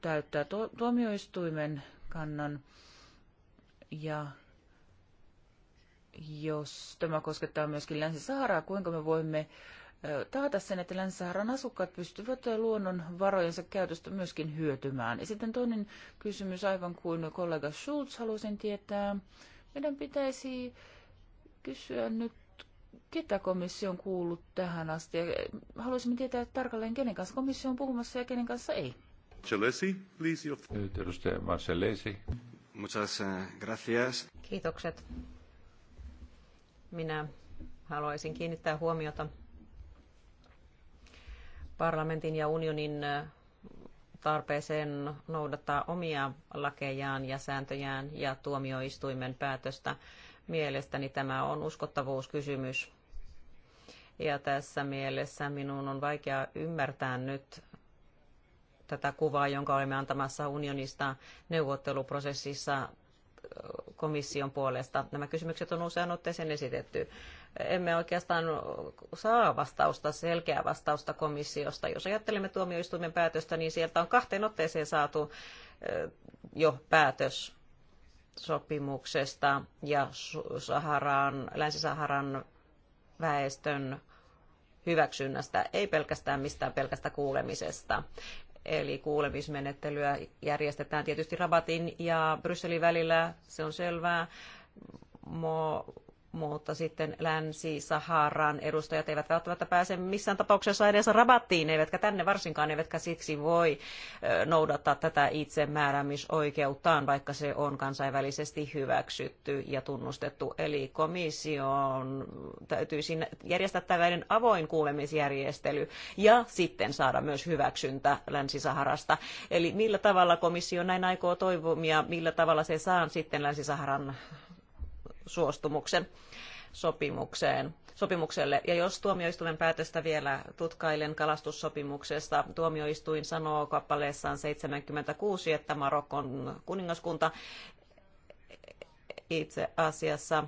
täyttää tuomioistuimen kannan ja jos tämä koskettaa myöskin Länsi-Saharaa, kuinka me voimme taata sen, että Länsi-Saharan asukkaat pystyvät luonnonvarojensa käytöstä myöskin hyötymään. Ja sitten toinen kysymys, aivan kuin kollega Schulz halusin tietää, meidän pitäisi kysyä nyt, ketä komissio on kuullut tähän asti. Haluaisimme tietää tarkalleen, kenen kanssa komissio on puhumassa ja kenen kanssa ei. Chalesi, please. Nyt edustaja Marcellesi. Muchas eh, gracias. Kiitokset. Minä haluaisin kiinnittää huomiota parlamentin ja unionin eh, tarpeeseen noudattaa omia lakejaan ja sääntöjään ja tuomioistuimen päätöstä Mielestäni tämä on uskottavuuskysymys. Ja tässä mielessä minun on vaikea ymmärtää nyt tätä kuvaa, jonka olemme antamassa unionista neuvotteluprosessissa komission puolesta. Nämä kysymykset on usean otteeseen esitetty. Emme oikeastaan saa vastausta, selkeää vastausta komissiosta. Jos ajattelemme tuomioistuimen päätöstä, niin sieltä on kahteen otteeseen saatu jo päätös sopimuksesta ja Saharan, Länsi-Saharan väestön hyväksynnästä, ei pelkästään mistään pelkästä kuulemisesta. Eli kuulemismenettelyä järjestetään tietysti Rabatin ja Brysselin välillä, se on selvää. Mo- mutta sitten Länsi-Saharan edustajat eivät välttämättä pääse missään tapauksessa edes rabattiin, eivätkä tänne varsinkaan, eivätkä siksi voi noudattaa tätä itsemääräämisoikeuttaan, vaikka se on kansainvälisesti hyväksytty ja tunnustettu. Eli komission sinne järjestää tällainen avoin kuulemisjärjestely ja sitten saada myös hyväksyntä Länsi-Saharasta. Eli millä tavalla komissio näin aikoo toivomia, millä tavalla se saa sitten Länsi-Saharan suostumuksen sopimukseen, sopimukselle. Ja jos tuomioistuimen päätöstä vielä tutkailen kalastussopimuksesta, tuomioistuin sanoo kappaleessaan 76, että Marokon kuningaskunta itse asiassa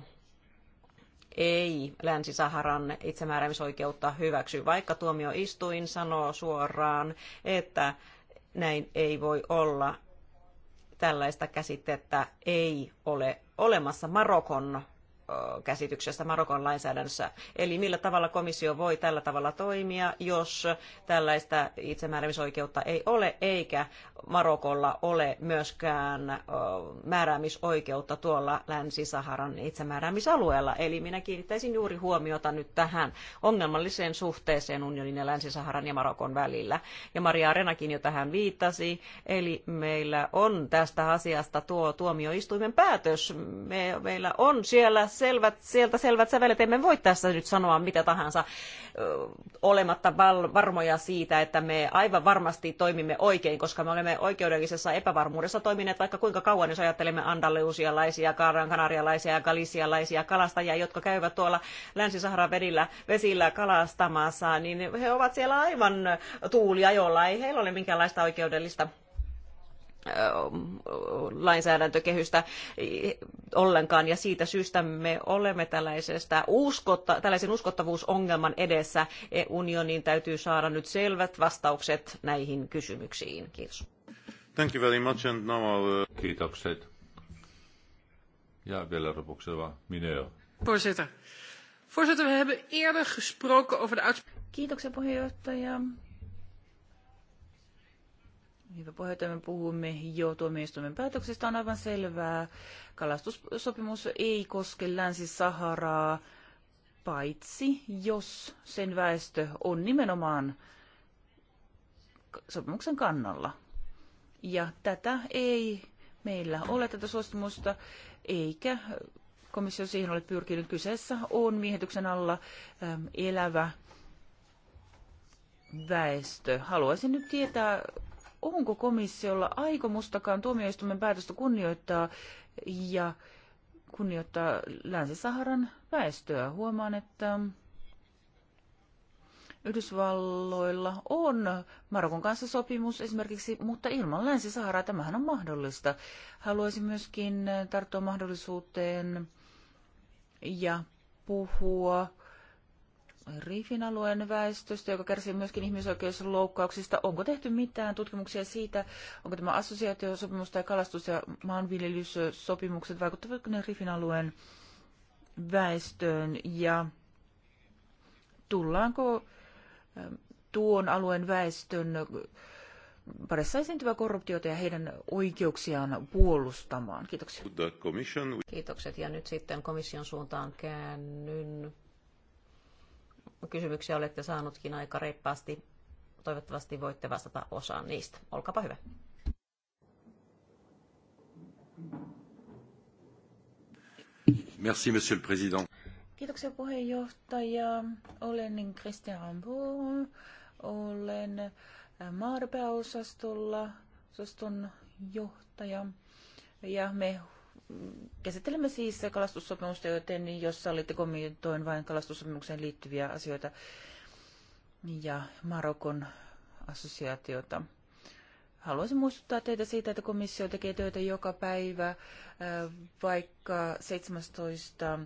ei Länsi-Saharan itsemääräämisoikeutta hyväksy, vaikka tuomioistuin sanoo suoraan, että näin ei voi olla. Tällaista käsitettä ei ole olemassa Marokon käsityksestä Marokon lainsäädännössä. Eli millä tavalla komissio voi tällä tavalla toimia, jos tällaista itsemääräämisoikeutta ei ole, eikä Marokolla ole myöskään määräämisoikeutta tuolla Länsi-Saharan itsemääräämisalueella. Eli minä kiinnittäisin juuri huomiota nyt tähän ongelmalliseen suhteeseen unionin ja Länsi-Saharan ja Marokon välillä. Ja Maria Arenakin jo tähän viittasi, eli meillä on tästä asiasta tuo tuomioistuimen päätös. Me, meillä on siellä selvät, sieltä selvät sävelet. Emme voi tässä nyt sanoa mitä tahansa olematta varmoja siitä, että me aivan varmasti toimimme oikein, koska me olemme oikeudellisessa epävarmuudessa toimineet vaikka kuinka kauan, jos ajattelemme andalusialaisia, kanarialaisia ja galisialaisia kalastajia, jotka käyvät tuolla Länsi-Saharan vedillä, vesillä kalastamassa, niin he ovat siellä aivan tuuliajolla. Ei heillä ole minkäänlaista oikeudellista lainsäädäntökehystä ollenkaan, ja siitä syystä me olemme tällaisesta uskotta, tällaisen uskottavuusongelman edessä. E, unionin täytyy saada nyt selvät vastaukset näihin kysymyksiin. Kiitos. Thank you very much and now I'll... Uh, Kiitokset. Ja vielä lopuksi Mineo. Voorzitter. Voorzitter, we hebben eerder gesproken over de uitspraak. Kiitoksia puheenjohtaja. Hyvä puheenjohtaja, me puhumme jo tuomioistuimen päätöksestä. On aivan selvää, kalastussopimus ei koske Länsi-Saharaa, paitsi jos sen väestö on nimenomaan sopimuksen kannalla. Ja tätä ei meillä ole tätä suostumusta, eikä komissio siihen ole pyrkinyt. Kyseessä on miehityksen alla ähm, elävä väestö. Haluaisin nyt tietää, onko komissiolla aikomustakaan tuomioistuimen päätöstä kunnioittaa ja kunnioittaa Länsi-Saharan väestöä. Huomaan, että Yhdysvalloilla on Marokon kanssa sopimus esimerkiksi, mutta ilman Länsi-Saharaa tämähän on mahdollista. Haluaisin myöskin tarttua mahdollisuuteen ja puhua Riifin alueen väestöstä, joka kärsii myöskin ihmisoikeusloukkauksista. Onko tehty mitään tutkimuksia siitä, onko tämä assosiaatiosopimus tai kalastus- ja maanviljelyssopimukset, vaikuttavatko ne Riifin alueen väestöön ja tullaanko ähm, tuon alueen väestön parissa esiintyvä korruptiota ja heidän oikeuksiaan puolustamaan. Kiitoksia. Kiitokset ja nyt sitten komission suuntaan käännyn kysymyksiä olette saanutkin aika reippaasti. Toivottavasti voitte vastata osaan niistä. Olkaapa hyvä. Merci, monsieur le président. Kiitoksia puheenjohtaja. Olen Christian Rambourg. Olen äh, maarpääosastolla osaston johtaja ja me käsittelemme siis kalastussopimusta, joten jos sallitte kommentoin vain kalastussopimukseen liittyviä asioita ja Marokon assosiaatiota. Haluaisin muistuttaa teitä siitä, että komissio tekee töitä joka päivä, äh, vaikka 17 äh,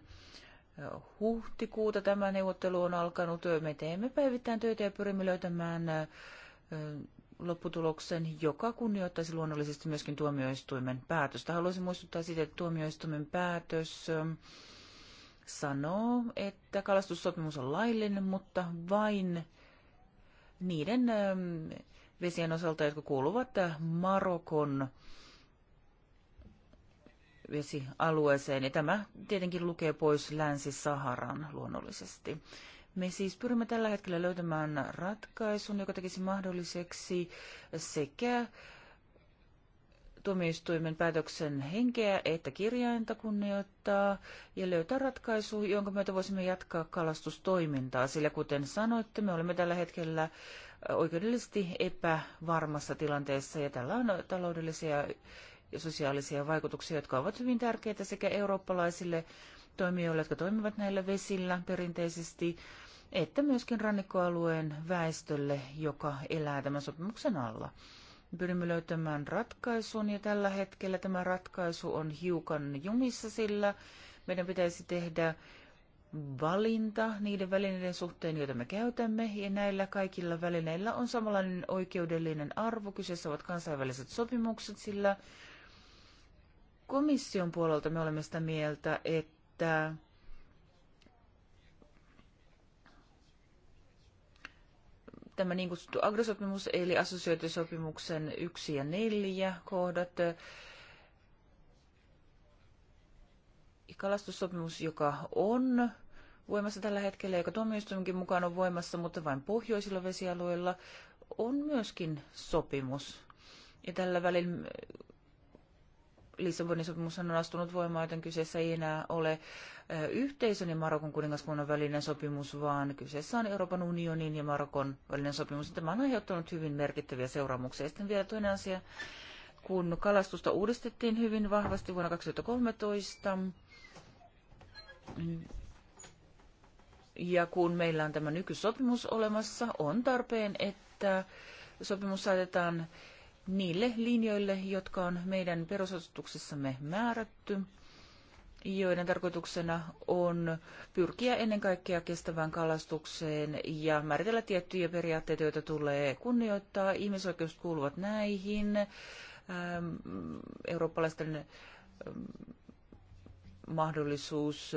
huhtikuuta tämä neuvottelu on alkanut. Me teemme päivittäin töitä ja pyrimme löytämään äh, lopputuloksen, joka kunnioittaisi luonnollisesti myöskin tuomioistuimen päätöstä. Haluaisin muistuttaa siitä, että tuomioistuimen päätös ähm, sanoo, että kalastussopimus on laillinen, mutta vain niiden ähm, vesien osalta, jotka kuuluvat Marokon vesialueeseen. Ja tämä tietenkin lukee pois Länsi-Saharan luonnollisesti. Me siis pyrimme tällä hetkellä löytämään ratkaisun, joka tekisi mahdolliseksi sekä tuomioistuimen päätöksen henkeä että kirjainta kunnioittaa ja löytää ratkaisu, jonka myötä voisimme jatkaa kalastustoimintaa, sillä kuten sanoitte, me olemme tällä hetkellä oikeudellisesti epävarmassa tilanteessa ja tällä on taloudellisia ja sosiaalisia vaikutuksia, jotka ovat hyvin tärkeitä sekä eurooppalaisille toimijoille, jotka toimivat näillä vesillä perinteisesti, että myöskin rannikkoalueen väestölle, joka elää tämän sopimuksen alla. Pyrimme löytämään ratkaisun ja tällä hetkellä tämä ratkaisu on hiukan jumissa, sillä meidän pitäisi tehdä valinta niiden välineiden suhteen, joita me käytämme, ja näillä kaikilla välineillä on samanlainen oikeudellinen arvo. Kyseessä ovat kansainväliset sopimukset, sillä komission puolelta me olemme sitä mieltä, että tämä niin kutsuttu agrosopimus, eli assosioitusopimuksen 1 ja 4 kohdat, kalastussopimus, joka on voimassa tällä hetkellä, joka tuomioistuimenkin mukaan on voimassa, mutta vain pohjoisilla vesialueilla, on myöskin sopimus. Ja tällä välin Lissabonin sopimus on astunut voimaan, joten kyseessä ei enää ole yhteisön ja Marokon kuningaskunnan välinen sopimus, vaan kyseessä on Euroopan unionin ja Marokon välinen sopimus. Tämä on aiheuttanut hyvin merkittäviä seuraamuksia. Sitten vielä toinen asia, kun kalastusta uudistettiin hyvin vahvasti vuonna 2013, ja kun meillä on tämä nykysopimus olemassa, on tarpeen, että sopimus saatetaan niille linjoille, jotka on meidän perusosoituksessamme määrätty, joiden tarkoituksena on pyrkiä ennen kaikkea kestävään kalastukseen ja määritellä tiettyjä periaatteita, joita tulee kunnioittaa. Ihmisoikeudet kuuluvat näihin. Eurooppalaisten mahdollisuus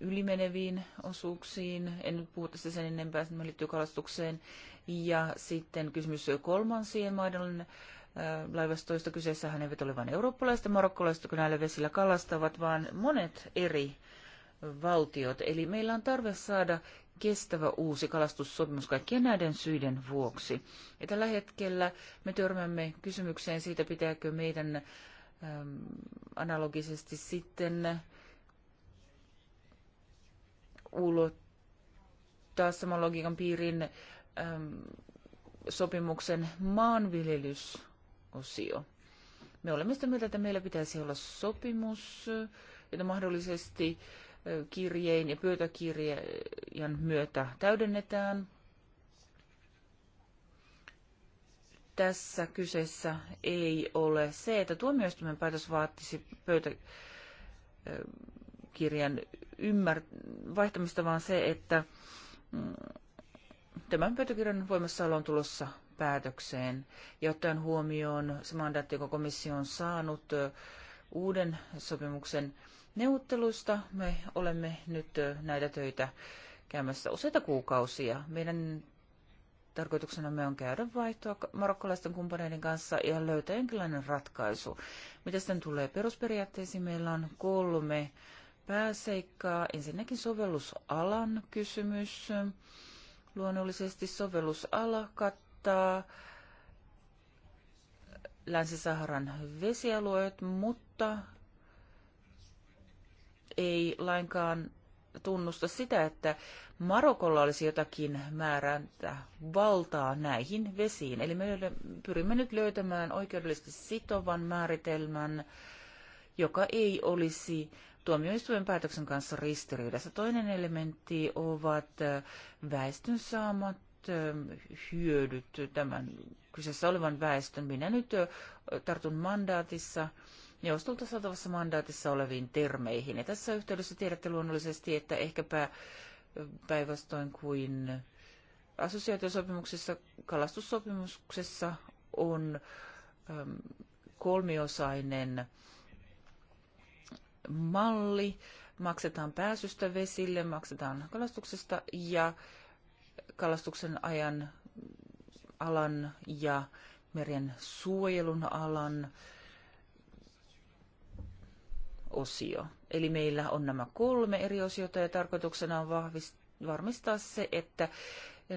ylimeneviin osuuksiin, en nyt puhu tästä sen enempää, se liittyy kalastukseen, ja sitten kysymys kolmansien maiden äh, laivastoista. Kyseessähän eivät ole vain eurooppalaiset ja marokkolaiset, kun näillä vesillä kalastavat, vaan monet eri valtiot. Eli meillä on tarve saada kestävä uusi kalastussopimus kaikkien näiden syiden vuoksi. Ja tällä hetkellä me törmäämme kysymykseen siitä, pitääkö meidän ähm, analogisesti sitten ulottaa saman logiikan piirin Ähm, sopimuksen maanviljelysosio. Me olemme sitä mieltä, että meillä pitäisi olla sopimus, jota mahdollisesti kirjein ja pöytäkirjan myötä täydennetään. Tässä kyseessä ei ole se, että tuomioistuimen päätös vaatisi pöytäkirjan ymmär- vaihtamista, vaan se, että mm, Tämän pöytäkirjan voimassaolo on tulossa päätökseen. Ja ottaen huomioon se mandaatti, joka komissio on saanut uuden sopimuksen neuvotteluista, me olemme nyt näitä töitä käymässä useita kuukausia. Meidän tarkoituksenamme on käydä vaihtoa marokkolaisten kumppaneiden kanssa ja löytää jonkinlainen ratkaisu. Mitä sitten tulee perusperiaatteisiin, meillä on kolme pääseikkaa. Ensinnäkin sovellusalan kysymys. Luonnollisesti sovellusala kattaa Länsi-Saharan vesialueet, mutta ei lainkaan tunnusta sitä, että Marokolla olisi jotakin määräntä valtaa näihin vesiin. Eli me pyrimme nyt löytämään oikeudellisesti sitovan määritelmän, joka ei olisi tuomioistuimen päätöksen kanssa ristiriidassa. Toinen elementti ovat väestön saamat hyödyt tämän kyseessä olevan väestön. Minä nyt tartun mandaatissa neuvostolta saatavassa mandaatissa oleviin termeihin. Ja tässä yhteydessä tiedätte luonnollisesti, että ehkäpä päinvastoin kuin assosiaatiosopimuksessa, kalastussopimuksessa on kolmiosainen malli. Maksetaan pääsystä vesille, maksetaan kalastuksesta ja kalastuksen ajan alan ja meren suojelun alan osio. Eli meillä on nämä kolme eri osiota ja tarkoituksena on vahvist- varmistaa se, että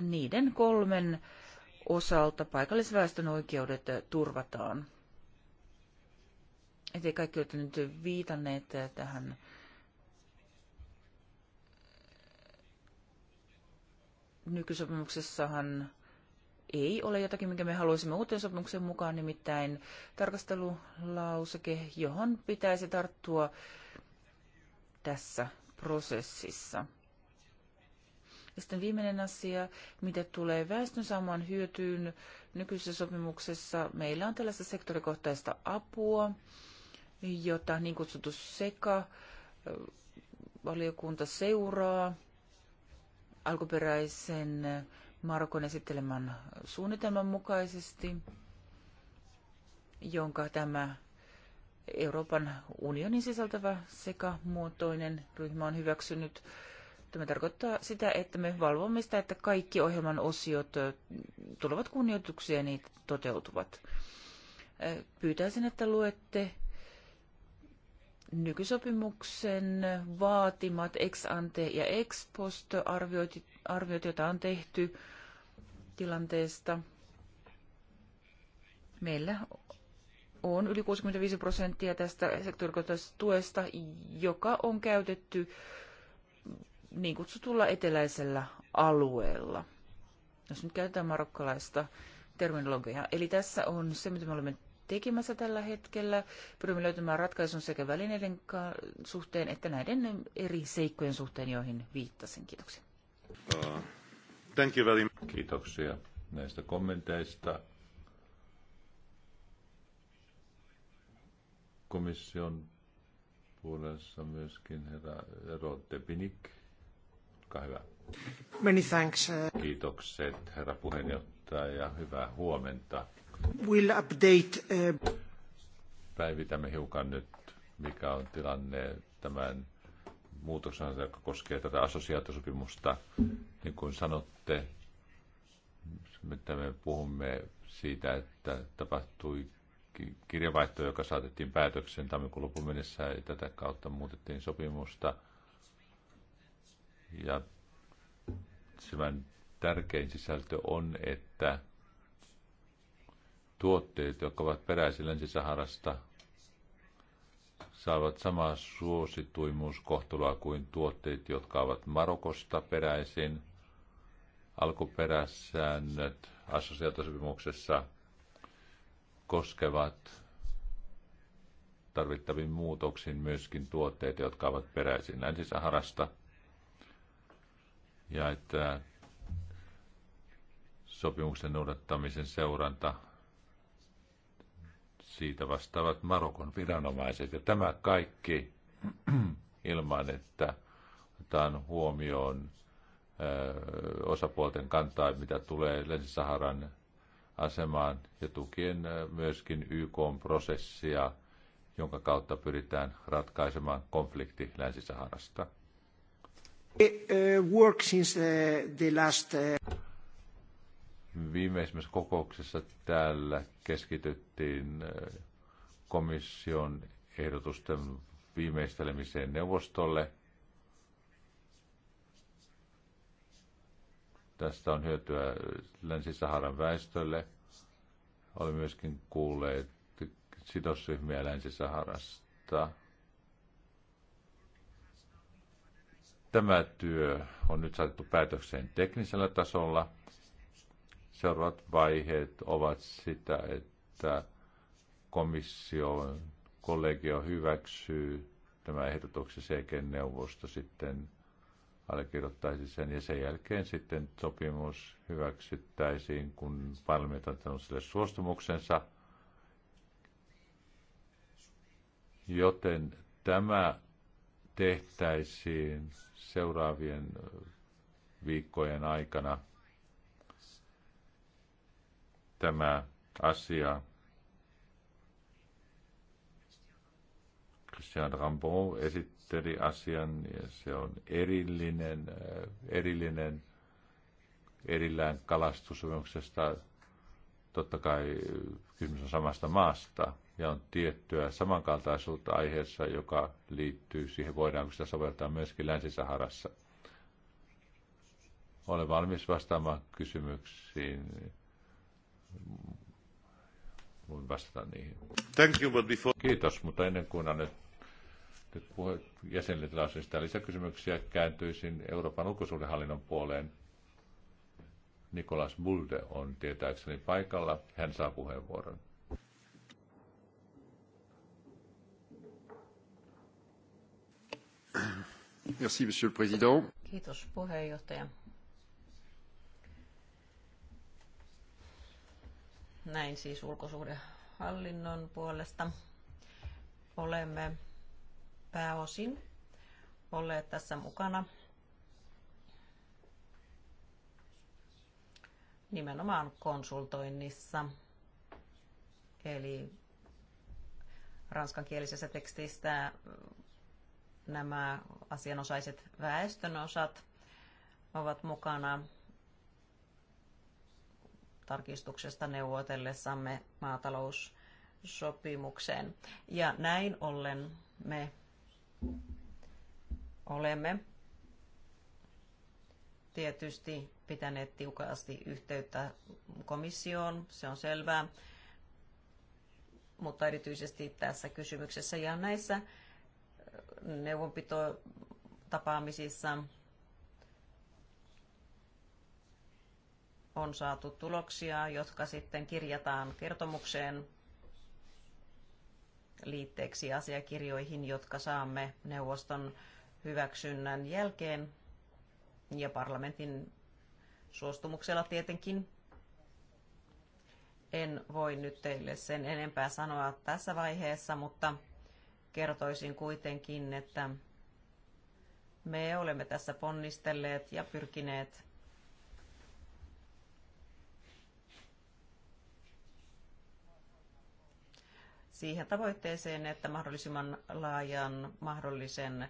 niiden kolmen osalta paikallisväestön oikeudet turvataan ei kaikki ole nyt viitanneet tähän nykysopimuksessahan ei ole jotakin, minkä me haluaisimme uuteen sopimuksen mukaan, nimittäin tarkastelulauseke, johon pitäisi tarttua tässä prosessissa. Ja sitten viimeinen asia, mitä tulee väestön saamaan hyötyyn nykyisessä sopimuksessa. Meillä on tällaista sektorikohtaista apua, jota niin kutsuttu seka valiokunta seuraa alkuperäisen Markon esittelemän suunnitelman mukaisesti, jonka tämä Euroopan unionin sisältävä sekä muotoinen ryhmä on hyväksynyt. Tämä tarkoittaa sitä, että me valvomme sitä, että kaikki ohjelman osiot tulevat kunnioitukseen ja niitä toteutuvat. Pyytäisin, että luette nykysopimuksen vaatimat ex ante ja ex post arviot, arviot joita on tehty tilanteesta. Meillä on yli 65 prosenttia tästä sektorikohtaisesta tuesta, joka on käytetty niin kutsutulla eteläisellä alueella. Jos nyt käytetään marokkalaista terminologiaa. Eli tässä on se, mitä me olemme tekemässä tällä hetkellä. Pyrimme löytämään ratkaisun sekä välineiden suhteen että näiden eri seikkojen suhteen, joihin viittasin. Kiitoksia. Uh, thank you very much. Kiitoksia näistä kommenteista. Komission puolessa myöskin herra Rotte Pinik. Olkaa hyvä. Many thanks. Uh, Kiitokset herra puheenjohtaja ja hyvää huomenta. We'll update, uh... Päivitämme hiukan nyt, mikä on tilanne tämän muutoksen, joka koskee tätä assosiaatiosopimusta. Niin kuin sanotte, että me puhumme siitä, että tapahtui kirjavaihto, joka saatettiin päätökseen tammikuun lopun mennessä ja tätä kautta muutettiin sopimusta. Ja tämän tärkein sisältö on, että tuotteet, jotka ovat peräisin Länsi-Saharasta, saavat samaa suosituimuuskohtelua kuin tuotteet, jotka ovat Marokosta peräisin. Alkuperäsäännöt assosiaatiosopimuksessa koskevat tarvittavin muutoksiin myöskin tuotteet, jotka ovat peräisin Länsi-Saharasta. Ja että sopimuksen noudattamisen seuranta siitä vastaavat Marokon viranomaiset. Ja tämä kaikki ilman, että otetaan huomioon osapuolten kantaa, mitä tulee Länsi-Saharan asemaan ja tukien myöskin YK-prosessia, jonka kautta pyritään ratkaisemaan konflikti Länsi-Saharasta. Uh, Work since uh, the last... Uh, viimeisimmässä kokouksessa täällä keskityttiin komission ehdotusten viimeistelemiseen neuvostolle. Tästä on hyötyä Länsi-Saharan väestölle. Olemme myöskin kuulleet sidosryhmiä Länsi-Saharasta. Tämä työ on nyt saatettu päätökseen teknisellä tasolla – Seuraavat vaiheet ovat sitä, että komissio, kollegio hyväksyy tämä ehdotuksen sekin neuvosto sitten allekirjoittaisi sen ja sen jälkeen sitten sopimus hyväksyttäisiin, kun parlamentti on antanut sille suostumuksensa. Joten tämä tehtäisiin seuraavien viikkojen aikana – tämä asia. Christian Rambo esitteli asian ja se on erillinen, äh, erillinen erillään kalastusopimuksesta. Totta kai äh, kysymys on samasta maasta ja on tiettyä samankaltaisuutta aiheessa, joka liittyy siihen, voidaanko sitä soveltaa myöskin Länsi-Saharassa. Olen valmis vastaamaan kysymyksiin voin vastata niihin. Thank you, but before... Kiitos, mutta ennen kuin annan nyt puhe jäsenille tilaisuudesta lisäkysymyksiä, kääntyisin Euroopan ulkosuhdehallinnon puoleen. Nikolas Bulde on tietääkseni paikalla. Hän saa puheenvuoron. Merci, monsieur le président. Kiitos puheenjohtaja. Näin siis ulkosuhdehallinnon puolesta olemme pääosin olleet tässä mukana nimenomaan konsultoinnissa, eli ranskankielisessä tekstistä nämä asianosaiset väestönosat ovat mukana tarkistuksesta neuvotellessamme maataloussopimukseen. Ja näin ollen me olemme tietysti pitäneet tiukasti yhteyttä komissioon, se on selvää, mutta erityisesti tässä kysymyksessä ja näissä neuvonpitotapaamisissa tapaamisissa on saatu tuloksia, jotka sitten kirjataan kertomukseen liitteeksi asiakirjoihin, jotka saamme neuvoston hyväksynnän jälkeen ja parlamentin suostumuksella tietenkin. En voi nyt teille sen enempää sanoa tässä vaiheessa, mutta kertoisin kuitenkin, että me olemme tässä ponnistelleet ja pyrkineet siihen tavoitteeseen, että mahdollisimman laajan mahdollisen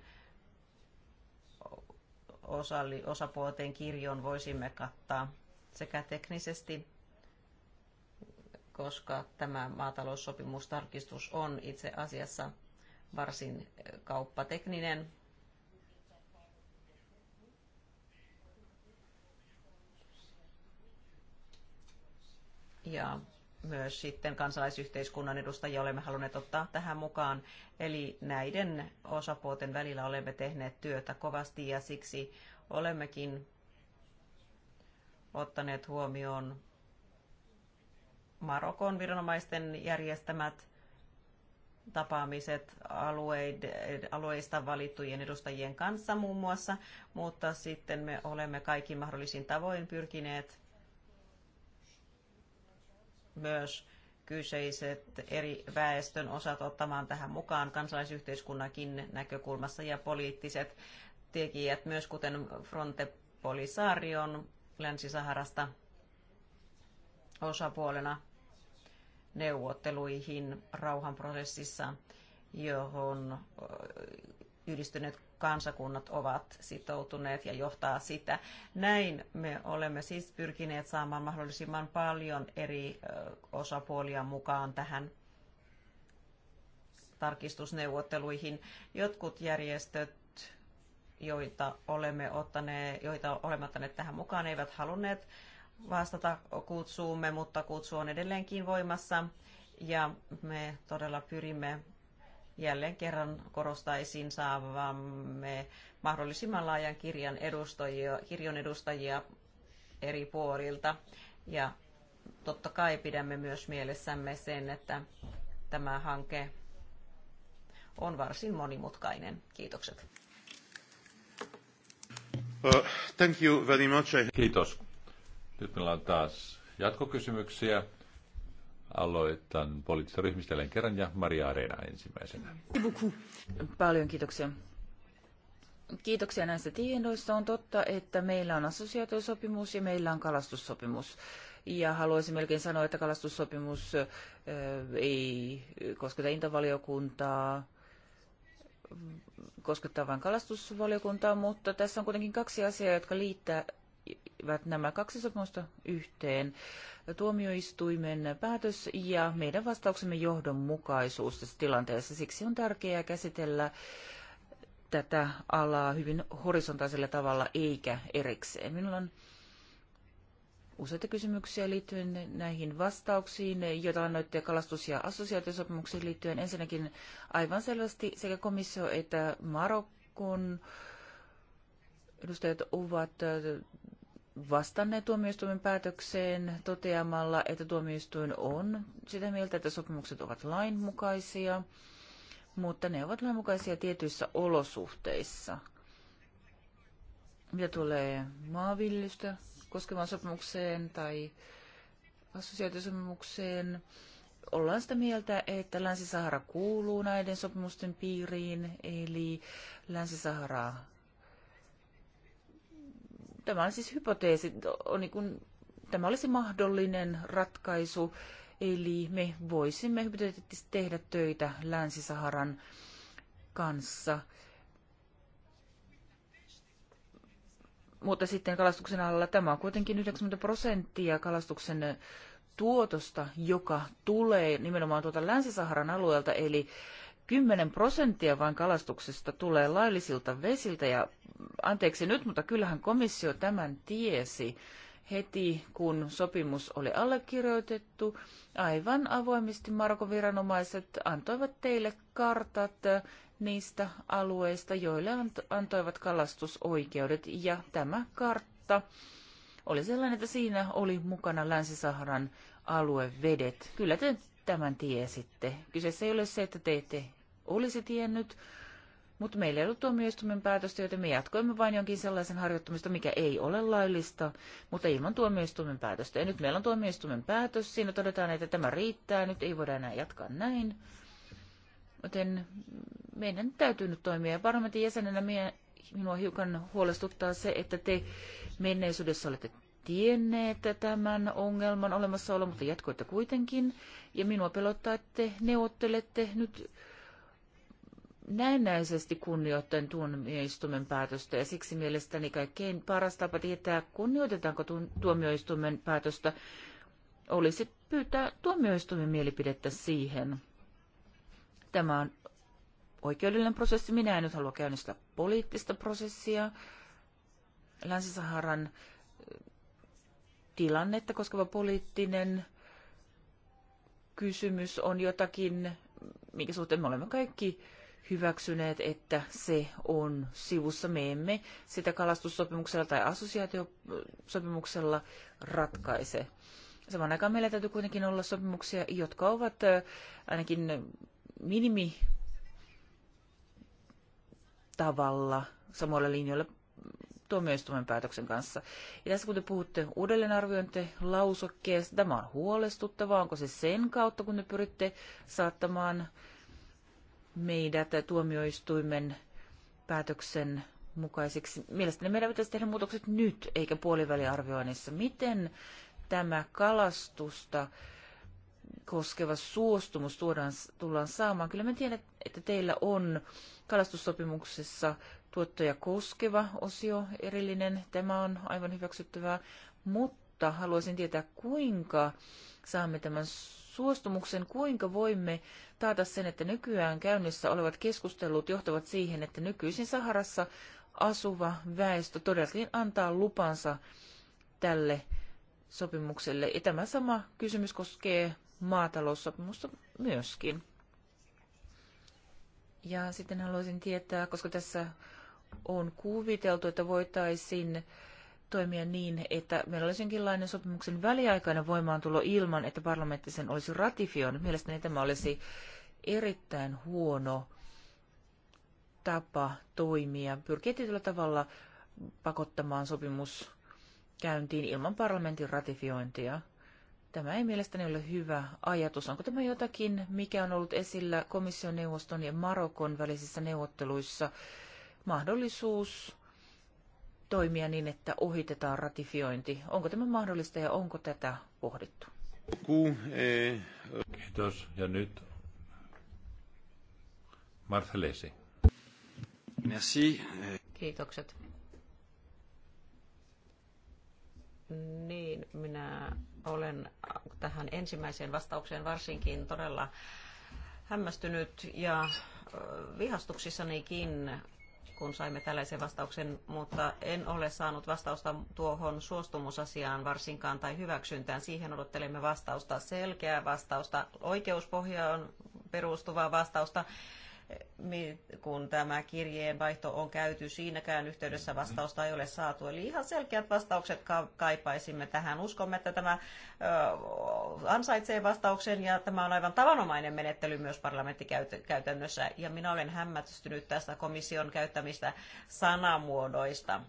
osalli, osapuolten kirjon voisimme kattaa sekä teknisesti, koska tämä maataloussopimustarkistus on itse asiassa varsin eh, kauppatekninen. Ja myös sitten kansalaisyhteiskunnan edustajia olemme halunneet ottaa tähän mukaan. Eli näiden osapuolten välillä olemme tehneet työtä kovasti ja siksi olemmekin ottaneet huomioon Marokon viranomaisten järjestämät tapaamiset alueista valittujen edustajien kanssa muun muassa, mutta sitten me olemme kaikki mahdollisin tavoin pyrkineet myös kyseiset eri väestön osat ottamaan tähän mukaan kansalaisyhteiskunnankin näkökulmassa ja poliittiset tekijät myös, kuten Fronte Polisarion Länsi-Saharasta osapuolena neuvotteluihin rauhanprosessissa, johon yhdistyneet kansakunnat ovat sitoutuneet ja johtaa sitä. Näin me olemme siis pyrkineet saamaan mahdollisimman paljon eri osapuolia mukaan tähän tarkistusneuvotteluihin. Jotkut järjestöt joita olemme ottaneet, joita olemme ottaneet tähän mukaan, eivät halunneet vastata kutsuumme, mutta kutsu on edelleenkin voimassa. Ja me todella pyrimme jälleen kerran korostaisin saavamme mahdollisimman laajan kirjan edustajia, kirjon edustajia eri puolilta. Ja totta kai pidämme myös mielessämme sen, että tämä hanke on varsin monimutkainen. Kiitokset. Uh, thank you very much. Kiitos. Nyt meillä on taas jatkokysymyksiä. Aloitan poliittisesta ryhmistä kerran ja Maria Areena ensimmäisenä. Paljon kiitoksia. Kiitoksia näistä tiedoista. On totta, että meillä on assosiaatiosopimus ja meillä on kalastussopimus. Ja haluaisin melkein sanoa, että kalastussopimus äh, ei kosketa intavaliokuntaa, koskettaa vain kalastusvaliokuntaa, mutta tässä on kuitenkin kaksi asiaa, jotka liittää, nämä kaksi sopimusta yhteen. Tuomioistuimen päätös ja meidän vastauksemme johdonmukaisuus tässä tilanteessa. Siksi on tärkeää käsitellä tätä alaa hyvin horisontaisella tavalla eikä erikseen. Minulla on useita kysymyksiä liittyen näihin vastauksiin, joita annoitte kalastus- ja assosiaatiosopimuksiin liittyen. Ensinnäkin aivan selvästi sekä komissio että Marokkon edustajat ovat vastanneet tuomioistuimen päätökseen toteamalla, että tuomioistuin on sitä mieltä, että sopimukset ovat lainmukaisia, mutta ne ovat lainmukaisia tietyissä olosuhteissa. Mitä tulee maanviljelystä koskevaan sopimukseen tai assosiaatiosopimukseen, ollaan sitä mieltä, että Länsi-Sahara kuuluu näiden sopimusten piiriin, eli länsi sahara Tämä on siis hypoteesi, on niin kuin, tämä olisi mahdollinen ratkaisu, eli me voisimme hypoteettisesti tehdä töitä Länsi-Saharan kanssa. Mutta sitten kalastuksen alalla tämä on kuitenkin 90 prosenttia kalastuksen tuotosta, joka tulee nimenomaan tuolta Länsi-Saharan alueelta, eli 10 prosenttia vain kalastuksesta tulee laillisilta vesiltä ja anteeksi nyt, mutta kyllähän komissio tämän tiesi heti kun sopimus oli allekirjoitettu. Aivan avoimesti Marko viranomaiset antoivat teille kartat äh, niistä alueista, joille antoivat kalastusoikeudet ja tämä kartta oli sellainen, että siinä oli mukana Länsi-Saharan aluevedet. Kyllä te tämän tiesitte. Kyseessä ei ole se, että te ette olisi tiennyt, mutta meillä ei ollut tuomioistuimen päätöstä, joten me jatkoimme vain jonkin sellaisen harjoittamista, mikä ei ole laillista, mutta ilman tuomioistuimen päätöstä. Ja nyt meillä on tuomioistuimen päätös, siinä todetaan, että tämä riittää, nyt ei voida enää jatkaa näin. Joten meidän täytyy nyt toimia. Ja parlamentin jäsenenä minua hiukan huolestuttaa se, että te menneisyydessä olette tienneet tämän ongelman olemassaolo, mutta jatkoitte kuitenkin. Ja minua pelottaa, että te neuvottelette nyt näennäisesti kunnioittain tuomioistuimen päätöstä ja siksi mielestäni kaikkein paras tapa tietää, kunnioitetaanko tuomioistuimen päätöstä, olisi pyytää tuomioistuimen mielipidettä siihen. Tämä on oikeudellinen prosessi. Minä en nyt halua käynnistää poliittista prosessia. Länsi-Saharan eh, tilannetta koskeva poliittinen kysymys on jotakin, minkä suhteen me olemme kaikki hyväksyneet, että se on sivussa. Me emme sitä kalastussopimuksella tai assosiaatiosopimuksella ratkaise. Samaan aikaan meillä täytyy kuitenkin olla sopimuksia, jotka ovat ainakin minimi tavalla samoilla linjoilla tuomioistuimen päätöksen kanssa. Ja tässä kun te puhutte uudelleenarviointilausokkeesta, tämä on huolestuttavaa. Onko se sen kautta, kun te pyritte saattamaan meidät tuomioistuimen päätöksen mukaisiksi. Mielestäni meidän pitäisi tehdä muutokset nyt, eikä puoliväliarvioinnissa. Miten tämä kalastusta koskeva suostumus tuodaan, tullaan saamaan? Kyllä me tiedän, että teillä on kalastussopimuksessa tuottoja koskeva osio erillinen. Tämä on aivan hyväksyttävää, mutta haluaisin tietää, kuinka saamme tämän suostumuksen, kuinka voimme taata sen, että nykyään käynnissä olevat keskustelut johtavat siihen, että nykyisin Saharassa asuva väestö todellakin antaa lupansa tälle sopimukselle. Ja tämä sama kysymys koskee maataloussopimusta myöskin. Ja sitten haluaisin tietää, koska tässä on kuviteltu, että voitaisiin toimia niin, että meillä olisi jonkinlainen sopimuksen väliaikainen voimaantulo ilman, että parlamentti sen olisi ratifioinut. Mielestäni tämä olisi erittäin huono tapa toimia, pyrkiä tietyllä tavalla pakottamaan sopimus käyntiin ilman parlamentin ratifiointia. Tämä ei mielestäni ole hyvä ajatus. Onko tämä jotakin, mikä on ollut esillä komission neuvoston ja Marokon välisissä neuvotteluissa? Mahdollisuus toimia niin, että ohitetaan ratifiointi. Onko tämä mahdollista ja onko tätä pohdittu? Eh, Kiitos. Ja nyt Marcelesi. Merci. Kiitokset. Niin, minä olen tähän ensimmäiseen vastaukseen varsinkin todella hämmästynyt ja vihastuksissanikin kun saimme tällaisen vastauksen, mutta en ole saanut vastausta tuohon suostumusasiaan varsinkaan tai hyväksyntään. Siihen odottelemme vastausta, selkeää vastausta, oikeuspohjaan perustuvaa vastausta kun tämä kirjeenvaihto on käyty, siinäkään yhteydessä vastausta ei ole saatu. Eli ihan selkeät vastaukset kaipaisimme tähän. Uskomme, että tämä ansaitsee vastauksen ja tämä on aivan tavanomainen menettely myös parlamenttikäytännössä. Ja minä olen hämmästynyt tästä komission käyttämistä sanamuodoista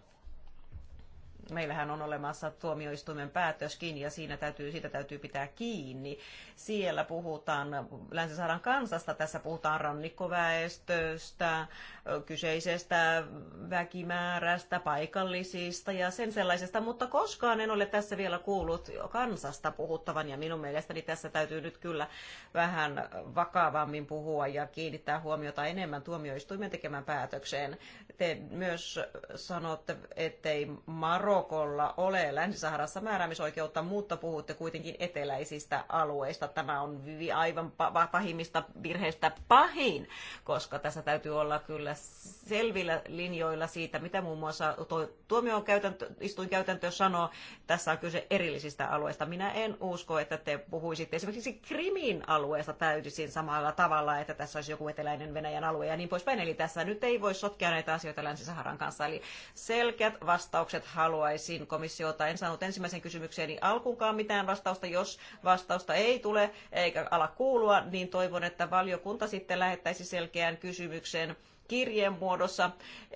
meillähän on olemassa tuomioistuimen päätöskin ja siinä täytyy, siitä täytyy pitää kiinni. Siellä puhutaan Länsi-Saharan kansasta, tässä puhutaan rannikkoväestöstä, kyseisestä väkimäärästä, paikallisista ja sen sellaisesta, mutta koskaan en ole tässä vielä kuullut kansasta puhuttavan ja minun mielestäni tässä täytyy nyt kyllä vähän vakavammin puhua ja kiinnittää huomiota enemmän tuomioistuimen tekemään päätökseen. Te myös sanotte, ettei Maro Marokolla ole Länsi-Saharassa määräämisoikeutta, mutta puhutte kuitenkin eteläisistä alueista. Tämä on aivan pahimmista virheistä pahin, koska tässä täytyy olla kyllä selvillä linjoilla siitä, mitä muun muassa tuomion käytäntö, istuin käytäntö sanoo. Tässä on kyse erillisistä alueista. Minä en usko, että te puhuisitte esimerkiksi Krimin alueesta täysin samalla tavalla, että tässä olisi joku eteläinen Venäjän alue ja niin poispäin. Eli tässä nyt ei voi sotkea näitä asioita Länsi-Saharan kanssa. Eli selkeät vastaukset haluaa haluaisin komissiota. En saanut ensimmäisen niin alkuunkaan mitään vastausta. Jos vastausta ei tule eikä ala kuulua, niin toivon, että valiokunta sitten lähettäisi selkeän kysymyksen kirjeen muodossa.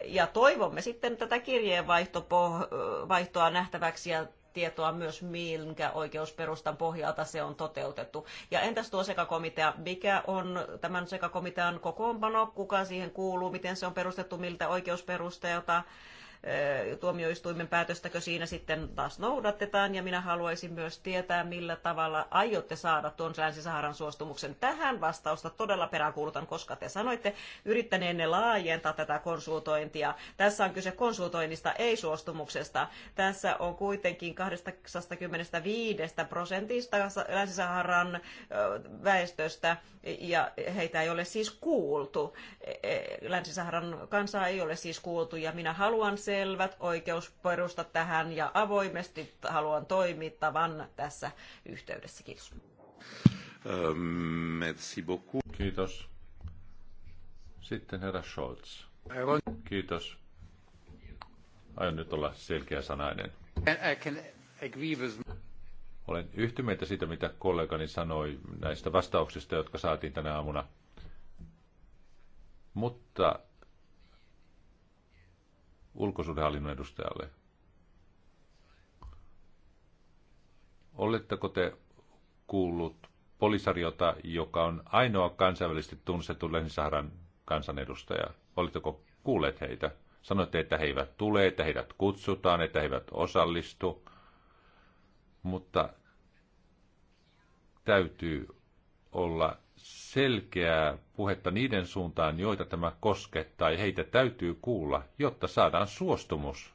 Ja toivomme sitten tätä kirjeenvaihtoa nähtäväksi ja tietoa myös, minkä oikeusperustan pohjalta se on toteutettu. Ja entäs tuo sekakomitea, mikä on tämän sekakomitean kokoonpano, kuka siihen kuuluu, miten se on perustettu, miltä oikeusperusteelta tuomioistuimen päätöstäkö siinä sitten taas noudatetaan, ja minä haluaisin myös tietää, millä tavalla aiotte saada tuon Länsi-Saharan suostumuksen. Tähän vastausta todella peräänkuulutan, koska te sanoitte yrittäneenne laajentaa tätä konsultointia. Tässä on kyse konsultoinnista, ei suostumuksesta. Tässä on kuitenkin 85 prosentista Länsi-Saharan väestöstä, ja heitä ei ole siis kuultu. E, e, Länsi-Saharan kansaa ei ole siis kuultu, ja minä haluan selvät oikeusperusta tähän ja avoimesti haluan toimittavan tässä yhteydessä. Kiitos. Ähm, merci beaucoup. Kiitos. Sitten herra Scholz. Kiitos. Aion nyt olla selkeä sanainen. Olen yhtymeitä siitä, mitä kollegani sanoi näistä vastauksista, jotka saatiin tänä aamuna. Mutta ulkosuhdehallinnon edustajalle. Oletteko te kuullut polisariota, joka on ainoa kansainvälisesti tunnettu Länsi-Saharan kansanedustaja? Oletteko kuulleet heitä? Sanoitte, että he eivät tule, että heidät kutsutaan, että he eivät osallistu. Mutta täytyy olla selkeää puhetta niiden suuntaan, joita tämä koskettaa, ja heitä täytyy kuulla, jotta saadaan suostumus.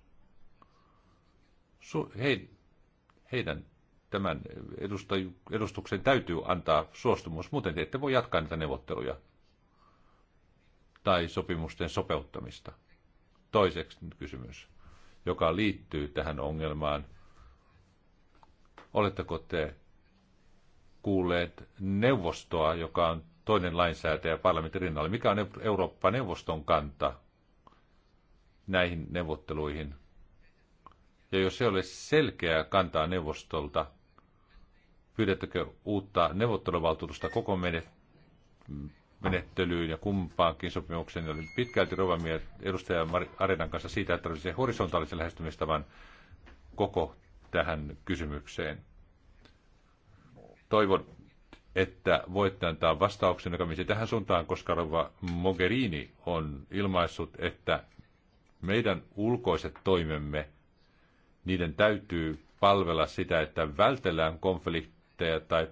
Su- he, heidän tämän edustaj- edustuksen täytyy antaa suostumus, muuten te ette voi jatkaa niitä neuvotteluja tai sopimusten sopeuttamista. Toiseksi kysymys, joka liittyy tähän ongelmaan. Oletteko te kuulleet neuvostoa, joka on toinen lainsäätäjä parlamentin rinnalla. Mikä on Eurooppa-neuvoston kanta näihin neuvotteluihin? Ja jos ei ole selkeää kantaa neuvostolta, pyydettekö uutta neuvotteluvaltuutusta koko menettelyyn ja kumpaankin sopimukseen? Oli pitkälti Rovamia edustaja Arenan kanssa siitä, että olisi horisontaalisen lähestymistavan koko tähän kysymykseen toivon, että voitte antaa vastauksen, joka menisi tähän suuntaan, koska Rova Mogherini on ilmaissut, että meidän ulkoiset toimemme, niiden täytyy palvella sitä, että vältellään konflikteja tai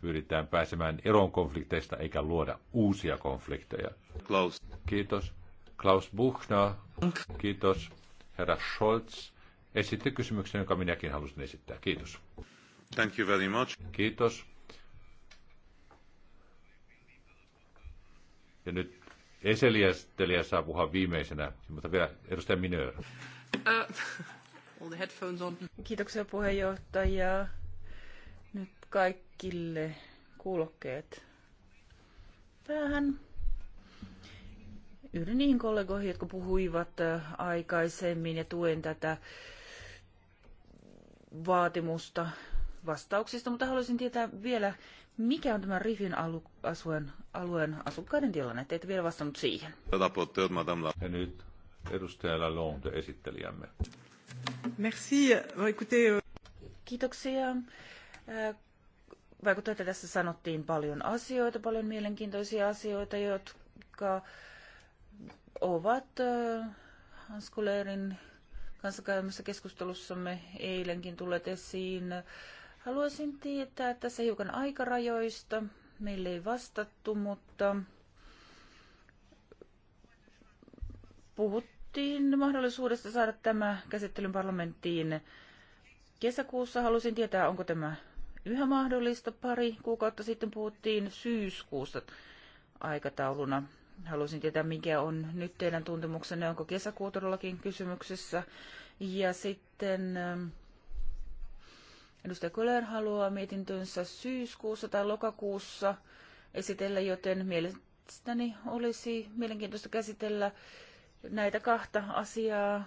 pyritään pääsemään eroon konflikteista eikä luoda uusia konflikteja. Klaus. Kiitos. Klaus Buchner. Kiitos. Herra Scholz esitti kysymyksen, jonka minäkin halusin esittää. Kiitos. Thank you very much. Kiitos. Ja nyt eseliästelijä saa puhua viimeisenä, mutta vielä edustaja Minöör. Uh, Kiitoksia puheenjohtaja. Nyt kaikille kuulokkeet päähän. Yhden niihin kollegoihin, jotka puhuivat uh, aikaisemmin ja tuen tätä vaatimusta vastauksista, mutta haluaisin tietää vielä, mikä on tämän Rifin alu- asuen, alueen asukkaiden tilanne. Teitä vielä vastannut siihen. Ja nyt edustaja Lalonde esittelijämme. Merci. Euh, Kiitoksia. Äh, vaikuttaa, että tässä sanottiin paljon asioita, paljon mielenkiintoisia asioita, jotka ovat äh, Kulerin kanssa käymässä keskustelussamme eilenkin tulleet esiin Haluaisin tietää tässä hiukan aikarajoista. Meille ei vastattu, mutta puhuttiin mahdollisuudesta saada tämä käsittelyn parlamenttiin kesäkuussa. Halusin tietää, onko tämä yhä mahdollista. Pari kuukautta sitten puhuttiin syyskuusta aikatauluna. Haluaisin tietää, mikä on nyt teidän tuntemuksenne, onko kesäkuu todellakin kysymyksessä. Ja sitten ähm, Edustaja Köller haluaa mietintönsä syyskuussa tai lokakuussa esitellä, joten mielestäni olisi mielenkiintoista käsitellä näitä kahta asiaa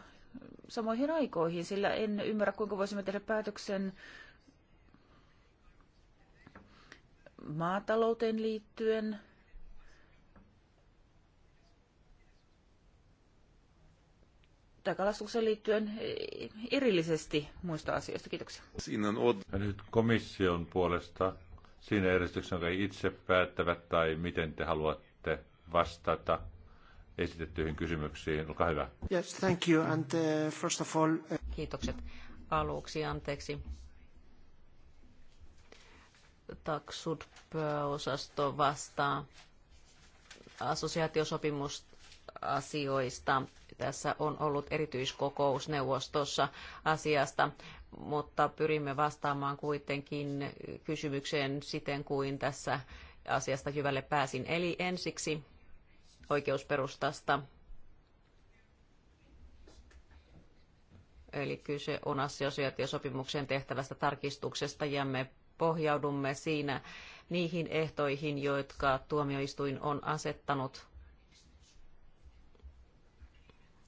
samoihin aikoihin, sillä en ymmärrä, kuinka voisimme tehdä päätöksen maatalouteen liittyen – tai kalastukseen liittyen eh, erillisesti muista asioista. Kiitoksia. Siinä on nyt komission puolesta siinä järjestyksessä, jonka itse päättävät tai miten te haluatte vastata esitettyihin kysymyksiin. Olkaa hyvä. Yes, thank you. And, uh, first of all, uh... Kiitokset aluksi. Anteeksi. Taksud pääosasto vastaa assosiaatiosopimusasioista tässä on ollut erityiskokous neuvostossa asiasta, mutta pyrimme vastaamaan kuitenkin kysymykseen siten kuin tässä asiasta jyvälle pääsin. Eli ensiksi oikeusperustasta. Eli kyse on assosiaatiosopimuksen tehtävästä tarkistuksesta ja me pohjaudumme siinä niihin ehtoihin, jotka tuomioistuin on asettanut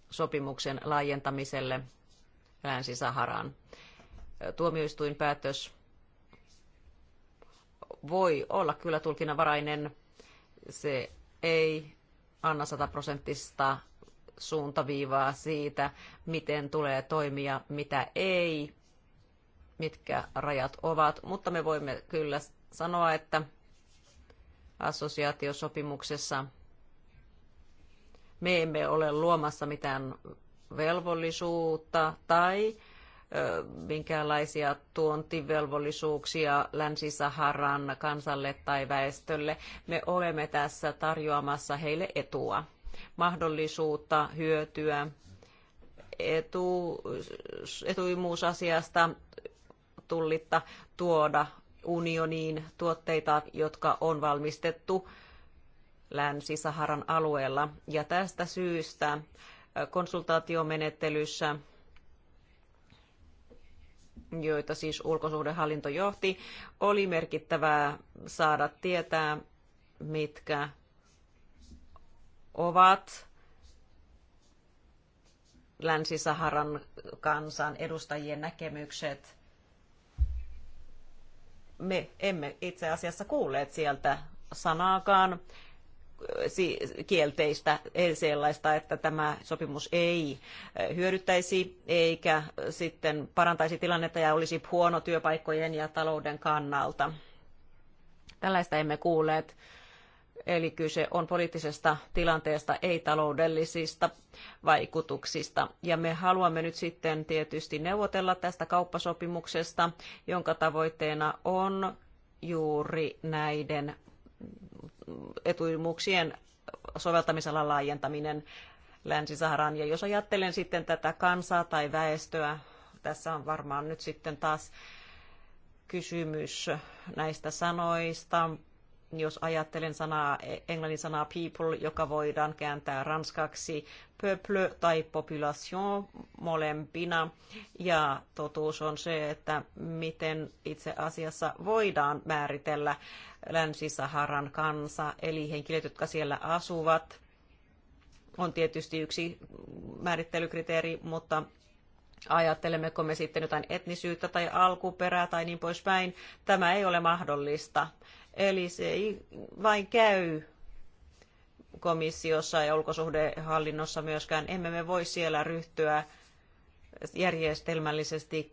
sopimuksen laajentamiselle Länsi-Saharaan. päätös voi olla kyllä tulkinnanvarainen. Se ei anna sataprosenttista suuntaviivaa siitä, miten tulee toimia, mitä ei, mitkä rajat ovat, mutta me voimme kyllä sanoa, että assosiaatiosopimuksessa – me emme ole luomassa mitään velvollisuutta tai minkäänlaisia tuontivelvollisuuksia Länsi-Saharan kansalle tai väestölle. Me olemme tässä tarjoamassa heille etua, mahdollisuutta hyötyä etu, etuimuusasiasta tullitta tuoda unioniin tuotteita, jotka on valmistettu Länsi-Saharan alueella. Ja tästä syystä konsultaatiomenettelyssä joita siis ulkosuhdehallinto johti, oli merkittävää saada tietää, mitkä ovat Länsi-Saharan kansan edustajien näkemykset. Me emme itse asiassa kuulleet sieltä sanaakaan kielteistä, sellaista, että tämä sopimus ei eh, hyödyttäisi eikä sitten parantaisi tilannetta ja olisi huono työpaikkojen ja talouden kannalta. Tällaista emme kuulleet. Eli kyse on poliittisesta tilanteesta, ei taloudellisista vaikutuksista. Ja me haluamme nyt sitten tietysti neuvotella tästä kauppasopimuksesta, jonka tavoitteena on juuri näiden etuimuuksien soveltamisalan laajentaminen Länsi-Saharaan. Ja jos ajattelen sitten tätä kansaa tai väestöä, tässä on varmaan nyt sitten taas kysymys näistä sanoista, jos ajattelen sanaa, e, englannin sanaa people, joka voidaan kääntää ranskaksi peuple tai population molempina. Ja totuus on se, että miten itse asiassa voidaan määritellä Länsi-Saharan kansa, eli henkilöt, jotka siellä asuvat, on tietysti yksi määrittelykriteeri, mutta ajattelemmeko me sitten jotain etnisyyttä tai alkuperää tai niin poispäin, tämä ei ole mahdollista. Eli se ei vain käy komissiossa ja ulkosuhdehallinnossa myöskään. Emme me voi siellä ryhtyä järjestelmällisesti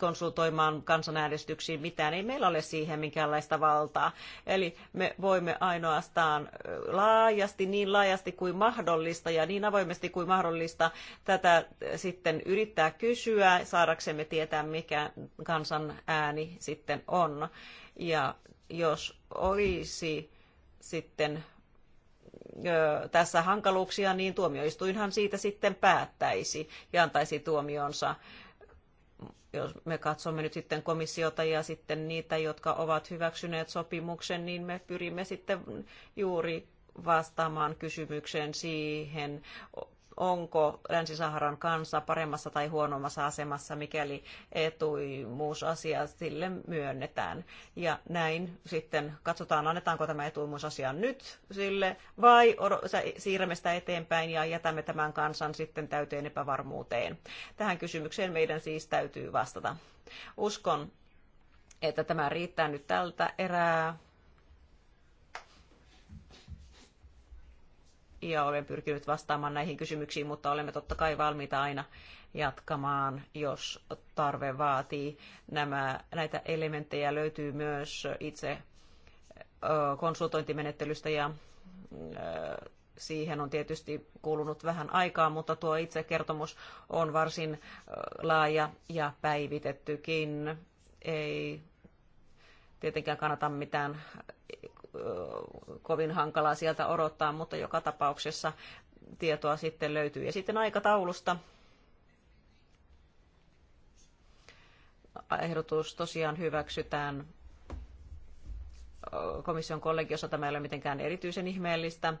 konsultoimaan kansanäänestyksiin mitään. Ei meillä ole siihen minkäänlaista valtaa. Eli me voimme ainoastaan laajasti, niin laajasti kuin mahdollista ja niin avoimesti kuin mahdollista tätä sitten yrittää kysyä, saadaksemme tietää, mikä kansan ääni sitten on. Ja jos olisi sitten tässä hankaluuksia, niin tuomioistuinhan siitä sitten päättäisi ja antaisi tuomionsa. Jos me katsomme nyt sitten komissiota ja sitten niitä, jotka ovat hyväksyneet sopimuksen, niin me pyrimme sitten juuri vastaamaan kysymykseen siihen, onko Länsi-Saharan kansa paremmassa tai huonommassa asemassa, mikäli etuimuusasia sille myönnetään. Ja näin sitten katsotaan, annetaanko tämä etuimuusasia nyt sille vai siirrämme sitä eteenpäin ja jätämme tämän kansan sitten täyteen epävarmuuteen. Tähän kysymykseen meidän siis täytyy vastata. Uskon, että tämä riittää nyt tältä erää ja olen pyrkinyt vastaamaan näihin kysymyksiin, mutta olemme totta kai valmiita aina jatkamaan, jos tarve vaatii. Nämä, näitä elementtejä löytyy myös itse konsultointimenettelystä ja siihen on tietysti kulunut vähän aikaa, mutta tuo itse kertomus on varsin laaja ja päivitettykin. Ei tietenkään kannata mitään kovin hankalaa sieltä odottaa, mutta joka tapauksessa tietoa sitten löytyy. Ja sitten aikataulusta. Ehdotus tosiaan hyväksytään komission kollegiossa. Tämä ei ole mitenkään erityisen ihmeellistä.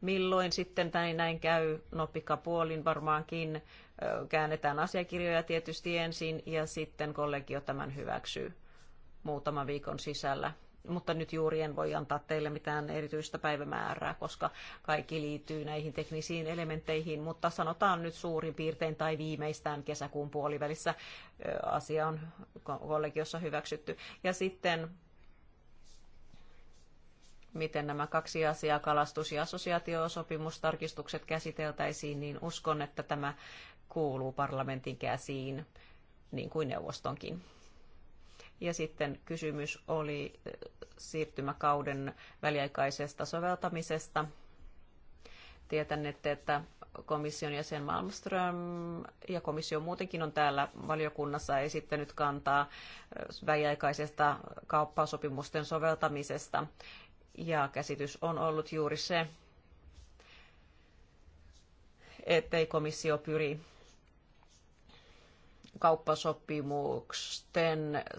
Milloin sitten tai näin käy? No puolin varmaankin käännetään asiakirjoja tietysti ensin ja sitten kollegio tämän hyväksyy muutaman viikon sisällä mutta nyt juuri en voi antaa teille mitään erityistä päivämäärää, koska kaikki liittyy näihin teknisiin elementteihin, mutta sanotaan nyt suurin piirtein tai viimeistään kesäkuun puolivälissä asia on kollegiossa hyväksytty. Ja sitten miten nämä kaksi asiaa, kalastus- ja assosiaatiosopimustarkistukset käsiteltäisiin, niin uskon, että tämä kuuluu parlamentin käsiin, niin kuin neuvostonkin. Ja sitten kysymys oli eh, siirtymäkauden väliaikaisesta soveltamisesta. Tietänette, että komission jäsen Malmström ja komissio muutenkin on täällä valiokunnassa esittänyt kantaa eh, väliaikaisesta kauppasopimusten soveltamisesta. Ja käsitys on ollut juuri se, ettei komissio pyri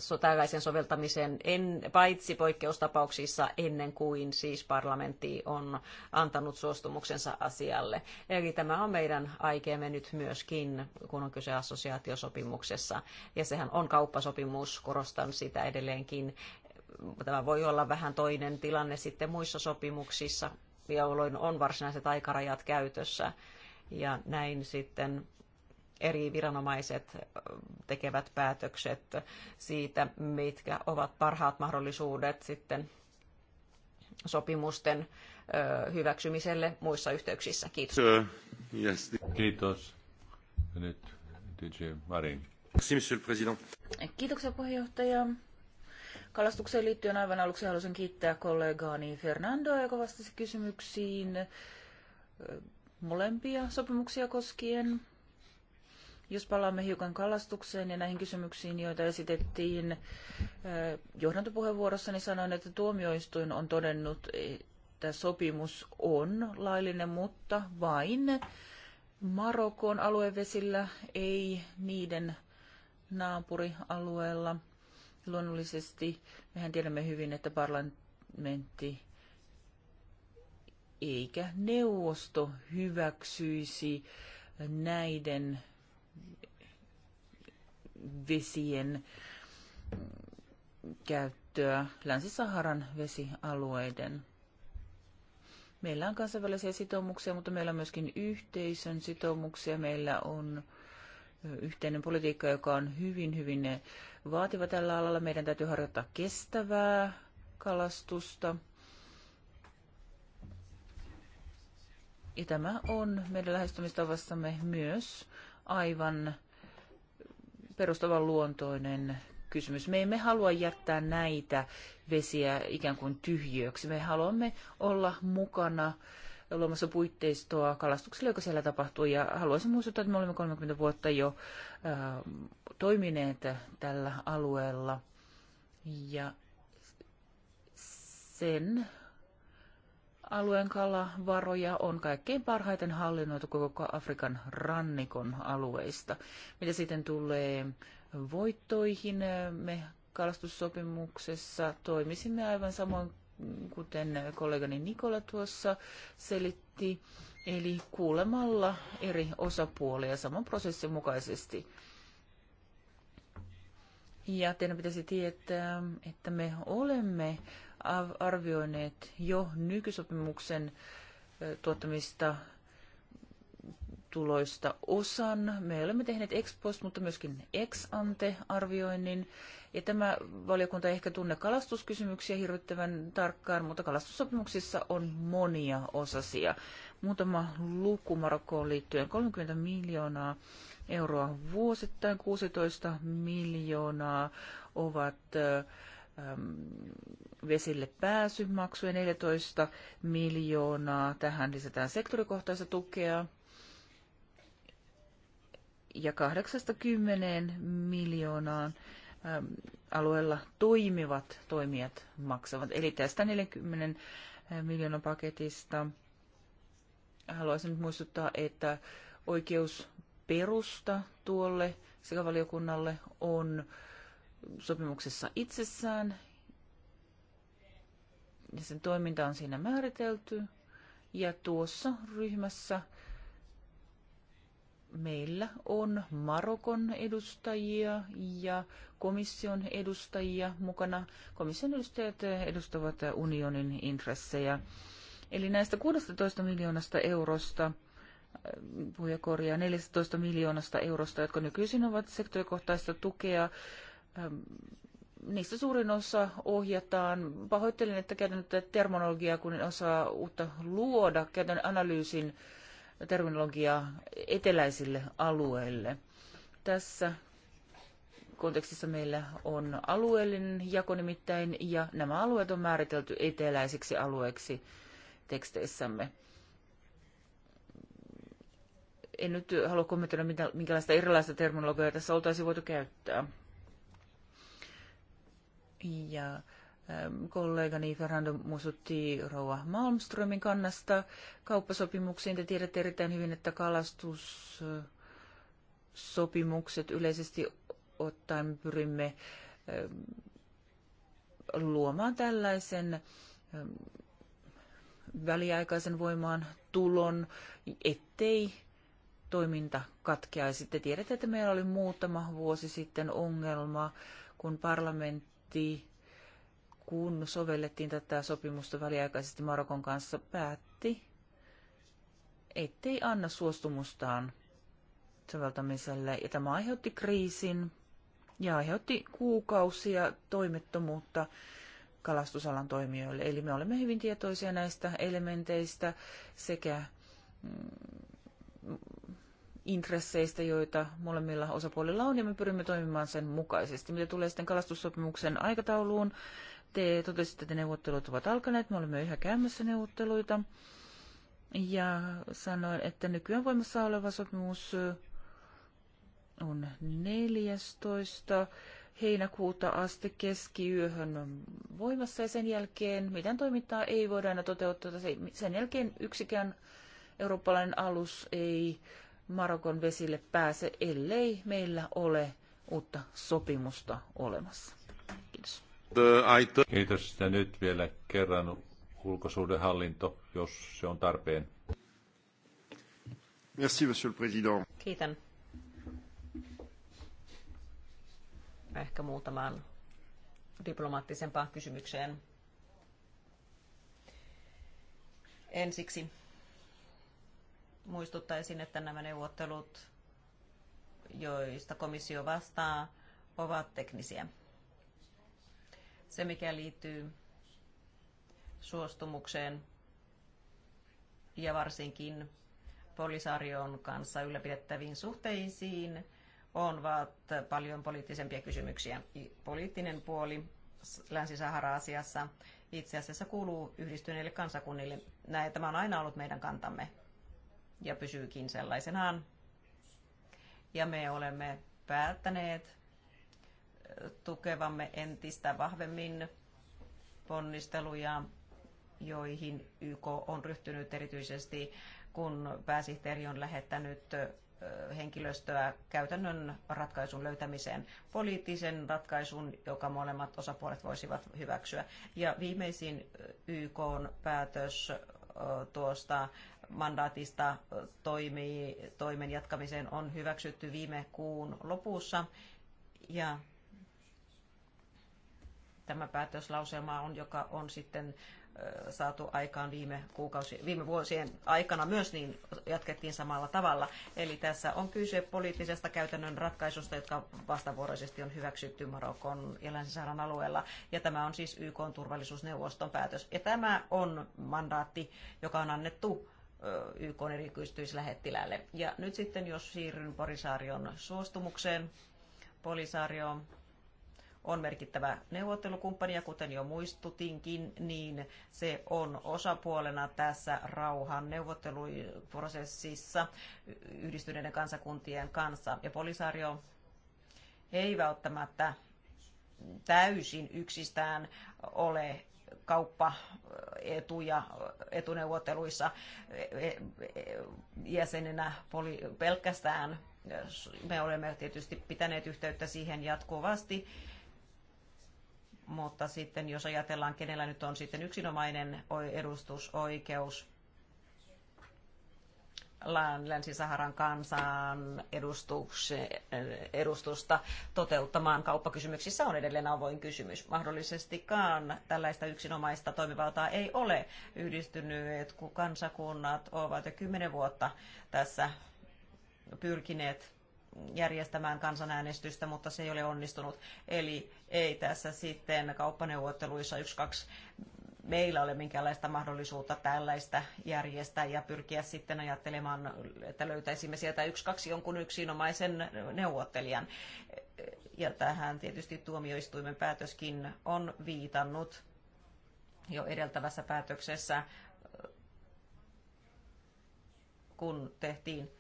so, tällaisen soveltamisen en, paitsi poikkeustapauksissa ennen kuin siis parlamentti on antanut suostumuksensa asialle. Eli tämä on meidän aikeemme nyt myöskin, kun on kyse assosiaatiosopimuksessa. Ja sehän on kauppasopimus, korostan sitä edelleenkin. Tämä voi olla vähän toinen tilanne sitten muissa sopimuksissa, jolloin on varsinaiset aikarajat käytössä. Ja näin sitten eri viranomaiset tekevät päätökset siitä, mitkä ovat parhaat mahdollisuudet sitten sopimusten hyväksymiselle muissa yhteyksissä. Kiitos. Kiitos. Nyt DJ Marin. Kiitoksia puheenjohtaja. Kalastukseen liittyen aivan aluksi haluaisin kiittää kollegaani Fernandoa, joka vastasi kysymyksiin molempia sopimuksia koskien. Jos palaamme hiukan kalastukseen ja näihin kysymyksiin, joita esitettiin johdantopuheenvuorossa, niin sanoin, että tuomioistuin on todennut, että sopimus on laillinen, mutta vain Marokon aluevesillä, ei niiden naapurialueella. Luonnollisesti mehän tiedämme hyvin, että parlamentti eikä neuvosto hyväksyisi näiden vesien käyttöä Länsi-Saharan vesialueiden. Meillä on kansainvälisiä sitoumuksia, mutta meillä on myöskin yhteisön sitoumuksia. Meillä on yhteinen politiikka, joka on hyvin, hyvin vaativa tällä alalla. Meidän täytyy harjoittaa kestävää kalastusta. Ja tämä on meidän lähestymistavassamme myös aivan perustavan luontoinen kysymys. Me emme halua jättää näitä vesiä ikään kuin tyhjiöksi. Me haluamme olla mukana luomassa puitteistoa kalastukselle, joka siellä tapahtuu. Ja haluaisin muistuttaa, että me olemme 30 vuotta jo äh, toimineet tällä alueella. Ja sen alueen kalavaroja on kaikkein parhaiten hallinnoitu koko Afrikan rannikon alueista. Mitä sitten tulee voittoihin, me kalastussopimuksessa toimisimme aivan samoin kuten kollegani Nikola tuossa selitti, eli kuulemalla eri osapuolia saman prosessin mukaisesti. Ja teidän pitäisi tietää, että me olemme arvioineet jo nykysopimuksen tuottamista tuloista osan. Me olemme tehneet ex post, mutta myöskin ex ante arvioinnin. Ja tämä valiokunta ei ehkä tunne kalastuskysymyksiä hirvittävän tarkkaan, mutta kalastussopimuksissa on monia osasia. Muutama luku Marokkoon liittyen 30 miljoonaa euroa vuosittain, 16 miljoonaa ovat äh, Ähm, vesille pääsymaksuja 14 miljoonaa. Tähän lisätään sektorikohtaista tukea ja 80 miljoonaan ähm, alueella toimivat toimijat maksavat. Eli tästä 40 äh, miljoonan paketista haluaisin nyt muistuttaa, että oikeusperusta tuolle sekä valiokunnalle on sopimuksessa itsessään ja sen toiminta on siinä määritelty. Ja tuossa ryhmässä meillä on Marokon edustajia ja komission edustajia mukana. Komission edustajat edustavat unionin intressejä. Eli näistä 16 miljoonasta eurosta, puhuja korjaa 14 miljoonasta eurosta, jotka nykyisin ovat sektorikohtaista tukea Ähm, niistä suurin osa ohjataan. Pahoittelen, että käytän tätä terminologiaa, kun en osaa uutta luoda. Käytän analyysin terminologiaa eteläisille alueille. Tässä kontekstissa meillä on alueellinen jako nimittäin, ja nämä alueet on määritelty eteläisiksi alueiksi teksteissämme. En nyt halua kommentoida, minkälaista erilaista terminologiaa tässä oltaisiin voitu käyttää ja ähm, kollegani Fernando Musutti Rouva Malmströmin kannasta kauppasopimuksiin. Te tiedätte erittäin hyvin, että kalastussopimukset yleisesti ottaen pyrimme ähm, luomaan tällaisen ähm, väliaikaisen voimaan tulon, ettei toiminta katkeaisi. Te tiedätte, että meillä oli muutama vuosi sitten ongelma, kun parlamentti parlamentti, kun sovellettiin tätä sopimusta väliaikaisesti Marokon kanssa, päätti, ettei anna suostumustaan soveltamiselle. Ja tämä aiheutti kriisin ja aiheutti kuukausia toimettomuutta kalastusalan toimijoille. Eli me olemme hyvin tietoisia näistä elementeistä sekä mm, intresseistä, joita molemmilla osapuolilla on, ja me pyrimme toimimaan sen mukaisesti. Mitä tulee sitten kalastussopimuksen aikatauluun, te totesitte, että neuvottelut ovat alkaneet, me olemme yhä käymässä neuvotteluita, ja sanoin, että nykyään voimassa oleva sopimus on 14 heinäkuuta asti keskiyöhön voimassa ja sen jälkeen mitään toimintaa ei voida aina toteuttaa. Sen jälkeen yksikään eurooppalainen alus ei Marokon vesille pääse, ellei meillä ole uutta sopimusta olemassa. Kiitos. Kiitos. Ja nyt vielä kerran ulkosuhdehallinto, jos se on tarpeen. Merci, monsieur le président. Kiitän. Ehkä muutamaan diplomaattisempaan kysymykseen. Ensiksi Muistuttaisin, että nämä neuvottelut, joista komissio vastaa, ovat teknisiä. Se, mikä liittyy suostumukseen ja varsinkin polisarion kanssa ylläpidettäviin suhteisiin, on vaat paljon poliittisempia kysymyksiä. Poliittinen puoli Länsi-Sahara-asiassa itse asiassa kuuluu yhdistyneille kansakunnille. Näin, tämä on aina ollut meidän kantamme ja pysyykin sellaisenaan. Ja me olemme päättäneet tukevamme entistä vahvemmin ponnisteluja, joihin YK on ryhtynyt erityisesti, kun pääsihteeri on lähettänyt henkilöstöä käytännön ratkaisun löytämiseen, poliittisen ratkaisun, joka molemmat osapuolet voisivat hyväksyä. Ja viimeisin YK päätös tuosta mandaatista toimii toimen jatkamiseen on hyväksytty viime kuun lopussa. Ja tämä päätöslauselma on, joka on sitten saatu aikaan viime, kuukausi, viime vuosien aikana myös, niin jatkettiin samalla tavalla. Eli tässä on kyse poliittisesta käytännön ratkaisusta, jotka vastavuoroisesti on hyväksytty Marokon ja länsi alueella. Ja tämä on siis YK turvallisuusneuvoston päätös. Ja tämä on mandaatti, joka on annettu YK erityislähettilälle. Ja nyt sitten, jos siirryn Polisaarion suostumukseen, Polisaario on merkittävä neuvottelukumppani ja kuten jo muistutinkin, niin se on osapuolena tässä rauhan neuvotteluprosessissa yhdistyneiden kansakuntien kanssa. Ja Polisaario ei välttämättä täysin yksistään ole kauppaetuja etuneuvotteluissa e, e, jäsenenä pelkästään. Me olemme tietysti pitäneet yhteyttä siihen jatkuvasti, mutta sitten jos ajatellaan, kenellä nyt on sitten yksinomainen edustusoikeus, Länsi-Saharan kansan edustusta toteuttamaan kauppakysymyksissä on edelleen avoin kysymys. Mahdollisestikaan tällaista yksinomaista toimivaltaa ei ole yhdistynyt, kun kansakunnat ovat jo kymmenen vuotta tässä pyrkineet järjestämään kansanäänestystä, mutta se ei ole onnistunut. Eli ei tässä sitten kauppaneuvotteluissa yksi kaksi meillä ole minkäänlaista mahdollisuutta tällaista järjestää ja pyrkiä sitten ajattelemaan, että löytäisimme sieltä yksi kaksi jonkun yksinomaisen neuvottelijan. Ja tähän tietysti tuomioistuimen päätöskin on viitannut jo edeltävässä päätöksessä, kun tehtiin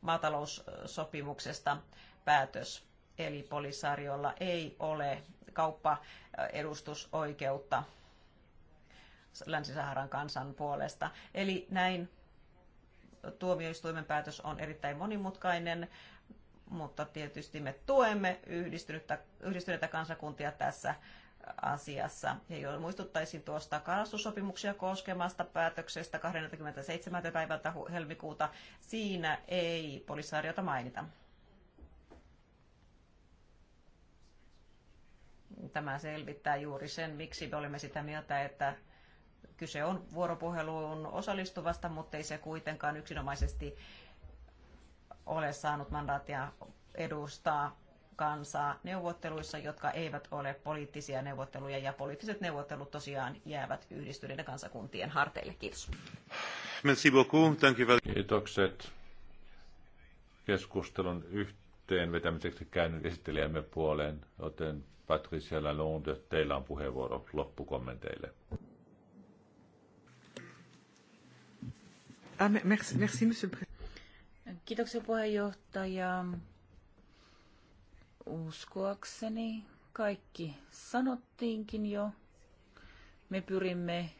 maataloussopimuksesta päätös. Eli Polisariolla ei ole kauppaedustusoikeutta Länsi-Saharan kansan puolesta. Eli näin tuomioistuimen päätös on erittäin monimutkainen, mutta tietysti me tuemme yhdistynyttä, yhdistyneitä kansakuntia tässä asiassa. Ja jo muistuttaisin tuosta kalastussopimuksia koskemasta päätöksestä 27. päivältä helmikuuta. Siinä ei polisaariota mainita. Tämä selvittää juuri sen, miksi me olemme sitä mieltä, että Kyse on vuoropuheluun osallistuvasta, mutta ei se kuitenkaan yksinomaisesti ole saanut mandaattia edustaa kansaa neuvotteluissa, jotka eivät ole poliittisia neuvotteluja, ja poliittiset neuvottelut tosiaan jäävät yhdistyneiden kansakuntien harteille. Kiitos. Merci beaucoup. Thank you. Kiitokset keskustelun yhteen vetämiseksi käynyt esittelijämme puoleen, joten Patricia Lalonde, teillä on puheenvuoro loppukommenteille. Ah, merci, merci, monsieur. Kiitoksia puheenjohtaja. Uskoakseni kaikki sanottiinkin jo. Me pyrimme,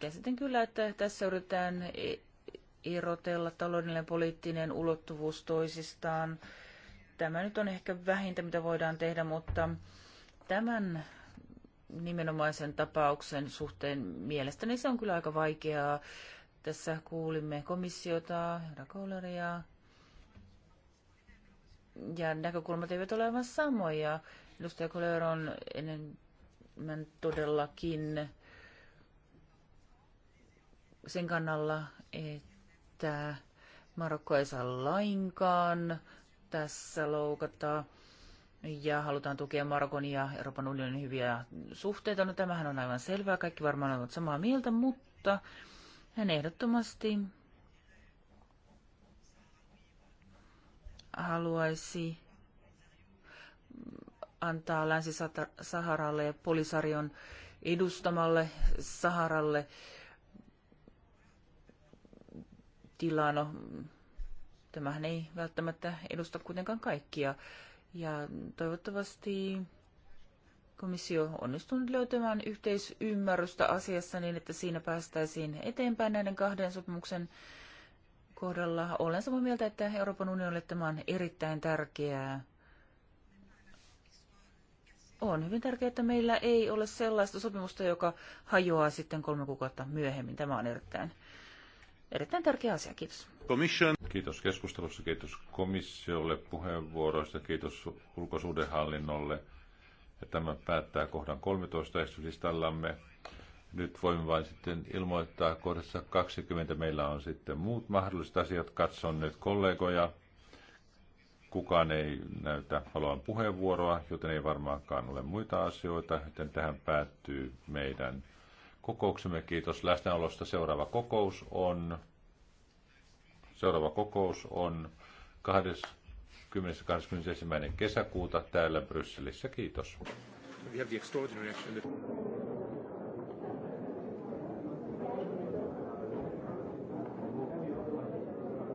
käsitän kyllä, että tässä yritetään e-, erotella taloudellinen ja poliittinen ulottuvuus toisistaan. Tämä nyt on ehkä vähintä, mitä voidaan tehdä, mutta tämän nimenomaisen tapauksen suhteen mielestäni se on kyllä aika vaikeaa tässä kuulimme komissiota, herra Kohleria, ja näkökulmat eivät ole aivan samoja. Edustaja Kohler on enemmän todellakin sen kannalla, että Marokko ei saa lainkaan tässä loukata ja halutaan tukea Marokon ja Euroopan unionin hyviä suhteita. No tämähän on aivan selvää, kaikki varmaan ovat samaa mieltä, mutta hän ehdottomasti haluaisi antaa Länsi-Saharalle ja Polisarion edustamalle Saharalle tilano. tämähän ei välttämättä edusta kuitenkaan kaikkia. Ja toivottavasti komissio onnistunut löytämään yhteisymmärrystä asiassa niin, että siinä päästäisiin eteenpäin näiden kahden sopimuksen kohdalla. Olen samaa mieltä, että Euroopan unionille tämä on erittäin tärkeää. On hyvin tärkeää, että meillä ei ole sellaista sopimusta, joka hajoaa sitten kolme kuukautta myöhemmin. Tämä on erittäin, erittäin tärkeä asia. Kiitos. Commission. Kiitos keskustelussa, kiitos komissiolle puheenvuoroista, kiitos ulkosuhdehallinnolle. Ja tämä päättää kohdan 13 esityslistallamme. Nyt voimme vain sitten ilmoittaa kohdassa 20. Meillä on sitten muut mahdolliset asiat. Katson nyt kollegoja. Kukaan ei näytä haluan puheenvuoroa, joten ei varmaankaan ole muita asioita, joten tähän päättyy meidän kokouksemme. Kiitos läsnäolosta. Seuraava kokous on, seuraava kokous on kahdes 20.–21. kesäkuuta täällä Brysselissä. Kiitos.